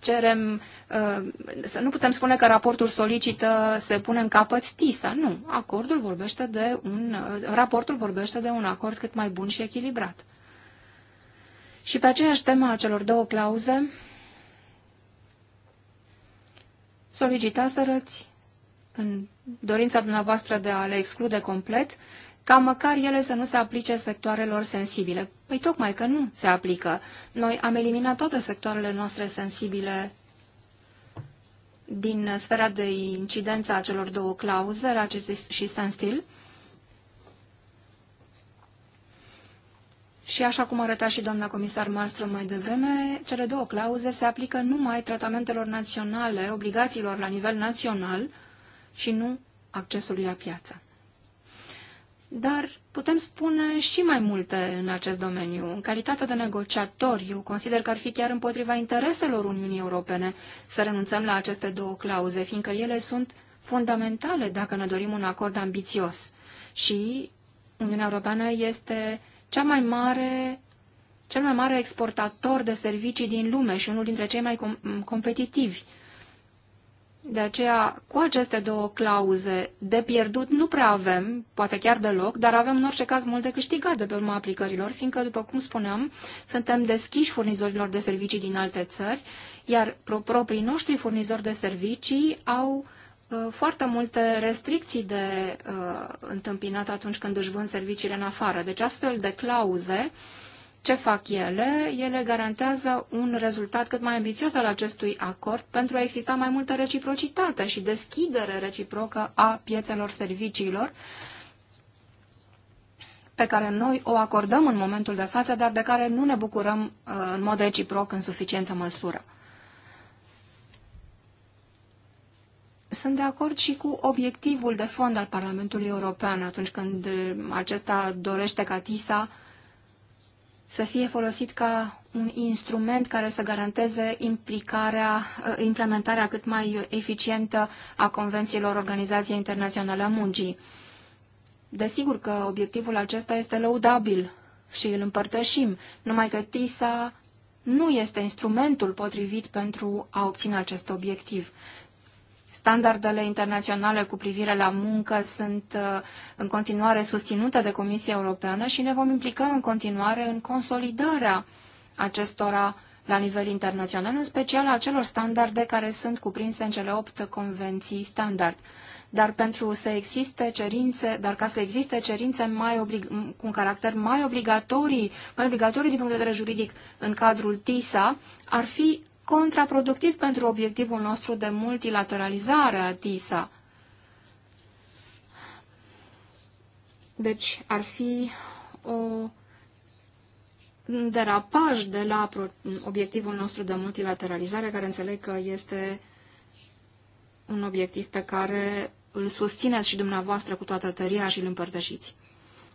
cerem, uh, să nu putem spune că raportul solicită să punem capăt TISA. Nu, acordul vorbește de un, uh, raportul vorbește de un acord cât mai bun și echilibrat. Și pe aceeași temă a celor două clauze, răți în dorința dumneavoastră de a le exclude complet, ca măcar ele să nu se aplice sectoarelor sensibile. Păi tocmai că nu se aplică. Noi am eliminat toate sectoarele noastre sensibile din sfera de incidență a celor două clauze, acest și standstill. Și așa cum arăta și doamna comisar Marstrom mai devreme, cele două clauze se aplică numai tratamentelor naționale, obligațiilor la nivel național și nu accesului la piață dar putem spune și mai multe în acest domeniu. În calitate de negociator, eu consider că ar fi chiar împotriva intereselor Uniunii Europene să renunțăm la aceste două clauze, fiindcă ele sunt fundamentale dacă ne dorim un acord ambițios. Și Uniunea Europeană este cea mai mare, cel mai mare exportator de servicii din lume și unul dintre cei mai com competitivi. De aceea, cu aceste două clauze, de pierdut nu prea avem, poate chiar deloc, dar avem în orice caz mult de câștigat de pe urma aplicărilor, fiindcă, după cum spuneam, suntem deschiși furnizorilor de servicii din alte țări, iar proprii noștri furnizori de servicii au uh, foarte multe restricții de uh, întâmpinat atunci când își vând serviciile în afară. Deci astfel de clauze uh, ce fac ele? Ele garantează un rezultat cât mai ambițios al acestui acord pentru a exista mai multă reciprocitate și deschidere reciprocă a piețelor serviciilor pe care noi o acordăm în momentul de față, dar de care nu ne bucurăm uh, în mod reciproc în suficientă măsură. Sunt de acord și cu obiectivul de fond al Parlamentului European atunci când uh, acesta dorește ca TISA să fie folosit ca un instrument care să garanteze implicarea, uh, implementarea cât mai eficientă a convențiilor Organizației Internaționale a Muncii. Desigur că obiectivul acesta este lăudabil și îl împărtășim, numai că TISA nu este instrumentul potrivit pentru a obține acest obiectiv. Standardele internaționale cu privire la muncă sunt uh, în continuare susținute de Comisia Europeană și ne vom implica în continuare în consolidarea acestora la nivel internațional, în special a celor standarde care sunt cuprinse în cele opt convenții standard. Dar pentru să existe cerințe, dar ca să existe cerințe mai oblig, cu un caracter mai obligatorii, mai obligatorii din punct de vedere juridic în cadrul TISA, ar fi contraproductiv pentru obiectivul nostru de multilateralizare a TISA. Deci ar fi o derapaj de la obiectivul nostru de multilateralizare, care înțeleg că este un obiectiv pe care îl susțineți și dumneavoastră cu toată tăria și îl împărtășiți.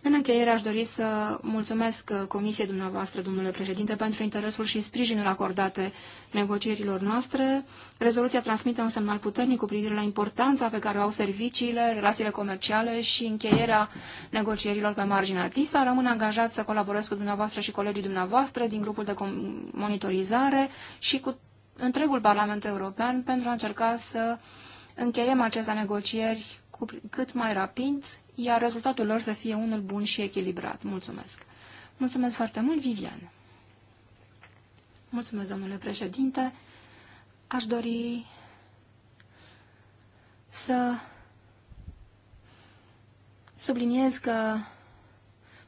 În încheiere aș dori să mulțumesc uh, Comisiei dumneavoastră, domnule președinte, pentru interesul și sprijinul acordate negocierilor noastre. Rezoluția transmite un semnal puternic cu privire la importanța pe care o au serviciile, relațiile comerciale și încheierea negocierilor pe marginea TISA. Rămân angajat să colaborez cu dumneavoastră și colegii dumneavoastră din grupul de monitorizare și cu întregul Parlament European pentru a încerca să încheiem aceste negocieri cu, cât mai rapid iar rezultatul lor să fie unul bun și echilibrat. Mulțumesc! Mulțumesc foarte mult, Vivian! Mulțumesc, domnule președinte! Aș dori să subliniez că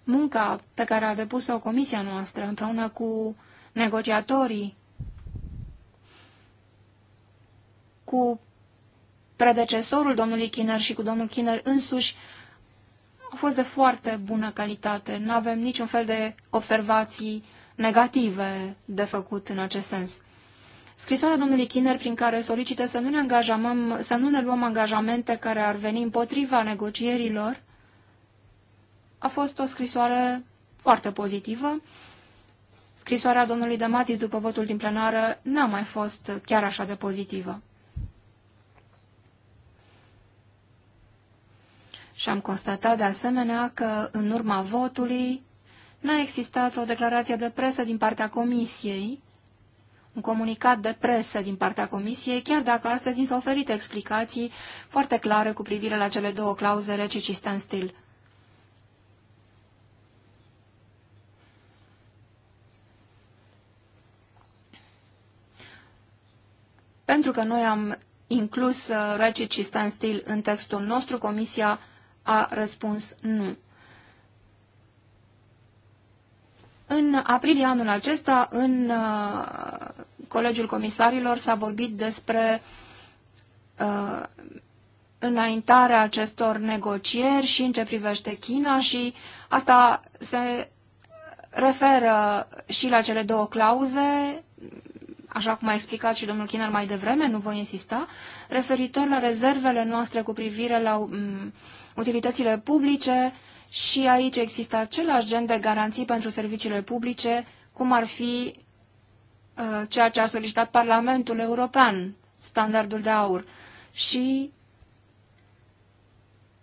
munca pe care a depus-o comisia noastră împreună cu negociatorii, cu predecesorul domnului Kiner și cu domnul Kiner însuși, a fost de foarte bună calitate. Nu avem niciun fel de observații negative de făcut în acest sens. Scrisoarea domnului Kinner prin care solicită să nu ne, angajăm, să nu ne luăm angajamente care ar veni împotriva negocierilor a fost o scrisoare foarte pozitivă. Scrisoarea domnului Dematis după votul din plenară n-a mai fost chiar așa de pozitivă. Și am constatat de asemenea că, în urma votului, n-a existat o declarație de presă din partea Comisiei, un comunicat de presă din partea Comisiei, chiar dacă astăzi s-au oferit explicații foarte clare cu privire la cele două clauze rece și standstill. Pentru că noi am inclus uh, recit și standstill în textul nostru, Comisia a răspuns nu. În aprilie anul acesta, în uh, Colegiul Comisarilor s-a vorbit despre uh, înaintarea acestor negocieri și în ce privește China și asta se referă și la cele două clauze așa cum a explicat și domnul Chinar mai devreme, nu voi insista, referitor la rezervele noastre cu privire la um, utilitățile publice și aici există același gen de garanții pentru serviciile publice, cum ar fi uh, ceea ce a solicitat Parlamentul European, standardul de aur. Și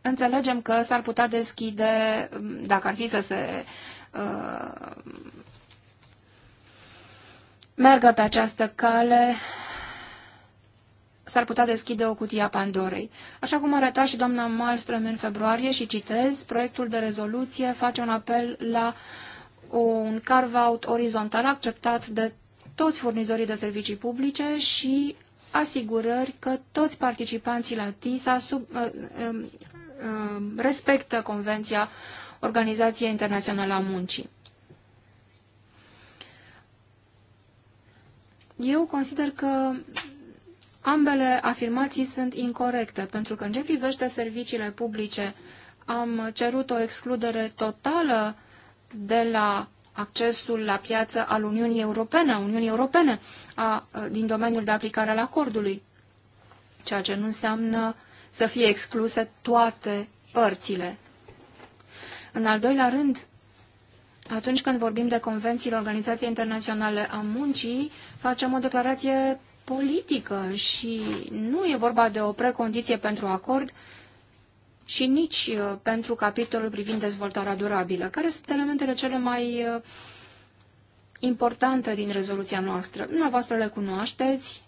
înțelegem că s-ar putea deschide, mm, dacă ar fi să se uh, meargă pe această cale, s-ar putea deschide o cutie a Pandorei. Așa cum arăta și doamna Malmström în februarie și citez, proiectul de rezoluție face un apel la un carve-out orizontal acceptat de toți furnizorii de servicii publice și asigurări că toți participanții la TISA sub, uh, uh, uh, respectă Convenția Organizației Internaționale a Muncii. Eu consider că ambele afirmații sunt incorrecte, pentru că în ce privește serviciile publice am cerut o excludere totală de la accesul la piață al Uniunii Europene, a Uniunii Europene, a, din domeniul de aplicare al acordului, ceea ce nu înseamnă să fie excluse toate părțile. În al doilea rând, atunci când vorbim de convențiile Organizației Internaționale a Muncii, facem o declarație politică și nu e vorba de o precondiție pentru acord și nici uh, pentru capitolul privind dezvoltarea durabilă, care sunt elementele cele mai uh, importante din rezoluția noastră. Dumneavoastră le cunoașteți,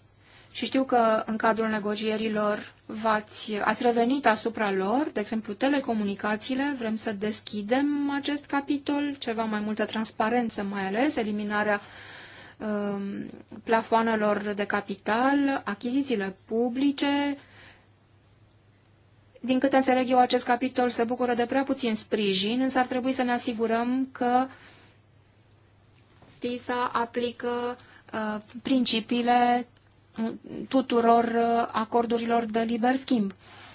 și știu că în cadrul negocierilor v-ați, ați revenit asupra lor, de exemplu telecomunicațiile, vrem să deschidem acest capitol, ceva mai multă transparență mai ales, eliminarea um, plafoanelor de capital, achizițiile publice. Din câte înțeleg eu, acest capitol se bucură de prea puțin sprijin, însă ar trebui să ne asigurăm că TISA aplică uh, principiile tuturor uh, acordurilor de liber schimb.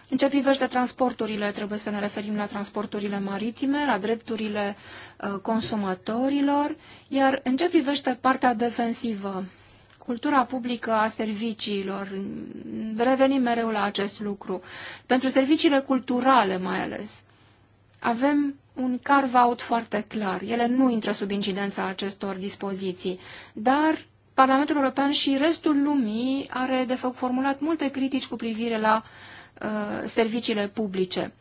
În ce privește transporturile, trebuie să ne referim la transporturile maritime, la drepturile uh, consumatorilor, iar în ce privește partea defensivă, cultura publică a serviciilor, mm, revenim mereu la acest lucru, pentru serviciile culturale mai ales, avem un carve-out foarte clar. Ele nu intră sub incidența acestor dispoziții, dar Parlamentul European și restul lumii are, de făcut formulat multe critici cu privire la uh, serviciile publice.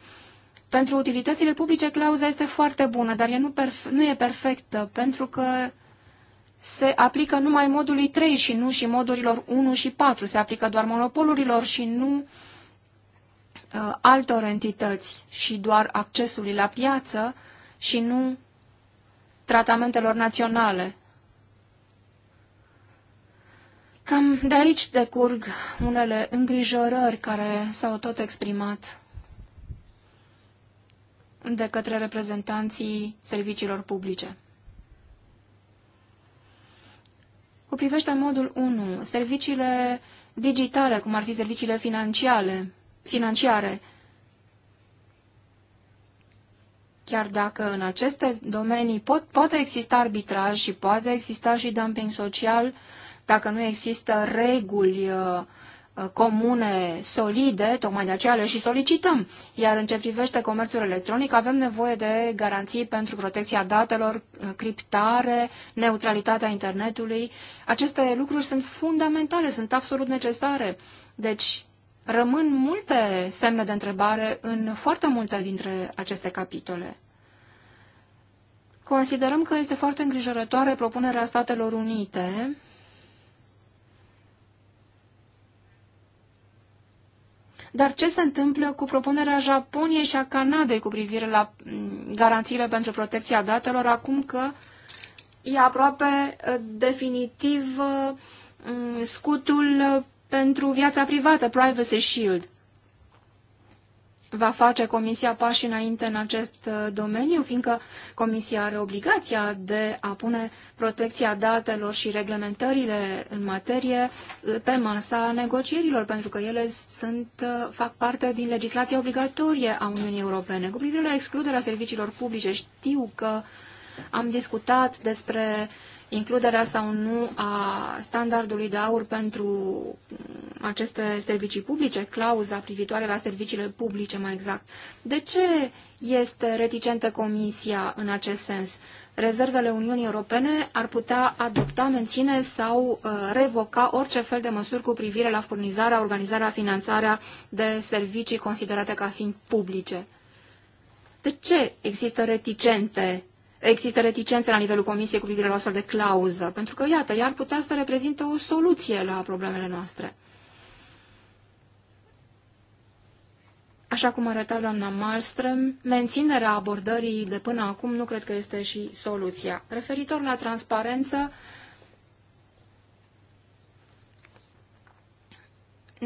Pentru utilitățile publice, clauza este foarte bună, dar ea nu, perf- nu e perfectă, pentru că se aplică numai modului 3 și nu și modurilor 1 și 4. Se aplică doar monopolurilor și nu uh, altor entități și doar accesului la piață și nu tratamentelor naționale. Cam de aici decurg unele îngrijorări care s-au tot exprimat de către reprezentanții serviciilor publice. Cu privește modul 1, serviciile digitale, cum ar fi serviciile financiare, financiare, chiar dacă în aceste domenii pot, poate exista arbitraj și poate exista și dumping social, uh, dacă nu există reguli uh, uh, comune, solide, tocmai de aceea le și solicităm. Iar în ce privește comerțul electronic, avem nevoie de garanții pentru protecția datelor, uh, criptare, neutralitatea internetului. Aceste lucruri sunt fundamentale, sunt absolut necesare. Deci, rămân multe semne de întrebare în foarte multe dintre aceste capitole. Considerăm că este foarte îngrijorătoare propunerea Statelor Unite Dar ce se întâmplă cu propunerea Japoniei și a Canadei cu privire la mm, garanțiile pentru protecția datelor, acum că e aproape uh, definitiv uh, mm, scutul uh, pentru viața privată, Privacy Shield? va face Comisia pași înainte în acest uh, domeniu, fiindcă Comisia are obligația de a pune protecția datelor și reglementările în materie uh, pe masa negocierilor, pentru că ele sunt, uh, fac parte din legislația obligatorie a Uniunii Europene. Cu privire la excluderea serviciilor publice, știu că am discutat despre uh, includerea sau nu a standardului de aur pentru aceste servicii publice, clauza privitoare la serviciile publice mai exact. De ce este reticentă Comisia în acest sens? Rezervele Uniunii Europene ar putea adopta, menține sau uh, revoca orice fel de măsuri cu privire la furnizarea, organizarea, finanțarea de servicii considerate ca fiind publice. De ce există reticente există reticențe la nivelul Comisiei cu privire la astfel de clauză, pentru că, iată, ea ar putea să reprezinte o soluție la problemele noastre. Așa cum arăta doamna Malmström, menținerea abordării de până acum nu cred că este și soluția. Referitor la transparență, uh,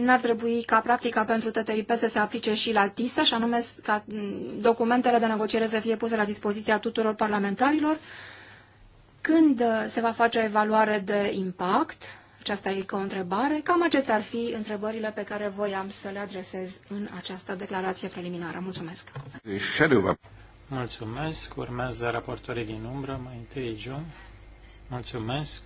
n-ar trebui ca practica pentru TTIP să se aplice și la TISA, și anume ca documentele de negociere să fie puse la dispoziția tuturor parlamentarilor. Când uh, se va face o evaluare de impact? Aceasta e o întrebare. Cam acestea ar fi întrebările pe care voiam să le adresez în această declarație preliminară. Mulțumesc! Mulțumesc! Urmează raportorii din umbră, mai întâi John. Mulțumesc!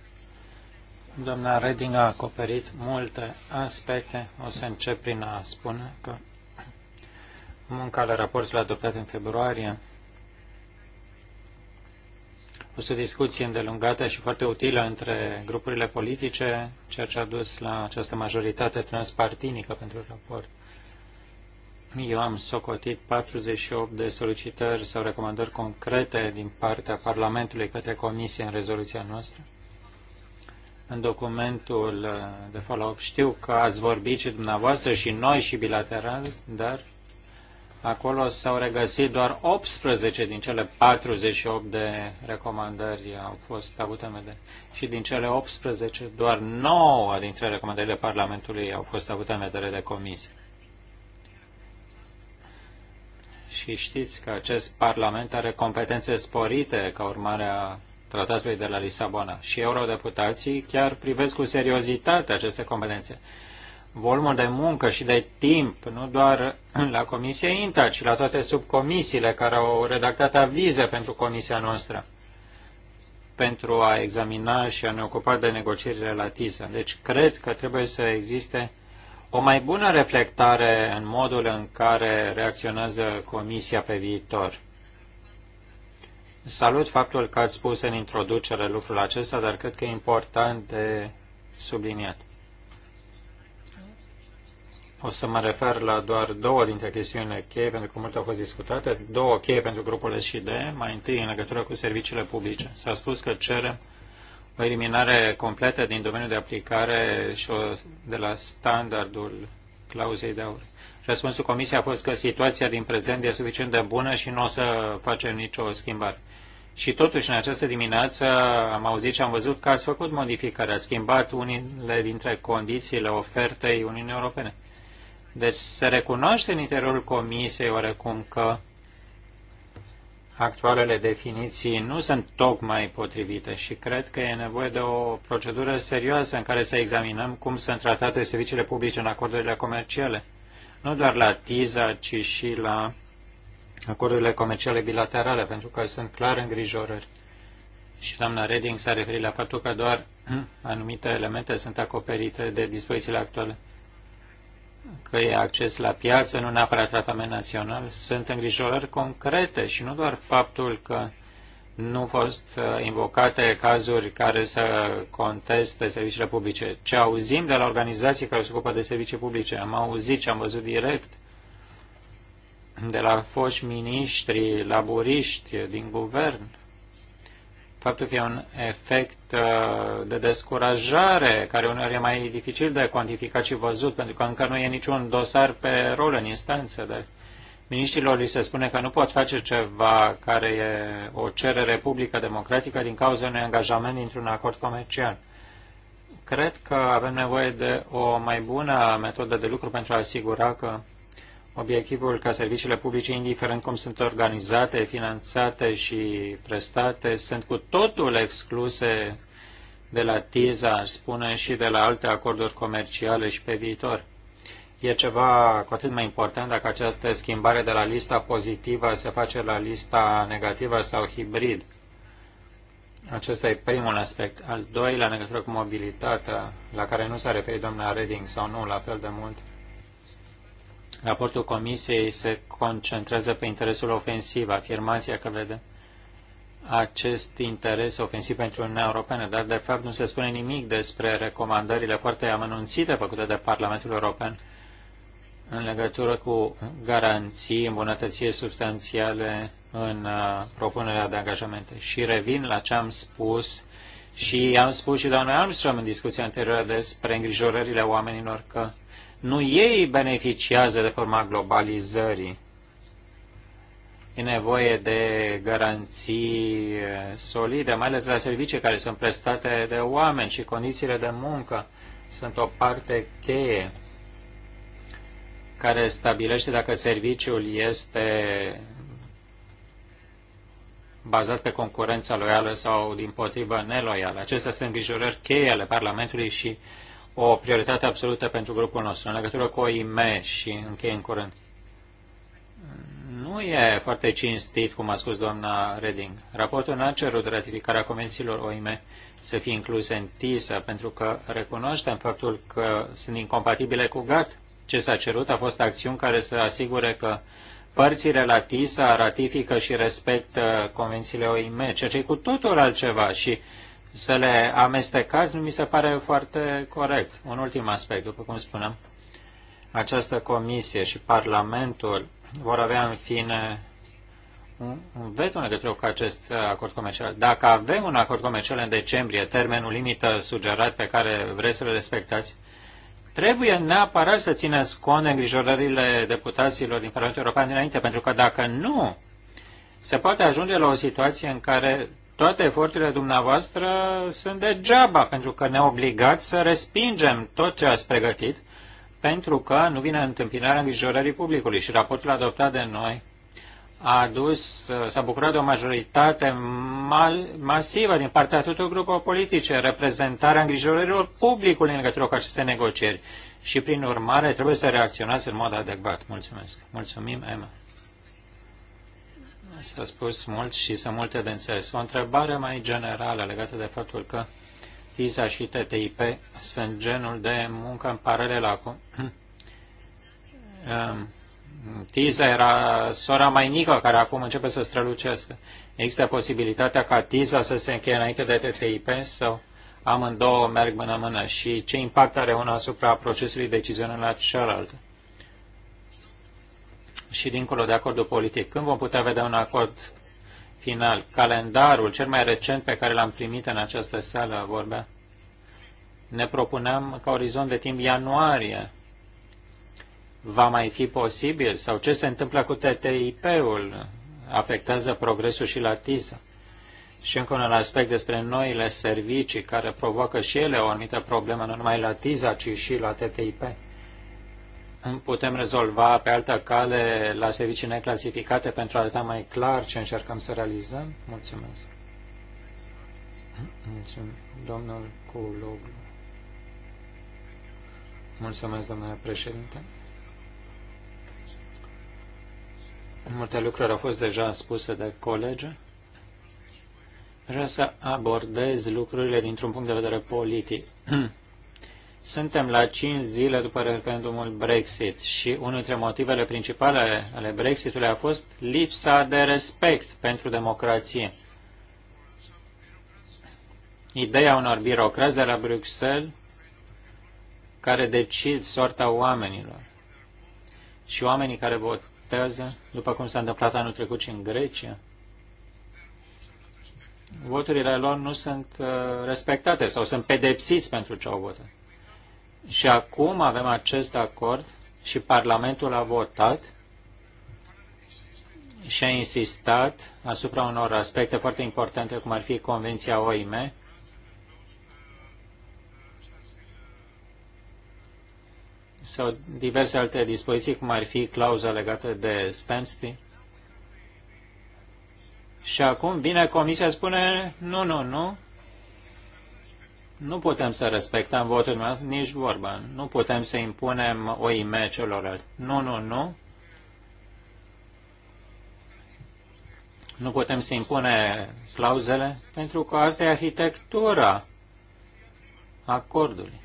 Doamna Reding a acoperit multe aspecte. O să încep prin a spune că munca la raportul adoptat în februarie a fost o discuție îndelungată și foarte utilă între grupurile politice, ceea ce a dus la această majoritate transpartinică pentru raport. Eu am socotit 48 de solicitări sau recomandări concrete din partea Parlamentului către Comisie în rezoluția noastră în documentul uh, de follow-up. Știu că ați vorbit și dumneavoastră și noi și bilateral, dar acolo s-au regăsit doar 18 din cele 48 de recomandări au fost avute în vedere. Și din cele 18, doar 9 dintre recomandările Parlamentului au fost avute în vedere de comisie. Și știți că acest Parlament are competențe sporite ca urmare a tratatului de la Lisabona. Și eurodeputații chiar privesc cu seriozitate aceste competențe. Volumul de muncă și de timp, nu doar la Comisia INTA, ci la toate subcomisiile care au redactat avize pentru Comisia noastră pentru a examina și a ne ocupa de negocierile la TISA. Deci cred că trebuie să existe o mai bună reflectare în modul în care reacționează Comisia pe viitor. Salut faptul că ați spus în introducere lucrul acesta, dar cred că e important de subliniat. O să mă refer la doar două dintre chestiunile cheie, pentru că multe au fost discutate, două cheie pentru grupul SID, mai întâi în legătură cu serviciile publice. S-a spus că cerem o eliminare completă din domeniul de aplicare și o, de la standardul clauzei de aur. Răspunsul Comisiei a fost că situația din prezent e suficient de bună și nu o să facem nicio schimbare. Și totuși, în această dimineață am auzit și am văzut că ați făcut modificări, ați schimbat unele dintre condițiile ofertei Uniunii Europene. Deci se recunoaște în interiorul Comisiei oarecum că actualele definiții nu sunt tocmai potrivite și cred că e nevoie de o procedură serioasă în care să examinăm cum sunt tratate serviciile publice în acordurile comerciale. Nu doar la TISA, ci și la acordurile comerciale bilaterale, pentru că sunt clar îngrijorări. Și doamna Reding s-a referit la faptul că doar *clears throat* anumite elemente sunt acoperite de dispozițiile actuale că e acces la piață, nu neapărat tratament național, sunt îngrijorări concrete și nu doar faptul că nu au fost uh, invocate cazuri care să conteste serviciile publice, ce auzim de la organizații care se ocupă de servicii publice. Am auzit și am văzut direct de la foști miniștri, laburiști din guvern, faptul că e un efect uh, de descurajare, care uneori e mai dificil de cuantificat și văzut, pentru că încă nu e niciun dosar pe rol în instanță, dar deci, miniștrilor li se spune că nu pot face ceva care e o cerere publică democratică din cauza unui angajament dintr-un acord comercial. Cred că avem nevoie de o mai bună metodă de lucru pentru a asigura că obiectivul ca serviciile publice, indiferent cum sunt organizate, finanțate și prestate, sunt cu totul excluse de la TISA, spune, și de la alte acorduri comerciale și pe viitor. E ceva cu atât mai important dacă această schimbare de la lista pozitivă se face la lista negativă sau hibrid. Acesta e primul aspect. Al doilea, în cu mobilitatea, la care nu s-a referit doamna Reding sau nu, la fel de mult, Raportul Comisiei se concentrează pe interesul ofensiv, afirmația că vede acest interes ofensiv pentru Uniunea Europeană, dar de fapt nu se spune nimic despre recomandările foarte amănunțite făcute de Parlamentul European în legătură cu garanții, îmbunătățiri substanțiale în uh, propunerea de angajamente. Și revin la ce am spus și am spus și doamna Armstrong în discuția anterioară despre îngrijorările oamenilor că nu ei beneficiază de forma globalizării. E nevoie de garanții eh, solide, mai ales la servicii care sunt prestate de oameni și condițiile de muncă sunt o parte cheie care stabilește dacă serviciul este bazat pe concurența loială sau, din potrivă, neloială. Acestea sunt îngrijorări cheie ale Parlamentului și uh, o prioritate absolută pentru grupul nostru în legătură cu OIM și închei în curând. Nu e foarte cinstit, cum a spus doamna Reding. Raportul n-a cerut ratificarea convențiilor OIM să fie incluse în TISA, pentru că recunoaștem faptul că sunt incompatibile cu GATT. Ce s-a cerut a fost acțiuni care să asigure că părțile la TISA ratifică și respectă convențiile OIM, ceea ce e cu totul altceva și să le amestecați, nu mi se pare foarte corect. Un ultim aspect, după cum spuneam, această comisie și Parlamentul vor avea în fine un veto în legătură cu acest acord comercial. Dacă avem un acord comercial în decembrie, termenul limită sugerat pe care vreți să-l respectați, trebuie neapărat să țineți cont îngrijorările deputaților din Parlamentul European dinainte, pentru că dacă nu, se poate ajunge la o situație în care toate eforturile dumneavoastră sunt degeaba, pentru că ne obligați să respingem tot ce ați pregătit, pentru că nu vine întâmpinarea îngrijorării publicului. Și raportul adoptat de noi a adus, s-a bucurat de o majoritate mal, masivă din partea tuturor grupurilor politice, reprezentarea îngrijorărilor publicului în legătură cu aceste negocieri. Și, prin urmare, trebuie să reacționați în mod adecvat. Mulțumesc. Mulțumim, Emma. S-a spus mult și sunt multe de înțeles. O întrebare mai generală legată de faptul că TISA și TTIP sunt genul de muncă în paralel acum. Ehm, TISA era sora mai mică care acum începe să strălucească. Există posibilitatea ca TISA să se încheie înainte de TTIP sau amândouă merg mână-mână și ce impact are una asupra procesului decizional la celălalt? și dincolo de acordul politic. Când vom putea vedea un acord final? Calendarul cel mai recent pe care l-am primit în această sală vorbea. Ne propuneam ca orizont de timp ianuarie. Va mai fi posibil? Sau ce se întâmplă cu TTIP-ul? Afectează progresul și la TISA. Și încă un aspect despre noile servicii care provoacă și ele o anumită problemă, nu numai la TISA, ci și la TTIP putem rezolva pe altă cale la servicii neclasificate pentru a arăta mai clar ce încercăm să realizăm? Mulțumesc. Mulțumim, domnul Culoglu. Mulțumesc, domnule președinte. Multe lucruri au fost deja spuse de colegi. Vreau să abordez lucrurile dintr-un punct de vedere politic. *clears throat* Suntem la 5 zile după referendumul Brexit și unul dintre motivele principale ale Brexitului a fost lipsa de respect pentru democrație. Ideea unor birocrați de la Bruxelles care decid sorta oamenilor. Și oamenii care votează, după cum s-a întâmplat anul trecut și în Grecia, voturile lor nu sunt uh, respectate sau sunt pedepsiți pentru ce au votat. Și acum avem acest acord și Parlamentul a votat și a insistat asupra unor aspecte foarte importante, cum ar fi Convenția OIM, sau diverse alte dispoziții, cum ar fi clauza legată de standstill. Și acum vine comisia, spune, nu, nu, nu, nu putem să respectăm votul nostru, nici vorba. Nu putem să impunem o ime celorlalți. Nu, nu, nu. Nu putem să impune clauzele, pentru că asta e arhitectura acordului.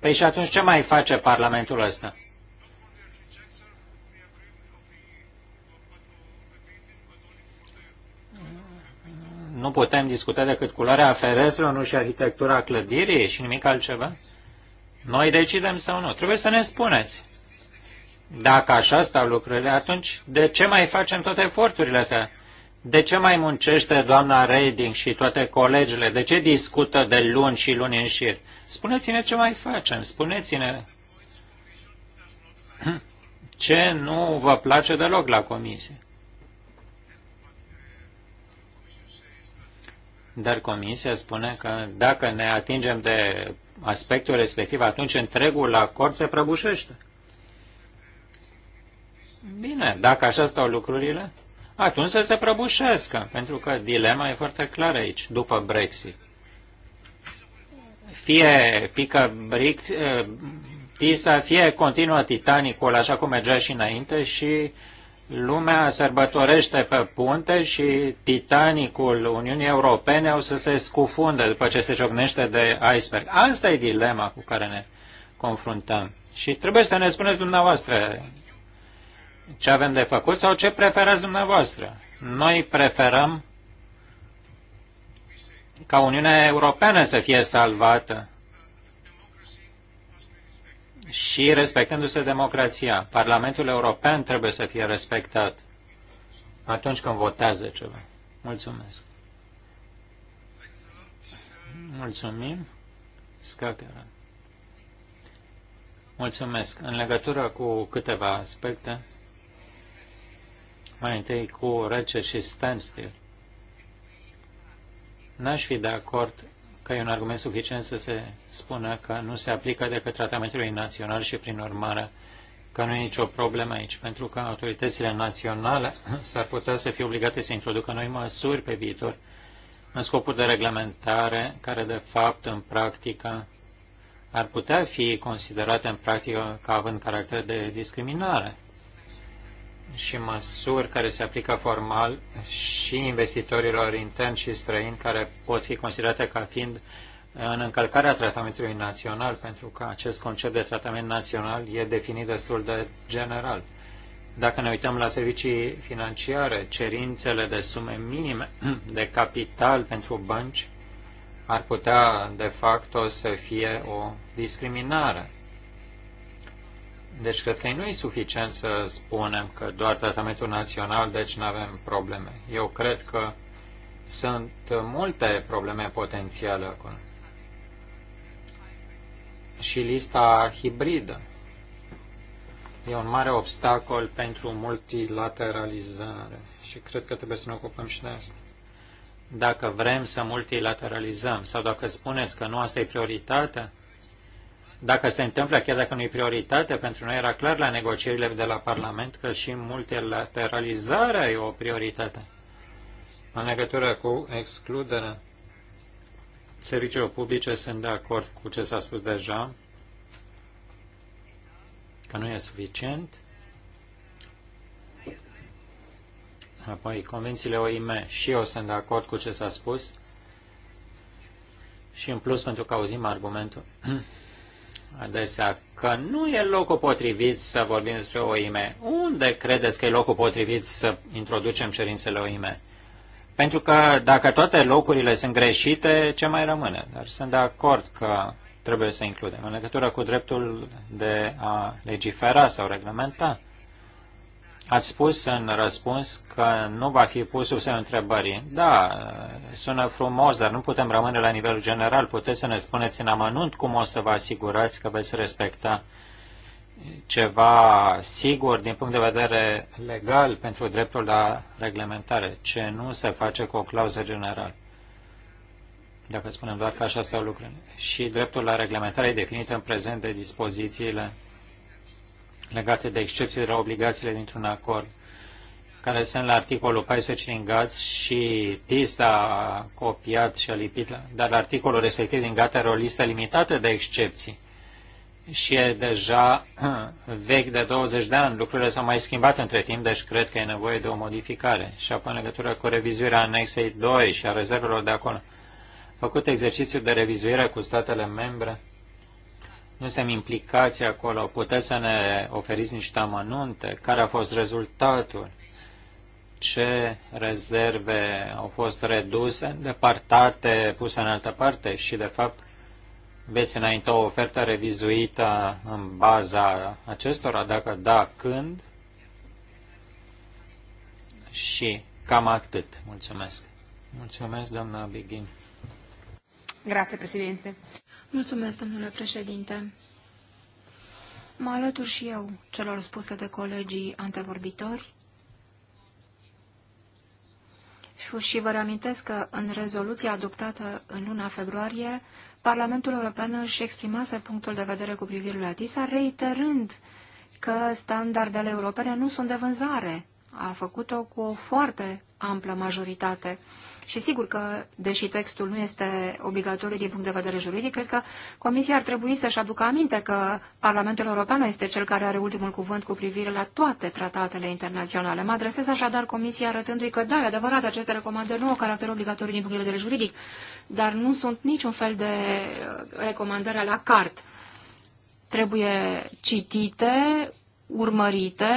Păi și atunci ce mai face Parlamentul ăsta? nu putem discuta decât culoarea ferestrelor, nu și arhitectura clădirii și nimic altceva? Noi decidem sau nu? Trebuie să ne spuneți. Dacă așa stau lucrurile, atunci de ce mai facem toate eforturile astea? De ce mai muncește doamna Reding și toate colegile? De ce discută de luni și luni în șir? Spuneți-ne ce mai facem, spuneți-ne *clears throat* ce nu vă place deloc la comisie. Dar Comisia spune că dacă ne atingem de aspectul respectiv, atunci întregul acord se prăbușește. Bine, dacă așa stau lucrurile, atunci să se prăbușească, pentru că dilema e foarte clară aici, după Brexit. Fie pică bric, eh, tisa, fie continuă Titanicul așa cum mergea și înainte și Lumea sărbătorește pe punte și Titanicul Uniunii Europene o să se scufunde după ce se ciocnește de iceberg. Asta e dilema cu care ne confruntăm. Și trebuie să ne spuneți dumneavoastră ce avem de făcut sau ce preferați dumneavoastră. Noi preferăm ca Uniunea Europeană să fie salvată și respectându-se democrația. Parlamentul European trebuie să fie respectat atunci când votează ceva. Mulțumesc. Mulțumim. Scăcără. Mulțumesc. În legătură cu câteva aspecte, mai întâi cu rece și standstill, n-aș fi de acord că e un argument suficient să se spună că nu se aplică decât tratamentului național și, prin urmare, că nu e nicio problemă aici, pentru că autoritățile naționale *clears throat* s-ar putea să fie obligate să introducă noi măsuri pe viitor în scopul de reglementare care, de fapt, în practică, ar putea fi considerate în practică ca având caracter de discriminare și măsuri care se aplică formal și investitorilor interni și străini care pot fi considerate ca fiind în încălcarea tratamentului național, pentru că acest concept de tratament național e definit destul de general. Dacă ne uităm la servicii financiare, cerințele de sume minime de capital pentru bănci ar putea, de facto, să fie o discriminare deci cred că nu e suficient să spunem că doar tratamentul național, deci nu avem probleme. Eu cred că sunt multe probleme potențiale acolo. Și lista hibridă e un mare obstacol pentru multilateralizare și cred că trebuie să ne ocupăm și de asta. Dacă vrem să multilateralizăm sau dacă spuneți că nu asta e prioritatea, dacă se întâmplă, chiar dacă nu e prioritate, pentru noi era clar la negocierile de la Parlament că și multilateralizarea e o prioritate în legătură cu excluderea serviciilor publice, sunt de acord cu ce s-a spus deja, că nu e suficient. Apoi, convențiile OIM, și eu sunt de acord cu ce s-a spus. Și în plus, pentru că auzim argumentul *clears throat* adesea că nu e locul potrivit să vorbim despre oime. Unde credeți că e locul potrivit să introducem cerințele oime? Pentru că dacă toate locurile sunt greșite, ce mai rămâne? Dar sunt de acord că trebuie să includem în legătură cu dreptul de a legifera sau reglementa. Ați spus în răspuns că nu va fi pus sub semnul întrebării. Da, sună frumos, dar nu putem rămâne la nivel general. Puteți să ne spuneți în amănunt cum o să vă asigurați că veți respecta ceva sigur din punct de vedere legal pentru dreptul la reglementare, ce nu se face cu o clauză generală. Dacă spunem doar că așa stau lucrurile. Și dreptul la reglementare e definit în prezent de dispozițiile legate de excepție de la obligațiile dintr-un acord, care sunt la articolul 14 din GATS și pista a copiat și a lipit, dar articolul respectiv din GATS are o listă limitată de excepții și e deja *clears throat* vechi de 20 de ani. Lucrurile s-au mai schimbat între timp, deci cred că e nevoie de o modificare. Și apoi în legătură cu revizuirea anexei 2 și a rezervelor de acolo, făcut exercițiul de revizuire cu statele membre, nu suntem implicați acolo. Puteți să ne oferiți niște amănunte? Care a fost rezultatul? Ce rezerve au fost reduse, departate, puse în altă parte? Și, de fapt, veți înainte o ofertă revizuită în baza acestora? Dacă da, când? Și cam atât. Mulțumesc. Mulțumesc, doamna Beghin. Grazie, președinte. Mulțumesc, domnule președinte. Mă alătur și eu celor spuse de colegii antevorbitori și vă reamintesc că în rezoluția adoptată în luna februarie, Parlamentul European își exprimase punctul de vedere cu privire la TISA, reiterând că standardele europene nu sunt de vânzare. A făcut-o cu o foarte amplă majoritate. Și sigur că, deși textul nu este obligatoriu din punct de vedere juridic, cred că Comisia ar trebui să-și aducă aminte că Parlamentul European este cel care are ultimul cuvânt cu privire la toate tratatele internaționale. Mă adresez așadar Comisia arătându-i că, da, e adevărat, aceste recomandări nu au caracter obligatoriu din punct de vedere juridic, dar nu sunt niciun fel de uh, recomandări la cart trebuie citite urmărite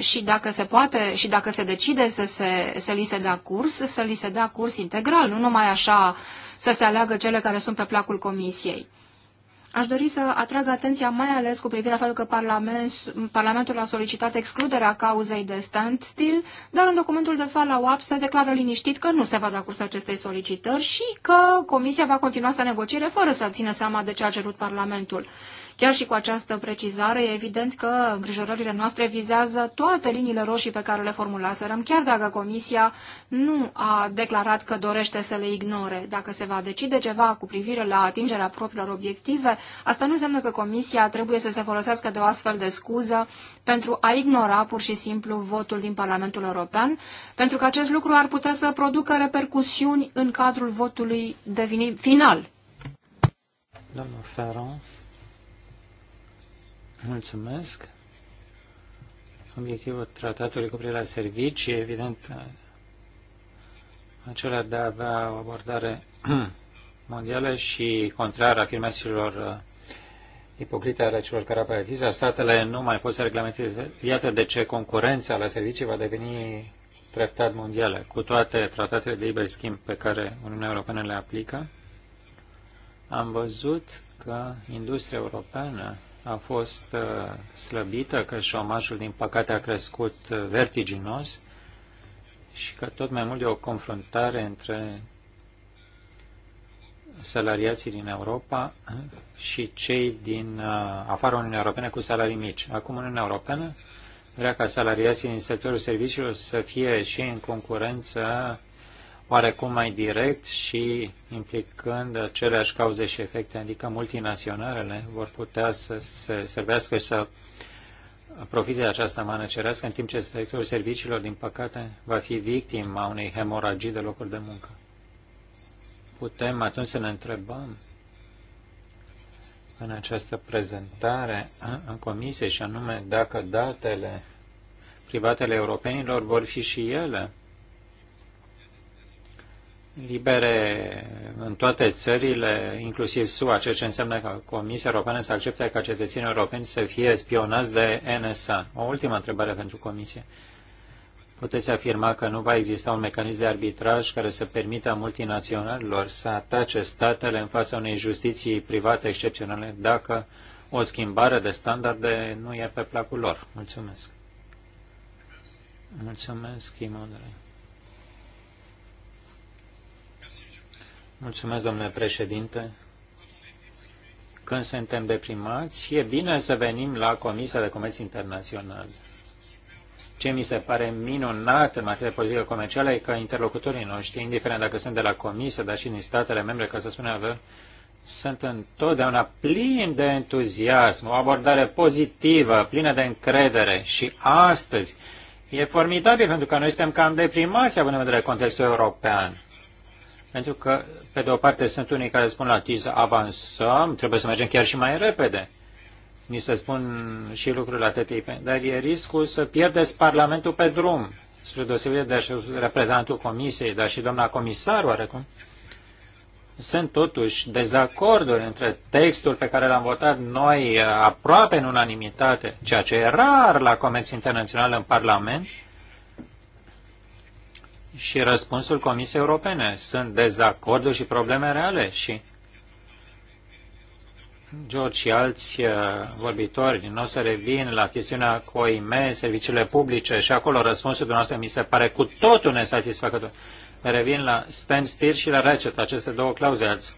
și dacă se poate și dacă se decide să, se, să li se dea curs, să li se dea curs integral, nu numai așa să se aleagă cele care sunt pe placul comisiei. Aș dori să atrag atenția mai ales cu privire la faptul că Parlament, Parlamentul a solicitat excluderea cauzei de standstill, dar în documentul de la up se declară liniștit că nu se va da curs acestei solicitări și că Comisia va continua să negociere fără să țină seama de ce a cerut Parlamentul. Chiar și cu această precizare, e evident că îngrijorările noastre vizează toate liniile roșii pe care le formulaserăm, chiar dacă Comisia nu a declarat că dorește să le ignore. Dacă se va decide ceva cu privire la atingerea propriilor obiective, asta nu înseamnă că Comisia trebuie să se folosească de o astfel de scuză pentru a ignora pur și simplu votul din Parlamentul European, pentru că acest lucru ar putea să producă repercusiuni în cadrul votului devenit final. Domnul Ferrand. Mulțumesc. Obiectivul tratatului cu privire la servicii, evident, acela de a avea o abordare *clears throat* mondială și contrar afirmațiilor uh, ipocrite ale celor care aparatiza, statele nu mai pot să reglementeze. Iată de ce concurența la servicii va deveni treptat mondială. Cu toate tratatele de liber schimb pe care Uniunea Europeană le aplică, am văzut că industria europeană a fost uh, slăbită, că șomajul, din păcate, a crescut uh, vertiginos și că tot mai mult e o confruntare între salariații din Europa uh, și cei din afara Uniunii Europene cu salarii mici. Acum Uniunea Europeană vrea ca salariații din sectorul serviciilor să fie și în concurență oarecum mai direct și implicând aceleași cauze și efecte, adică multinaționalele vor putea să se servească și să profite de această mană cerească, în timp ce sectorul serviciilor, din păcate, va fi victima unei hemoragii de locuri de muncă. Putem atunci să ne întrebăm în această prezentare în comisie și anume dacă datele privatele europenilor vor fi și ele libere în toate țările, inclusiv SUA, ceea ce înseamnă că Comisia Europeană să accepte ca cetățenii europeni să fie spionați de NSA. O ultimă întrebare pentru Comisie. Puteți afirma că nu va exista un mecanism de arbitraj care să permită multinaționalilor să atace statele în fața unei justiții private excepționale dacă o schimbare de standarde nu e pe placul lor. Mulțumesc. Mulțumesc, Imodele. Mulțumesc, domnule președinte. Când suntem deprimați, e bine să venim la Comisia de Comerț Internațional. Ce mi se pare minunat în materie politică comercială e că interlocutorii noștri, indiferent dacă sunt de la Comisie, dar și din statele membre, ca să spunem avem, sunt întotdeauna plini de entuziasm, o abordare pozitivă, plină de încredere și astăzi e formidabil pentru că noi suntem cam deprimați având în vedere contextul european pentru că, pe de o parte, sunt unii care spun la TIS avansăm, trebuie să mergem chiar și mai repede. Ni se spun și lucrurile atâtea, dar e riscul să pierdeți Parlamentul pe drum, spre deosebire de reprezentantul Comisiei, dar și doamna comisar oarecum. Sunt totuși dezacorduri între textul pe care l-am votat noi aproape în unanimitate, ceea ce e rar la comerț internațional în Parlament, și răspunsul Comisiei Europene. Sunt dezacorduri și probleme reale și George și alți uh, vorbitori, nu o să revin la chestiunea COIME, serviciile publice și acolo răspunsul dumneavoastră mi se pare cu totul nesatisfăcător. Revin la standstill și la recet, aceste două clauze. Ați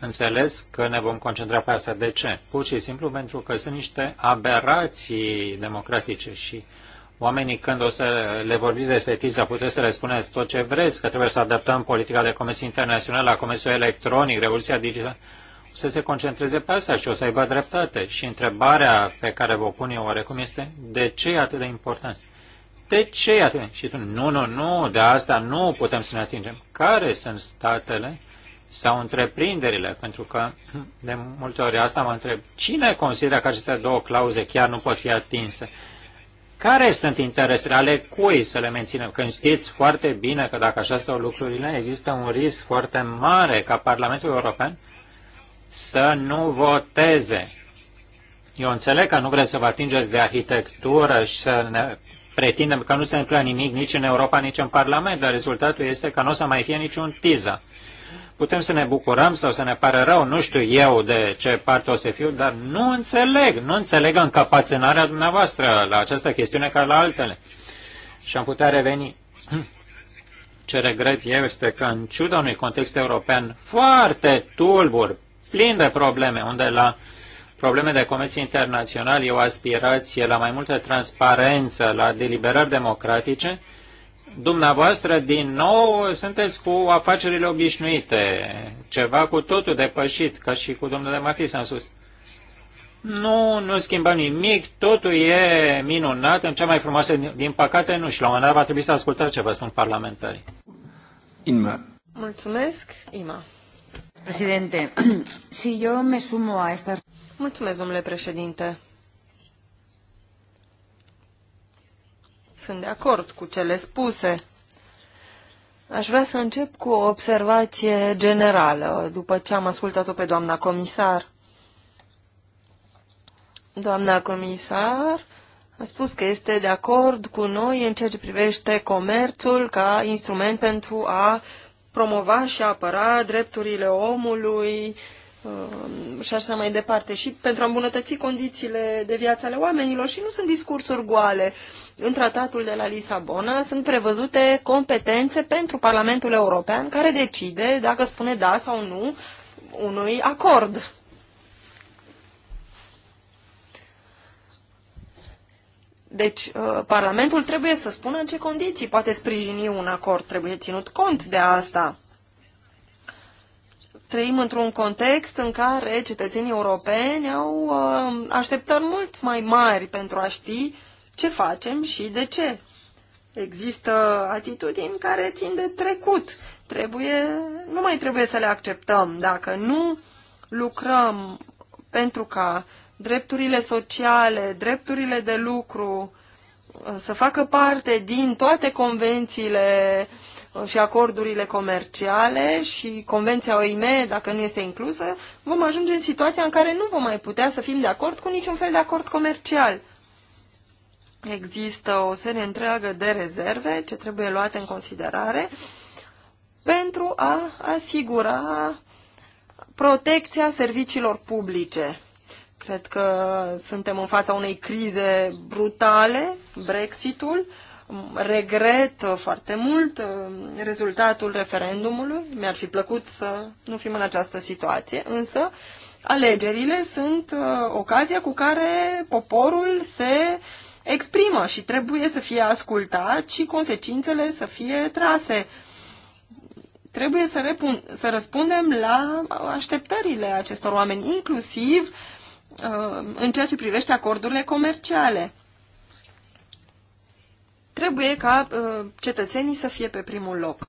înțeles că ne vom concentra pe asta. De ce? Pur și simplu pentru că sunt niște aberații democratice și oamenii când o să le vorbiți despre TISA puteți să le spuneți tot ce vreți, că trebuie să adaptăm politica de comerț internațional la comerțul electronic, revoluția digitală, o să se concentreze pe asta și o să aibă dreptate. Și întrebarea pe care vă pun eu oarecum este, de ce e atât de important? De ce e atât? Și tu, nu, nu, nu, de asta nu putem să ne atingem. Care sunt statele sau întreprinderile? Pentru că de multe ori asta mă întreb. Cine consideră că aceste două clauze chiar nu pot fi atinse? Care sunt interesele ale cui să le menținem? Când știți foarte bine că dacă așa stau lucrurile, există un risc foarte mare ca Parlamentul European să nu voteze. Eu înțeleg că nu vreți să vă atingeți de arhitectură și să ne pretindem că nu se întâmplă nimic nici în Europa, nici în Parlament, dar rezultatul este că nu o să mai fie niciun tiza. Putem să ne bucurăm sau să ne pare rău, nu știu eu de ce parte o să fiu, dar nu înțeleg, nu înțeleg încăpaținarea dumneavoastră la această chestiune ca la altele. Și am putea reveni. *clears throat* Ce regret eu este că, în ciuda unui context european foarte tulbur, plin de probleme, unde la probleme de comerț internațional e o aspirație la mai multă transparență, la deliberări democratice, Dumneavoastră, din nou, sunteți cu afacerile obișnuite, ceva cu totul depășit, ca și cu domnul Matis am spus. Nu, nu schimbăm nimic, totul e minunat, în cea mai frumoasă, din păcate nu, și la un moment dat va trebui să ascultați ce vă spun parlamentarii. Inma. Mulțumesc, Ima. Președinte, *clears throat* si eu me sumo a esta... Mulțumesc, domnule președinte. Sunt de acord cu cele spuse. Aș vrea să încep cu o observație generală, după ce am ascultat-o pe doamna comisar. Doamna comisar a spus că este de acord cu noi în ceea ce privește comerțul ca instrument pentru a promova și apăra drepturile omului, uh, Um, și așa mai departe, și pentru a îmbunătăți condițiile de viață ale oamenilor și nu sunt discursuri goale. În tratatul de la Lisabona sunt prevăzute competențe pentru Parlamentul European care decide dacă spune da sau nu unui acord. Deci, uh, Parlamentul trebuie să spună în ce condiții poate sprijini un acord, trebuie ținut cont de asta trăim într-un context în care cetățenii europeni au uh, așteptări mult mai mari pentru a ști ce facem și de ce. Există atitudini care țin de trecut. Trebuie, nu mai trebuie să le acceptăm. Dacă nu lucrăm pentru ca drepturile sociale, drepturile de lucru uh, să facă parte din toate convențiile și acordurile comerciale și convenția OIM, dacă nu este inclusă, vom ajunge în situația în care nu vom mai putea să fim de acord cu niciun fel de acord comercial. Există o serie întreagă de rezerve ce trebuie luate în considerare pentru a asigura protecția serviciilor publice. Cred că suntem în fața unei crize brutale, Brexitul, regret uh, foarte mult uh, rezultatul referendumului. Mi-ar fi plăcut să nu fim în această situație, însă alegerile sunt uh, ocazia cu care poporul se exprimă și trebuie să fie ascultat și consecințele să fie trase. Trebuie să, repun, să răspundem la așteptările acestor oameni, inclusiv în ceea ce privește acordurile comerciale trebuie ca uh, cetățenii să fie pe primul loc.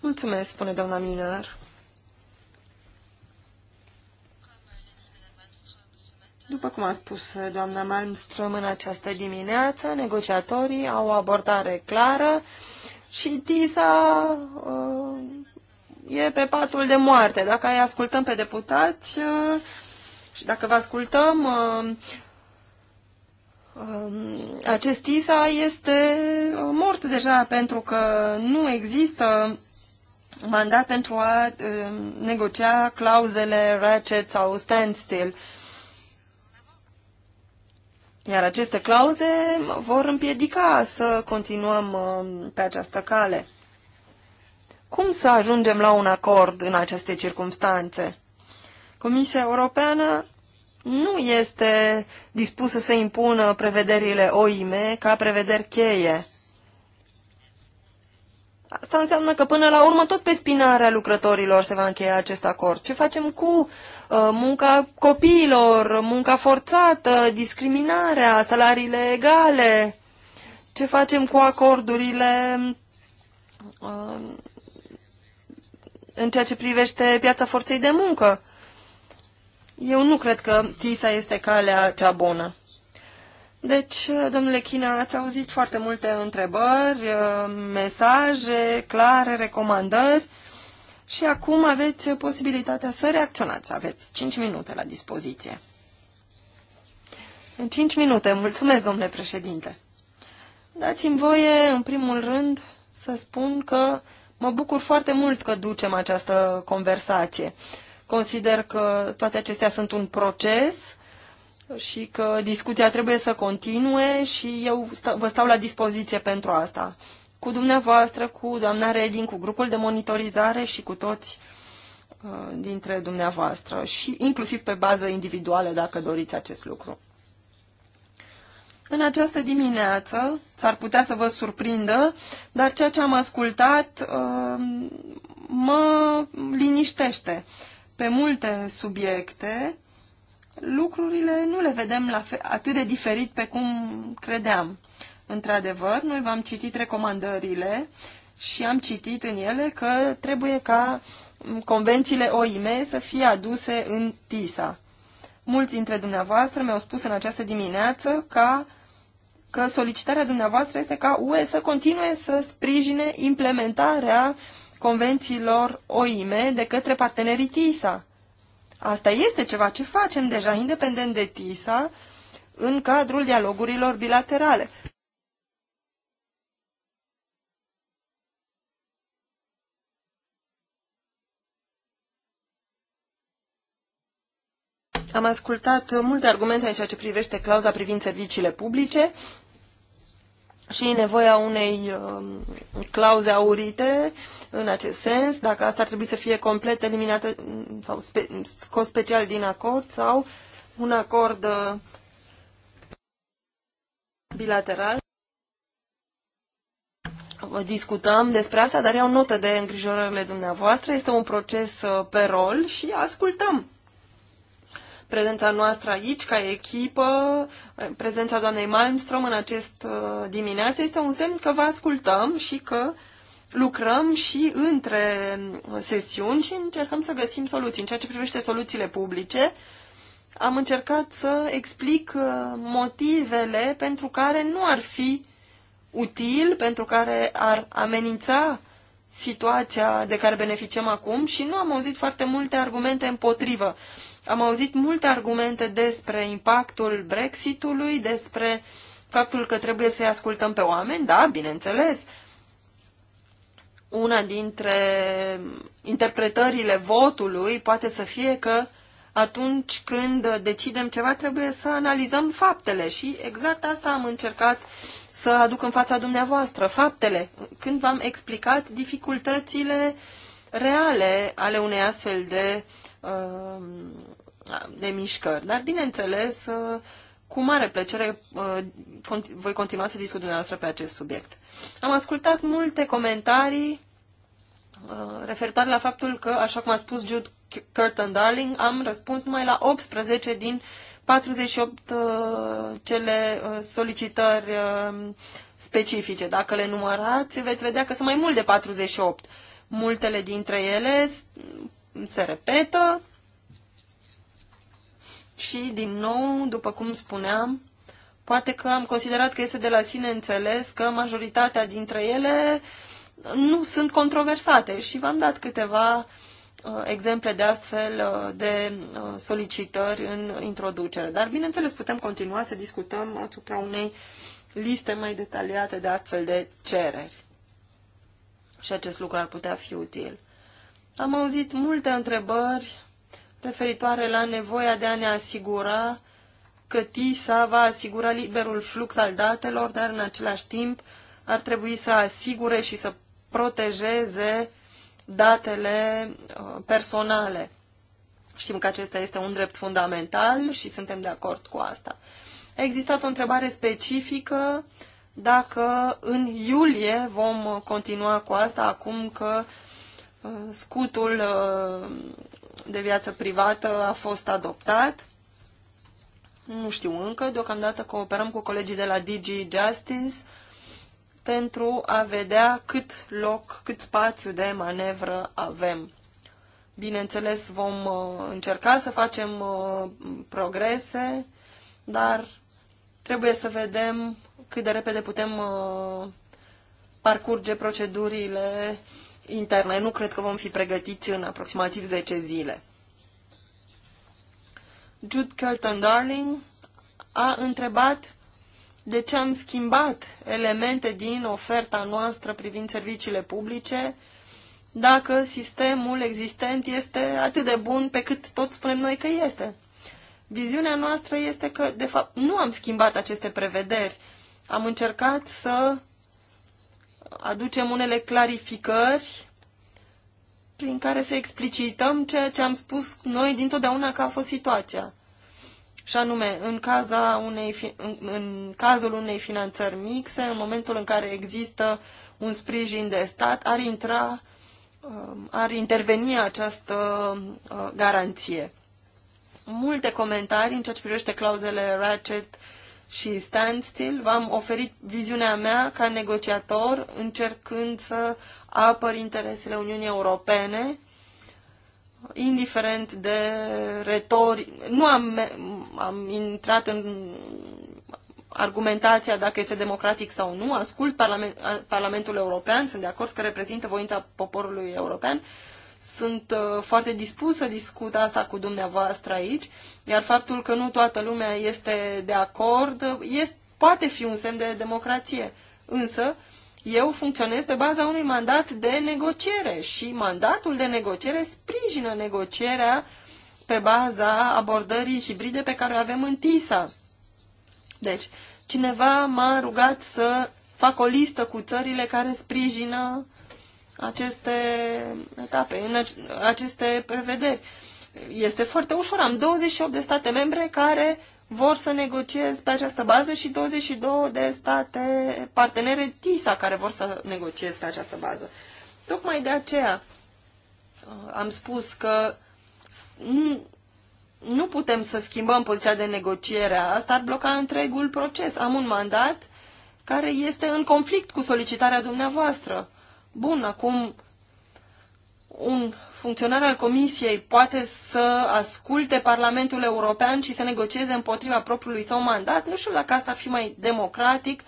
Mulțumesc, spune doamna Miner. După cum a spus doamna Malmström în această dimineață, negociatorii au o abordare clară și TISA uh, e pe patul de moarte. Dacă îi ascultăm pe deputați, uh, și dacă vă ascultăm, uh, uh, acest ISA este uh, mort deja pentru că nu există mandat pentru a negocia clauzele ratchet sau standstill. Iar aceste clauze vor împiedica să continuăm pe această cale. Cum să ajungem la un acord în aceste circunstanțe? Comisia Europeană nu este dispusă să impună prevederile OIM ca prevederi cheie. Asta înseamnă că până la urmă tot pe spinarea lucrătorilor se va încheia acest acord. Ce facem cu uh, munca copiilor, munca forțată, discriminarea, salariile egale? Ce facem cu acordurile uh, în ceea ce privește piața forței de muncă? Uh, eu nu cred că TISA este calea cea bună. Deci, domnule Chiner, ați auzit foarte multe întrebări, uh, mesaje clare, recomandări și acum aveți posibilitatea să reacționați. Aveți 5 minute la dispoziție. În 5 minute, mulțumesc, domnule președinte. Dați-mi voie, în primul rând, să spun că mă bucur foarte mult că ducem această conversație. Consider că toate acestea sunt un proces și că discuția trebuie să continue și eu vă stau la dispoziție pentru asta. Cu dumneavoastră, cu doamna Reding, cu grupul de monitorizare și cu toți uh, dintre dumneavoastră și inclusiv pe bază individuală dacă doriți acest lucru. În această dimineață, s-ar putea să vă surprindă, dar ceea ce am ascultat uh, mă liniștește pe multe subiecte, lucrurile nu le vedem la fe- atât de diferit pe cum credeam. Într-adevăr, noi v-am citit recomandările și am citit în ele că trebuie ca convențiile OIM să fie aduse în TISA. Mulți dintre dumneavoastră mi-au spus în această dimineață ca, că solicitarea dumneavoastră este ca UE să continue să sprijine implementarea uh, convențiilor OIM de către partenerii TISA. Asta este ceva ce facem deja independent de TISA în cadrul dialogurilor bilaterale. Am ascultat multe argumente în ceea ce privește clauza privind serviciile publice și nevoia unei um, clauze aurite în acest sens, dacă asta ar trebui să fie complet eliminată sau spe, scos special din acord sau un acord uh, bilateral. Discutăm despre asta, dar iau notă de îngrijorările dumneavoastră. Este un proces uh, pe rol și ascultăm prezența noastră aici ca echipă, prezența doamnei Malmström în acest uh, dimineață este un semn că vă ascultăm și că uh, lucrăm și între sesiuni și încercăm să găsim soluții. În ceea ce privește soluțiile publice, am încercat să explic uh, motivele pentru care nu ar fi util, pentru care ar amenința situația de care beneficiem acum și nu am auzit foarte multe argumente împotrivă. Am auzit multe argumente despre impactul Brexitului, despre faptul că trebuie să-i ascultăm pe oameni, da, bineînțeles, una dintre interpretările votului poate să fie că atunci când decidem ceva trebuie să analizăm faptele și exact asta am încercat să aduc în fața dumneavoastră, faptele, când v-am explicat dificultățile reale ale unei astfel de, uh, de mișcări. Dar, bineînțeles, uh, cu mare plăcere uh, voi continua să discut dumneavoastră pe acest subiect. Am ascultat multe comentarii Uh, referitoare la faptul că, așa cum a spus Jude Curtin Darling, am răspuns numai la 18 din 48 uh, cele uh, solicitări specifice. Dacă le numărați, veți vedea că sunt mai mult de 48. Multele dintre ele se repetă și, din nou, după cum spuneam, poate că am considerat că este de la sine înțeles că majoritatea dintre ele uh, nu sunt controversate și v-am dat câteva uh, exemple de astfel uh, de uh, solicitări în introducere. Dar, bineînțeles, putem continua să discutăm asupra unei liste mai detaliate de astfel de cereri. Și acest lucru ar putea fi util. Am auzit multe întrebări referitoare la nevoia de a ne asigura că TISA va asigura liberul flux al datelor, dar în același timp ar trebui să asigure și să protejeze datele uh, personale. Știm că acesta este un drept fundamental și suntem de acord cu asta. A existat o întrebare specifică dacă în iulie vom continua cu asta, acum că uh, scutul uh, de viață privată a fost adoptat. Nu știu încă, deocamdată cooperăm cu colegii de la DG Justice pentru a vedea cât loc, cât spațiu de manevră avem. Bineînțeles, vom uh, încerca să facem uh, progrese, dar trebuie să vedem cât de repede putem uh, parcurge procedurile interne. Nu cred că vom fi pregătiți în aproximativ 10 zile. Jude Curtin Darling a întrebat de ce am schimbat elemente din oferta noastră privind serviciile publice dacă sistemul existent este atât de bun pe cât tot spunem noi că este. Viziunea noastră este că, de fapt, nu am schimbat aceste prevederi. Am încercat să aducem unele clarificări prin care să explicităm ceea ce am spus noi dintotdeauna că a fost situația și anume în, caza unei, în, în cazul unei finanțări mixe, în momentul în care există un sprijin de stat, ar intra, um, ar interveni această uh, garanție. Multe comentarii în ceea ce privește clauzele ratchet și standstill. V-am oferit viziunea mea ca negociator, încercând să apăr interesele Uniunii Europene indiferent de retori, nu am, am intrat în argumentația dacă este democratic sau nu, ascult Parlament, Parlamentul European, sunt de acord că reprezintă voința poporului european, sunt uh, foarte dispus să discut asta cu dumneavoastră aici, iar faptul că nu toată lumea este de acord este, poate fi un semn de democrație. Însă, eu funcționez pe baza unui mandat de negociere și mandatul de negociere sprijină negocierea pe baza abordării hibride pe care o avem în TISA. Deci, cineva m-a rugat să fac o listă cu țările care sprijină aceste etape, în aceste prevederi. Este foarte ușor. Am 28 de state membre care vor să negociez pe această bază și 22 de state partenere TISA care vor să negociez pe această bază. Tocmai de aceea uh, am spus că nu putem să schimbăm poziția de negociere. Asta ar bloca întregul proces. Am un mandat care este în conflict cu solicitarea dumneavoastră. Bun, acum un funcționar al Comisiei poate să asculte Parlamentul European și să negocieze împotriva propriului său mandat, nu știu dacă asta ar fi mai democratic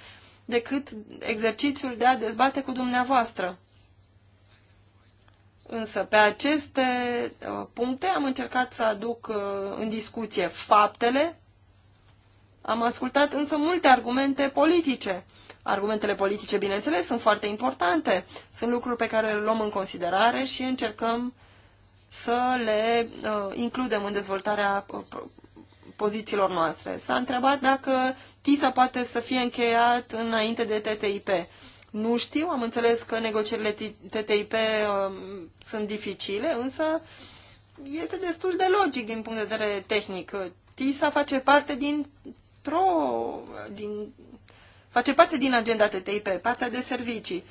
decât exercițiul de a dezbate cu dumneavoastră. Însă pe aceste uh, puncte am încercat să aduc uh, în discuție faptele, am ascultat însă multe argumente politice Argumentele politice, bineînțeles, sunt foarte importante. Sunt lucruri pe care le luăm în considerare și încercăm să le uh, includem în dezvoltarea uh, pozițiilor noastre. S-a întrebat dacă TISA poate să fie încheiat înainte de TTIP. Nu știu, am înțeles că negocierile TTIP uh, um, sunt dificile, însă este destul de logic din punct de vedere tehnic. TISA face parte din, o din face parte din agenda TTIP, partea de servicii.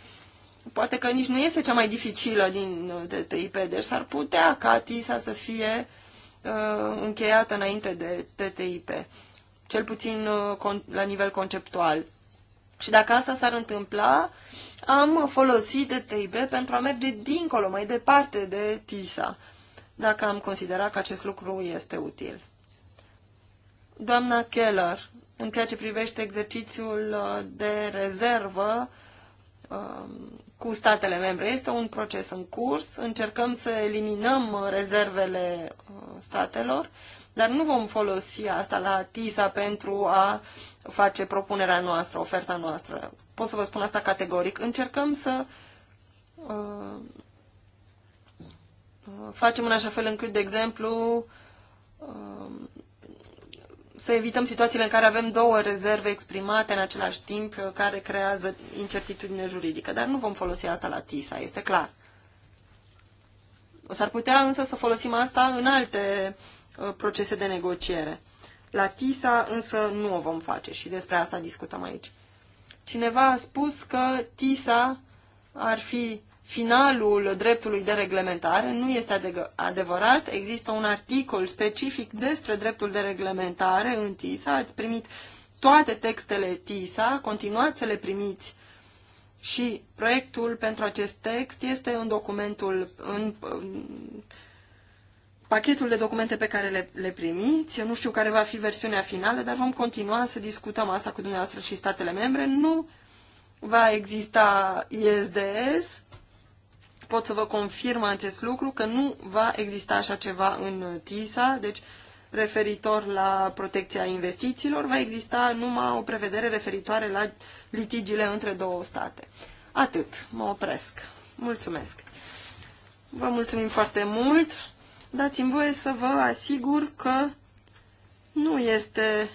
Poate că nici nu este cea mai dificilă din uh, TTIP, deci s-ar putea ca TISA să fie uh, încheiată înainte de TTIP, cel puțin uh, la nivel conceptual. Și dacă asta s-ar întâmpla, am folosit TTIP pentru a merge dincolo, mai departe de TISA, dacă am considerat că acest lucru este util. Doamna Keller în ceea ce privește exercițiul uh, de rezervă um, cu statele membre, este un proces în curs. Încercăm să eliminăm rezervele uh, statelor, dar nu vom folosi asta la TISA pentru a face propunerea noastră, oferta noastră. Pot să vă spun asta categoric. Încercăm să uh, uh facem în așa fel încât, de exemplu, uh, să evităm situațiile în care avem două rezerve exprimate în același timp uh, care creează incertitudine juridică. Dar nu vom folosi asta la TISA, este clar. O S-ar putea însă să folosim asta în alte uh, procese de negociere. La TISA însă nu o vom face și despre asta discutăm aici. Cineva a spus că TISA ar fi finalul dreptului de reglementare nu este adevărat. Există un articol specific despre dreptul de reglementare în TISA. Ați primit toate textele TISA, continuați să le primiți și proiectul pentru acest text este în documentul, în, în pachetul de documente pe care le, le primiți. Eu nu știu care va fi versiunea finală, dar vom continua să discutăm asta cu dumneavoastră și statele membre. Nu va exista ISDS, pot să vă confirm acest lucru, că nu va exista așa ceva în TISA, deci referitor la protecția investițiilor, va exista numai o prevedere referitoare la litigiile între două state. Atât, mă opresc. Mulțumesc. Vă mulțumim foarte mult. Dați-mi voie să vă asigur că nu este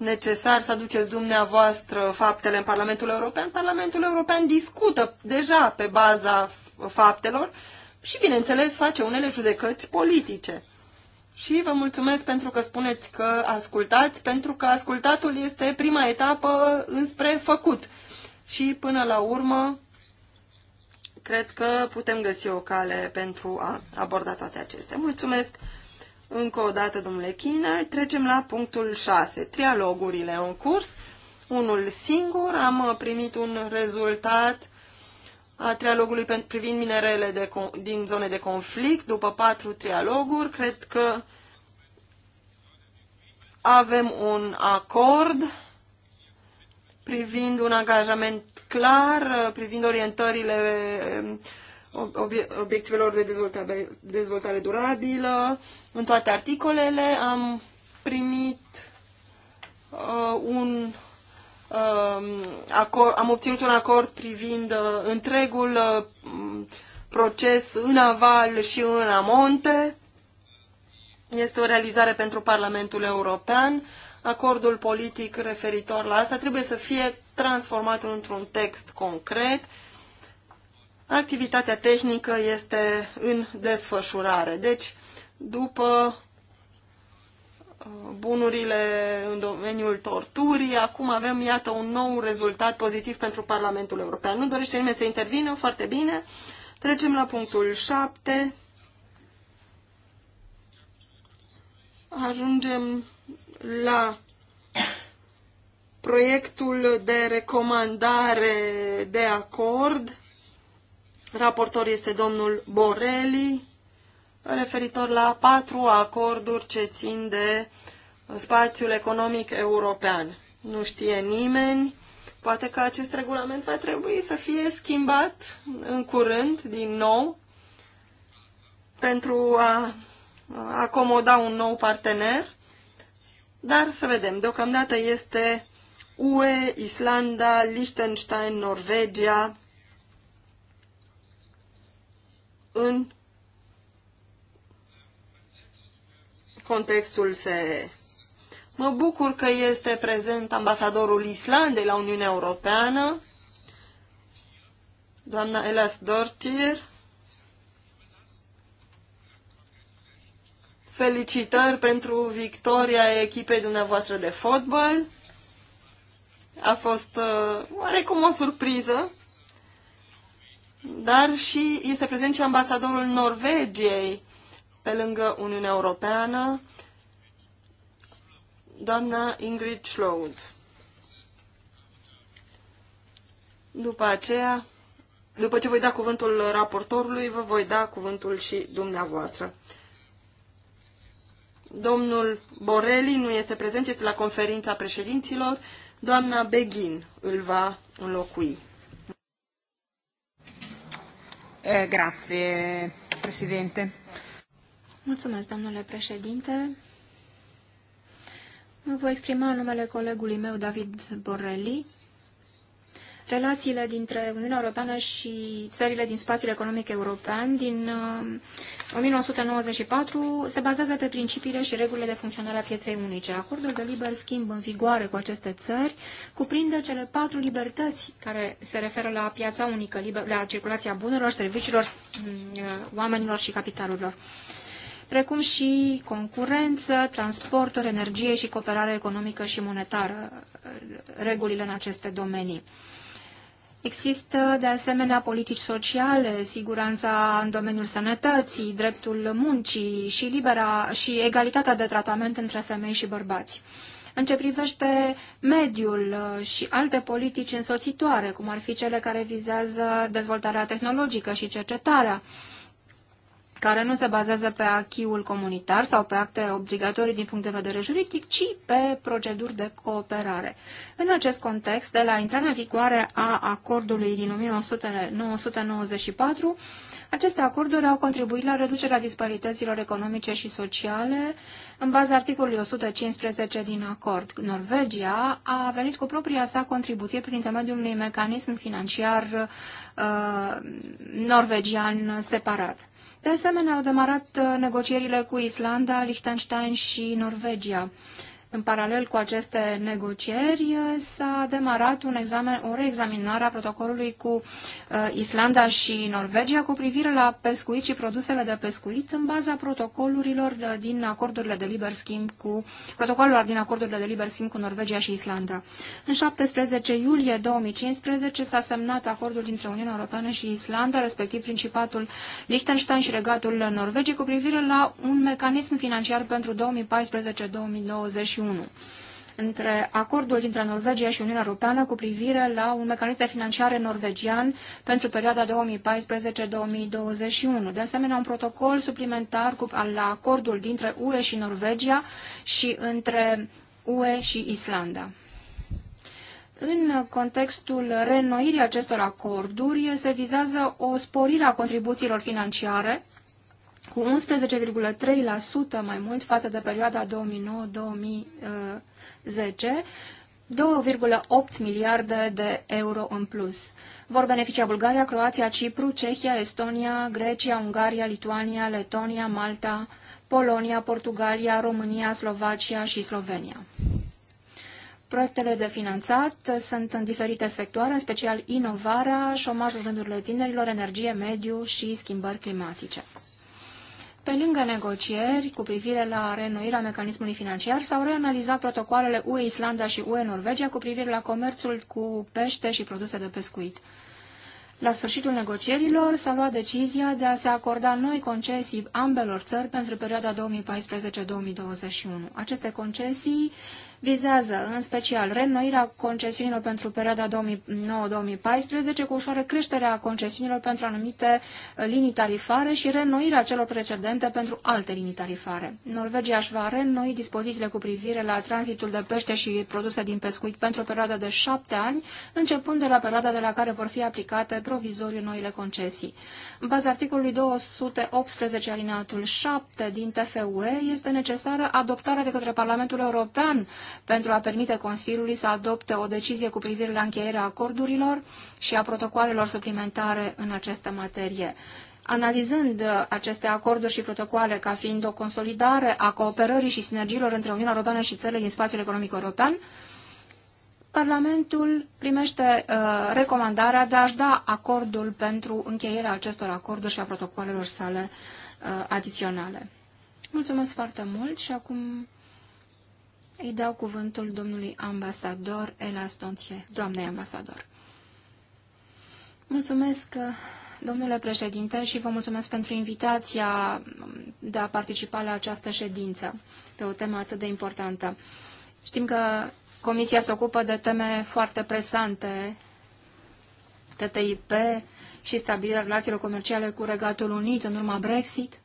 necesar să aduceți dumneavoastră faptele în Parlamentul European. Parlamentul European discută deja pe baza faptelor și, bineînțeles, face unele judecăți politice. Și vă mulțumesc pentru că spuneți că ascultați, pentru că ascultatul este prima etapă înspre făcut. Și, până la urmă, cred că putem găsi o cale pentru a aborda toate acestea. Mulțumesc încă o dată, domnule Kiner. Trecem la punctul 6. Trialogurile în curs. Unul singur. Am uh, primit un rezultat a trialogului privind minerele de, din zone de conflict. După patru trialoguri, cred că avem un acord privind un angajament clar, uh, privind orientările um, obiectivelor de dezvoltare, dezvoltare durabilă, în toate articolele. Am primit uh, un uh, acord, am obținut un acord privind uh, întregul uh, proces în aval și în amonte. Este o realizare pentru Parlamentul European. Acordul politic referitor la asta trebuie să fie transformat într-un text concret. Activitatea tehnică este în desfășurare. Deci, uh, după uh, bunurile în domeniul torturii. Acum avem, iată, un nou rezultat pozitiv pentru Parlamentul European. Nu dorește nimeni să intervină, foarte bine. Trecem la punctul 7. Ajungem la proiectul de recomandare de acord. Raportor este domnul Borelli referitor la patru acorduri ce țin de spațiul economic european. Nu știe nimeni. Poate că acest regulament va trebui să fie schimbat în curând, din nou, pentru a acomoda un nou partener. Dar să vedem. Deocamdată este UE, Islanda, Liechtenstein, Norvegia, în contextul se. Mă bucur că este prezent ambasadorul Islandei la Uniunea Europeană, doamna Elas Dortir. Felicitări pentru victoria echipei dumneavoastră de fotbal. A fost uh, oarecum o surpriză, dar și este prezent și ambasadorul Norvegiei pe lângă Uniunea Europeană, doamna Ingrid Schlaud. După aceea, după ce voi da cuvântul raportorului, vă voi da cuvântul și dumneavoastră. Domnul Borelli nu este prezent, este la conferința președinților. Doamna Beghin îl va înlocui. Eh, grazie, președinte. Mulțumesc, domnule președinte. Mă voi exprima în numele colegului meu, David Borrelli. Relațiile dintre Uniunea Europeană și țările din spațiul economic european din 1994 uh, se bazează pe principiile și regulile de funcționare a pieței unice. Acordul de liber schimb în vigoare cu aceste țări cuprinde cele patru libertăți care se referă la piața unică, la circulația bunurilor, serviciilor, mm, uh, oamenilor și capitalurilor precum și concurență, transporturi, energie și cooperare economică și monetară, uh, regulile în aceste domenii. Există, de asemenea, politici sociale, siguranța în domeniul sănătății, dreptul muncii și, libera, și egalitatea de tratament între femei și bărbați. În ce privește mediul uh, și alte politici însoțitoare, cum ar fi cele care vizează dezvoltarea tehnologică și cercetarea, care nu se bazează pe achiul comunitar sau pe acte obligatorii din punct de vedere juridic, ci pe proceduri de cooperare. În acest context, de la intrarea în vigoare a acordului din 1994, aceste acorduri au contribuit la reducerea disparităților economice și sociale în baza articolului 115 din acord. Norvegia a venit cu propria sa contribuție prin intermediul unui mecanism financiar uh, norvegian separat. De asemenea, au demarat uh, negocierile cu Islanda, Liechtenstein și Norvegia. În paralel cu aceste negocieri s-a demarat un examen, o reexaminare a protocolului cu uh, Islanda și Norvegia cu privire la pescuit și produsele de pescuit în baza protocolurilor din acordurile de liber schimb cu protocolurilor din acordurile de liber schimb cu Norvegia și Islanda. În 17 iulie 2015 s-a semnat acordul dintre Uniunea Europeană și Islanda, respectiv Principatul Liechtenstein și Regatul Norvegiei cu privire la un mecanism financiar pentru 2014-2021 2021 între acordul dintre Norvegia și Uniunea Europeană cu privire la un mecanism de financiare norvegian pentru perioada 2014-2021. De asemenea, un protocol suplimentar cu, la acordul dintre UE și Norvegia și între UE și Islanda. În contextul reînnoirii acestor acorduri, se vizează o sporire a contribuțiilor financiare cu 11,3% mai mult față de perioada 2009-2010, 2,8 uh, miliarde de euro în plus. Vor beneficia Bulgaria, Croația, Cipru, Cehia, Estonia, Grecia, Ungaria, Lituania, Letonia, Malta, Polonia, Portugalia, România, Slovacia și Slovenia. Proiectele de finanțat sunt în diferite sectoare, în special inovarea, șomajul rândurilor tinerilor, energie, mediu și schimbări climatice. Pe lângă negocieri cu privire la reînnoirea mecanismului financiar, s-au reanalizat protocoalele UE Islanda și UE Norvegia cu privire la comerțul cu pește și produse de pescuit. La sfârșitul negocierilor s-a luat decizia de a se acorda noi concesii ambelor țări pentru perioada 2014-2021. Aceste concesii vizează în special reînnoirea concesiunilor pentru perioada 2009-2014 cu ușoară creșterea concesiunilor pentru anumite uh, linii tarifare și reînnoirea celor precedente pentru alte linii tarifare. Norvegia își va reînnoi dispozițiile cu privire la tranzitul de pește și produse din pescuit pentru o perioadă de șapte ani, începând de la perioada de la care vor fi aplicate provizoriu noile concesii. În baza articolului 218 alineatul 7 din TFUE este necesară adoptarea de către Parlamentul European pentru a permite Consiliului să adopte o decizie cu privire la încheierea acordurilor și a protocoalelor suplimentare în această materie. Analizând uh, aceste acorduri și protocoale ca fiind o consolidare a cooperării și sinergiilor între Uniunea Europeană și țările din spațiul economic european, Parlamentul primește uh, recomandarea de a-și da acordul pentru încheierea acestor acorduri și a protocolelor sale uh, adiționale. Mulțumesc foarte mult și acum îi dau cuvântul domnului ambasador Elastontie, Dontie, doamnei ambasador. Mulțumesc, domnule președinte, și vă mulțumesc pentru invitația de a participa la această ședință pe o temă atât de importantă. Știm că Comisia se ocupă de teme foarte presante, TTIP și stabilirea relațiilor comerciale cu Regatul Unit în urma Brexit.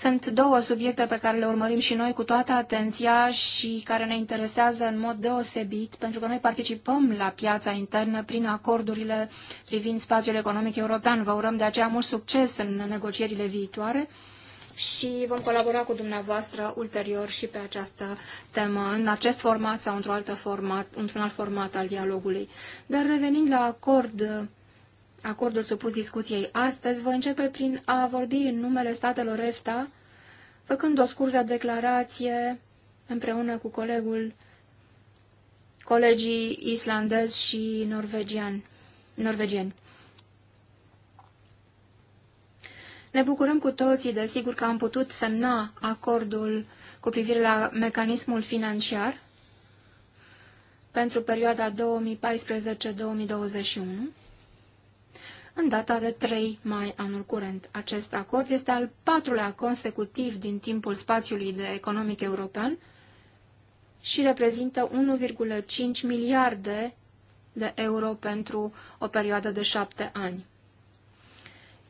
Sunt două subiecte pe care le urmărim și noi cu toată atenția și care ne interesează în mod deosebit, pentru că noi participăm la piața internă prin acordurile privind spațiul economic european. Vă urăm de aceea mult succes în negocierile viitoare și vom colabora cu dumneavoastră ulterior și pe această temă, în acest format sau într-un alt format, într-un alt format al dialogului. Dar revenind la acord, acordul supus discuției astăzi, voi începe prin a vorbi în numele statelor EFTA, făcând o scurtă declarație împreună cu colegul, colegii islandezi și norvegian, norvegieni. Ne bucurăm cu toții, desigur, că am putut semna acordul cu privire la mecanismul financiar pentru perioada 2014-2021 în data de 3 mai anul curent. Acest acord este al patrulea consecutiv din timpul spațiului de economic european și reprezintă 1,5 miliarde de euro pentru o perioadă de șapte ani.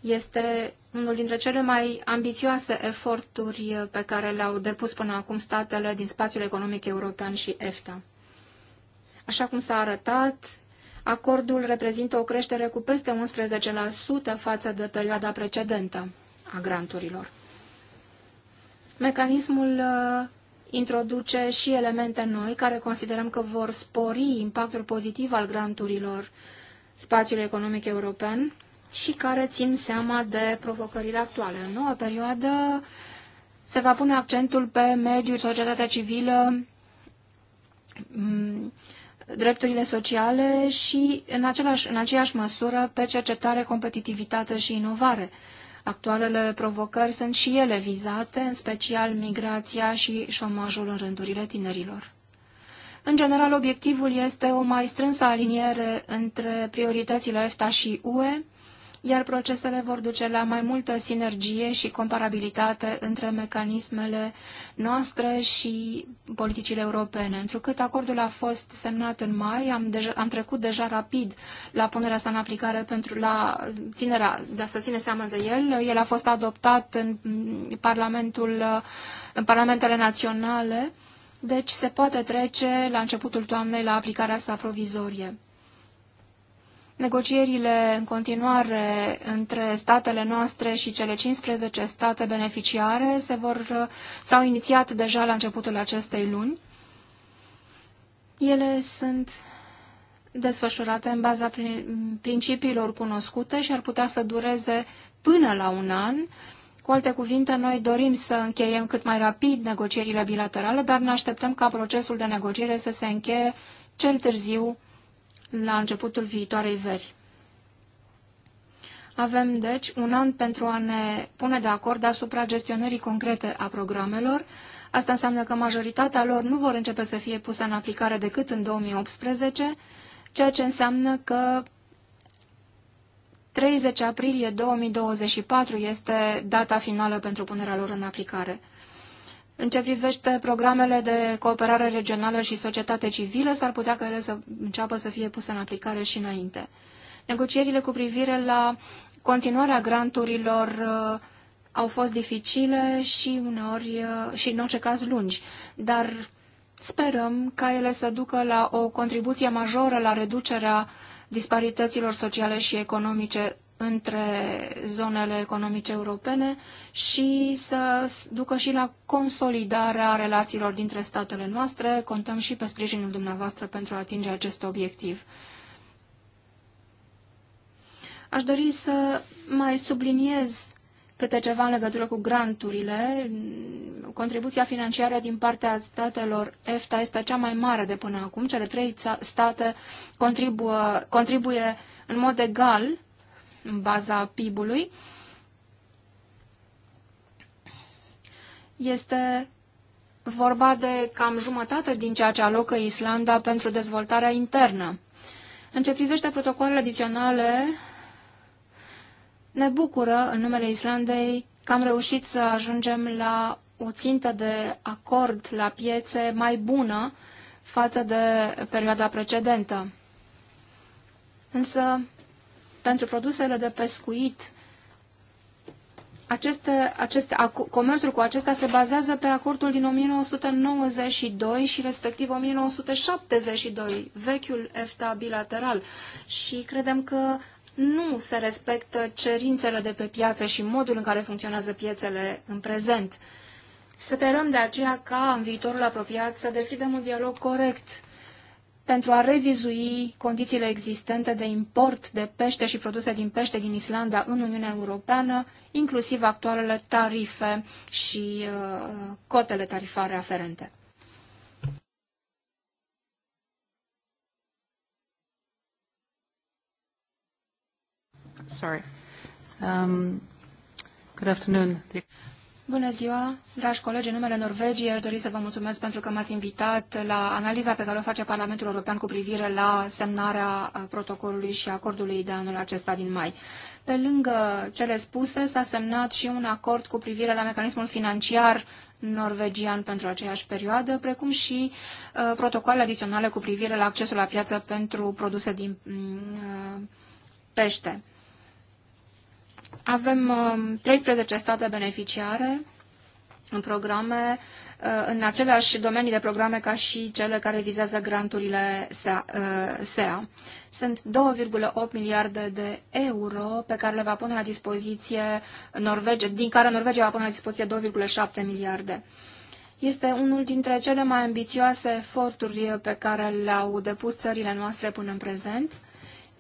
Este unul dintre cele mai ambițioase eforturi pe care le-au depus până acum statele din spațiul economic european și EFTA. Așa cum s-a arătat, Acordul reprezintă o creștere cu peste 11% față de perioada precedentă a granturilor. Mecanismul uh, introduce și elemente noi care considerăm că vor spori impactul pozitiv al granturilor spațiului economic european și care țin seama de provocările actuale. În noua perioadă se va pune accentul pe mediul, societatea civilă, drepturile sociale și, în, același, în aceeași măsură, pe cercetare, competitivitate și inovare. Actualele provocări sunt și ele vizate, în special migrația și șomajul în rândurile tinerilor. În general, obiectivul este o mai strânsă aliniere între prioritățile EFTA și UE, iar procesele vor duce la mai multă sinergie și comparabilitate între mecanismele noastre și politicile europene. Întrucât acordul a fost semnat în mai, am, deja, am trecut deja rapid la punerea sa în aplicare pentru la ținerea, de a să ține seama de el. El a fost adoptat în, parlamentul, în parlamentele naționale, deci se poate trece la începutul toamnei la aplicarea sa provizorie negocierile în continuare între statele noastre și cele 15 state beneficiare se vor, s-au inițiat deja la începutul acestei luni. Ele sunt desfășurate în baza principiilor cunoscute și ar putea să dureze până la un an. Cu alte cuvinte, noi dorim să încheiem cât mai rapid negocierile bilaterale, dar ne așteptăm ca procesul de negociere să se încheie cel târziu la începutul viitoarei veri. Avem, deci, un an pentru a ne pune de acord asupra gestionării concrete a programelor. Asta înseamnă că majoritatea lor nu vor începe să fie pusă în aplicare decât în 2018, ceea ce înseamnă că 30 aprilie 2024 este data finală pentru punerea lor în aplicare. În ce privește programele de cooperare regională și societate civilă, s-ar putea că ele să înceapă să fie puse în aplicare și înainte. Negocierile cu privire la continuarea granturilor uh, au fost dificile și uneori, uh, și în orice caz lungi, dar sperăm ca ele să ducă la o contribuție majoră la reducerea disparităților sociale și economice între zonele economice europene și să ducă și la consolidarea relațiilor dintre statele noastre. Contăm și pe sprijinul dumneavoastră pentru a atinge acest obiectiv. Aș dori să mai subliniez câte ceva în legătură cu granturile. Contribuția financiară din partea statelor EFTA este cea mai mare de până acum. Cele trei state contribuie, contribuie în mod egal în baza PIB-ului, este vorba de cam jumătate din ceea ce alocă Islanda pentru dezvoltarea internă. În ce privește protocoalele adiționale, ne bucură în numele Islandei că am reușit să ajungem la o țintă de acord la piețe mai bună față de perioada precedentă. Însă pentru produsele de pescuit, aceste, aceste, comerțul cu acesta se bazează pe acordul din 1992 și respectiv 1972, vechiul EFTA bilateral. Și credem că nu se respectă cerințele de pe piață și modul în care funcționează piețele în prezent. Sperăm de aceea ca în viitorul apropiat să deschidem un dialog corect pentru a revizui condițiile existente de import de pește și produse din pește din Islanda în Uniunea Europeană, inclusiv actualele tarife și uh, cotele tarifare aferente. Sorry. Um, good afternoon. Bună ziua, dragi colegi, în numele Norvegiei aș dori să vă mulțumesc pentru că m-ați invitat la analiza pe care o face Parlamentul European cu privire la semnarea protocolului și acordului de anul acesta din mai. Pe lângă cele spuse, s-a semnat și un acord cu privire la mecanismul financiar norvegian pentru aceeași perioadă, precum și uh, protocoale adiționale cu privire la accesul la piață pentru produse din uh, pește. Avem 13 um, state beneficiare în programe, uh, în aceleași domenii de programe ca și cele care vizează granturile SEA. Uh, Sunt 2,8 miliarde de euro pe care le va pune la dispoziție Norvegia, din care Norvegia va pune la dispoziție 2,7 miliarde. Este unul dintre cele mai ambițioase eforturi pe care le-au depus țările noastre până în prezent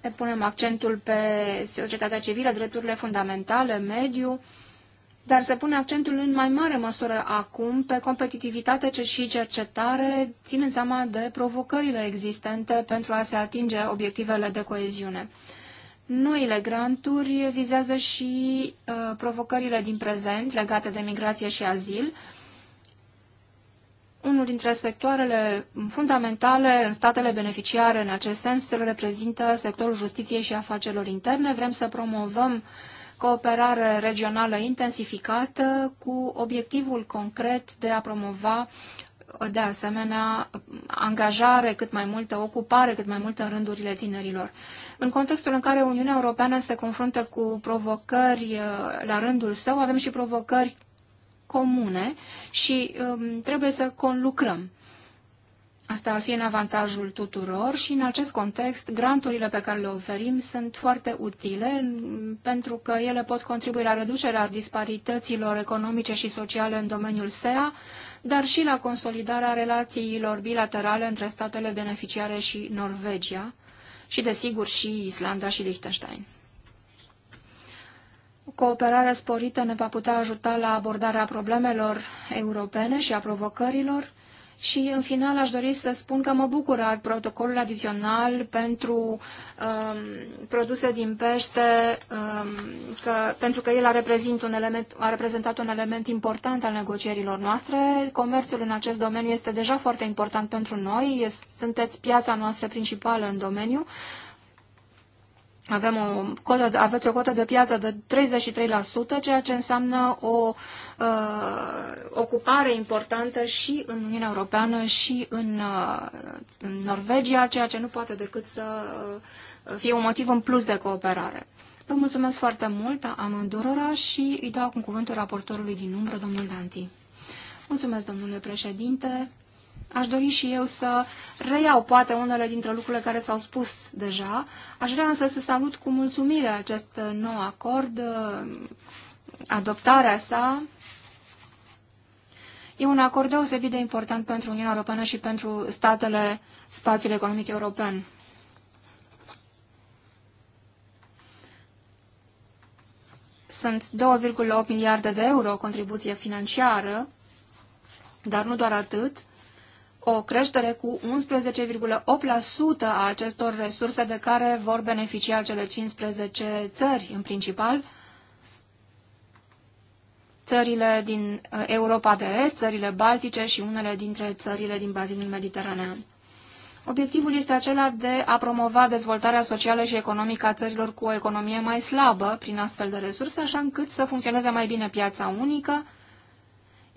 ne punem accentul pe societatea civilă, drepturile fundamentale, mediu, dar se pune accentul în mai mare măsură acum pe competitivitate și cercetare, ținând seama de provocările existente pentru a se atinge obiectivele de coeziune. Noile granturi vizează și uh, provocările din prezent legate de migrație și azil, uh, unul dintre sectoarele fundamentale în statele beneficiare în acest sens îl reprezintă sectorul justiției și afacerilor interne. Vrem să promovăm cooperare regională intensificată cu obiectivul concret de a promova de asemenea angajare cât mai multă, ocupare cât mai multă în rândurile tinerilor. În contextul în care Uniunea Europeană se confruntă cu provocări uh, la rândul său, avem și provocări comune și um, trebuie să conlucrăm. Asta ar fi în avantajul tuturor și în acest context granturile pe care le oferim sunt foarte utile pentru că ele pot contribui la reducerea disparităților economice și sociale în domeniul SEA, dar și la consolidarea relațiilor bilaterale între statele beneficiare și Norvegia și, desigur, și Islanda și Liechtenstein cooperarea sporită ne va putea ajuta la abordarea problemelor europene și a provocărilor. Și, în final, aș dori să spun că mă bucură protocolul adițional pentru um, produse din pește, um, că, pentru că el a, reprezint un element, a reprezentat un element important al negocierilor noastre. Comerțul în acest domeniu este deja foarte important pentru noi. Sunteți piața noastră principală în domeniu. Avem o cotă, aveți o cotă de piață de 33%, ceea ce înseamnă o uh, ocupare importantă și în Uniunea Europeană și în, uh, în Norvegia, ceea ce nu poate decât să uh, fie un motiv în plus de cooperare. Vă mulțumesc foarte mult amândurora și îi dau acum cuvântul raportorului din umbră, domnul Danti. Mulțumesc, domnule președinte. Aș dori și eu să reiau poate unele dintre lucrurile care s-au spus deja. Aș vrea însă să salut cu mulțumire acest nou acord, adoptarea sa. E un acord deosebit de important pentru Uniunea Europeană și pentru statele spațiului economic european. Sunt 2,8 miliarde de euro contribuție financiară, dar nu doar atât o creștere cu 11,8% a acestor resurse de care vor beneficia cele 15 țări în principal, țările din uh, Europa de Est, țările Baltice și unele dintre țările din bazinul mediteranean. Obiectivul este acela de a promova dezvoltarea socială și economică a țărilor cu o economie mai slabă prin astfel de resurse, așa încât să funcționeze mai bine piața unică,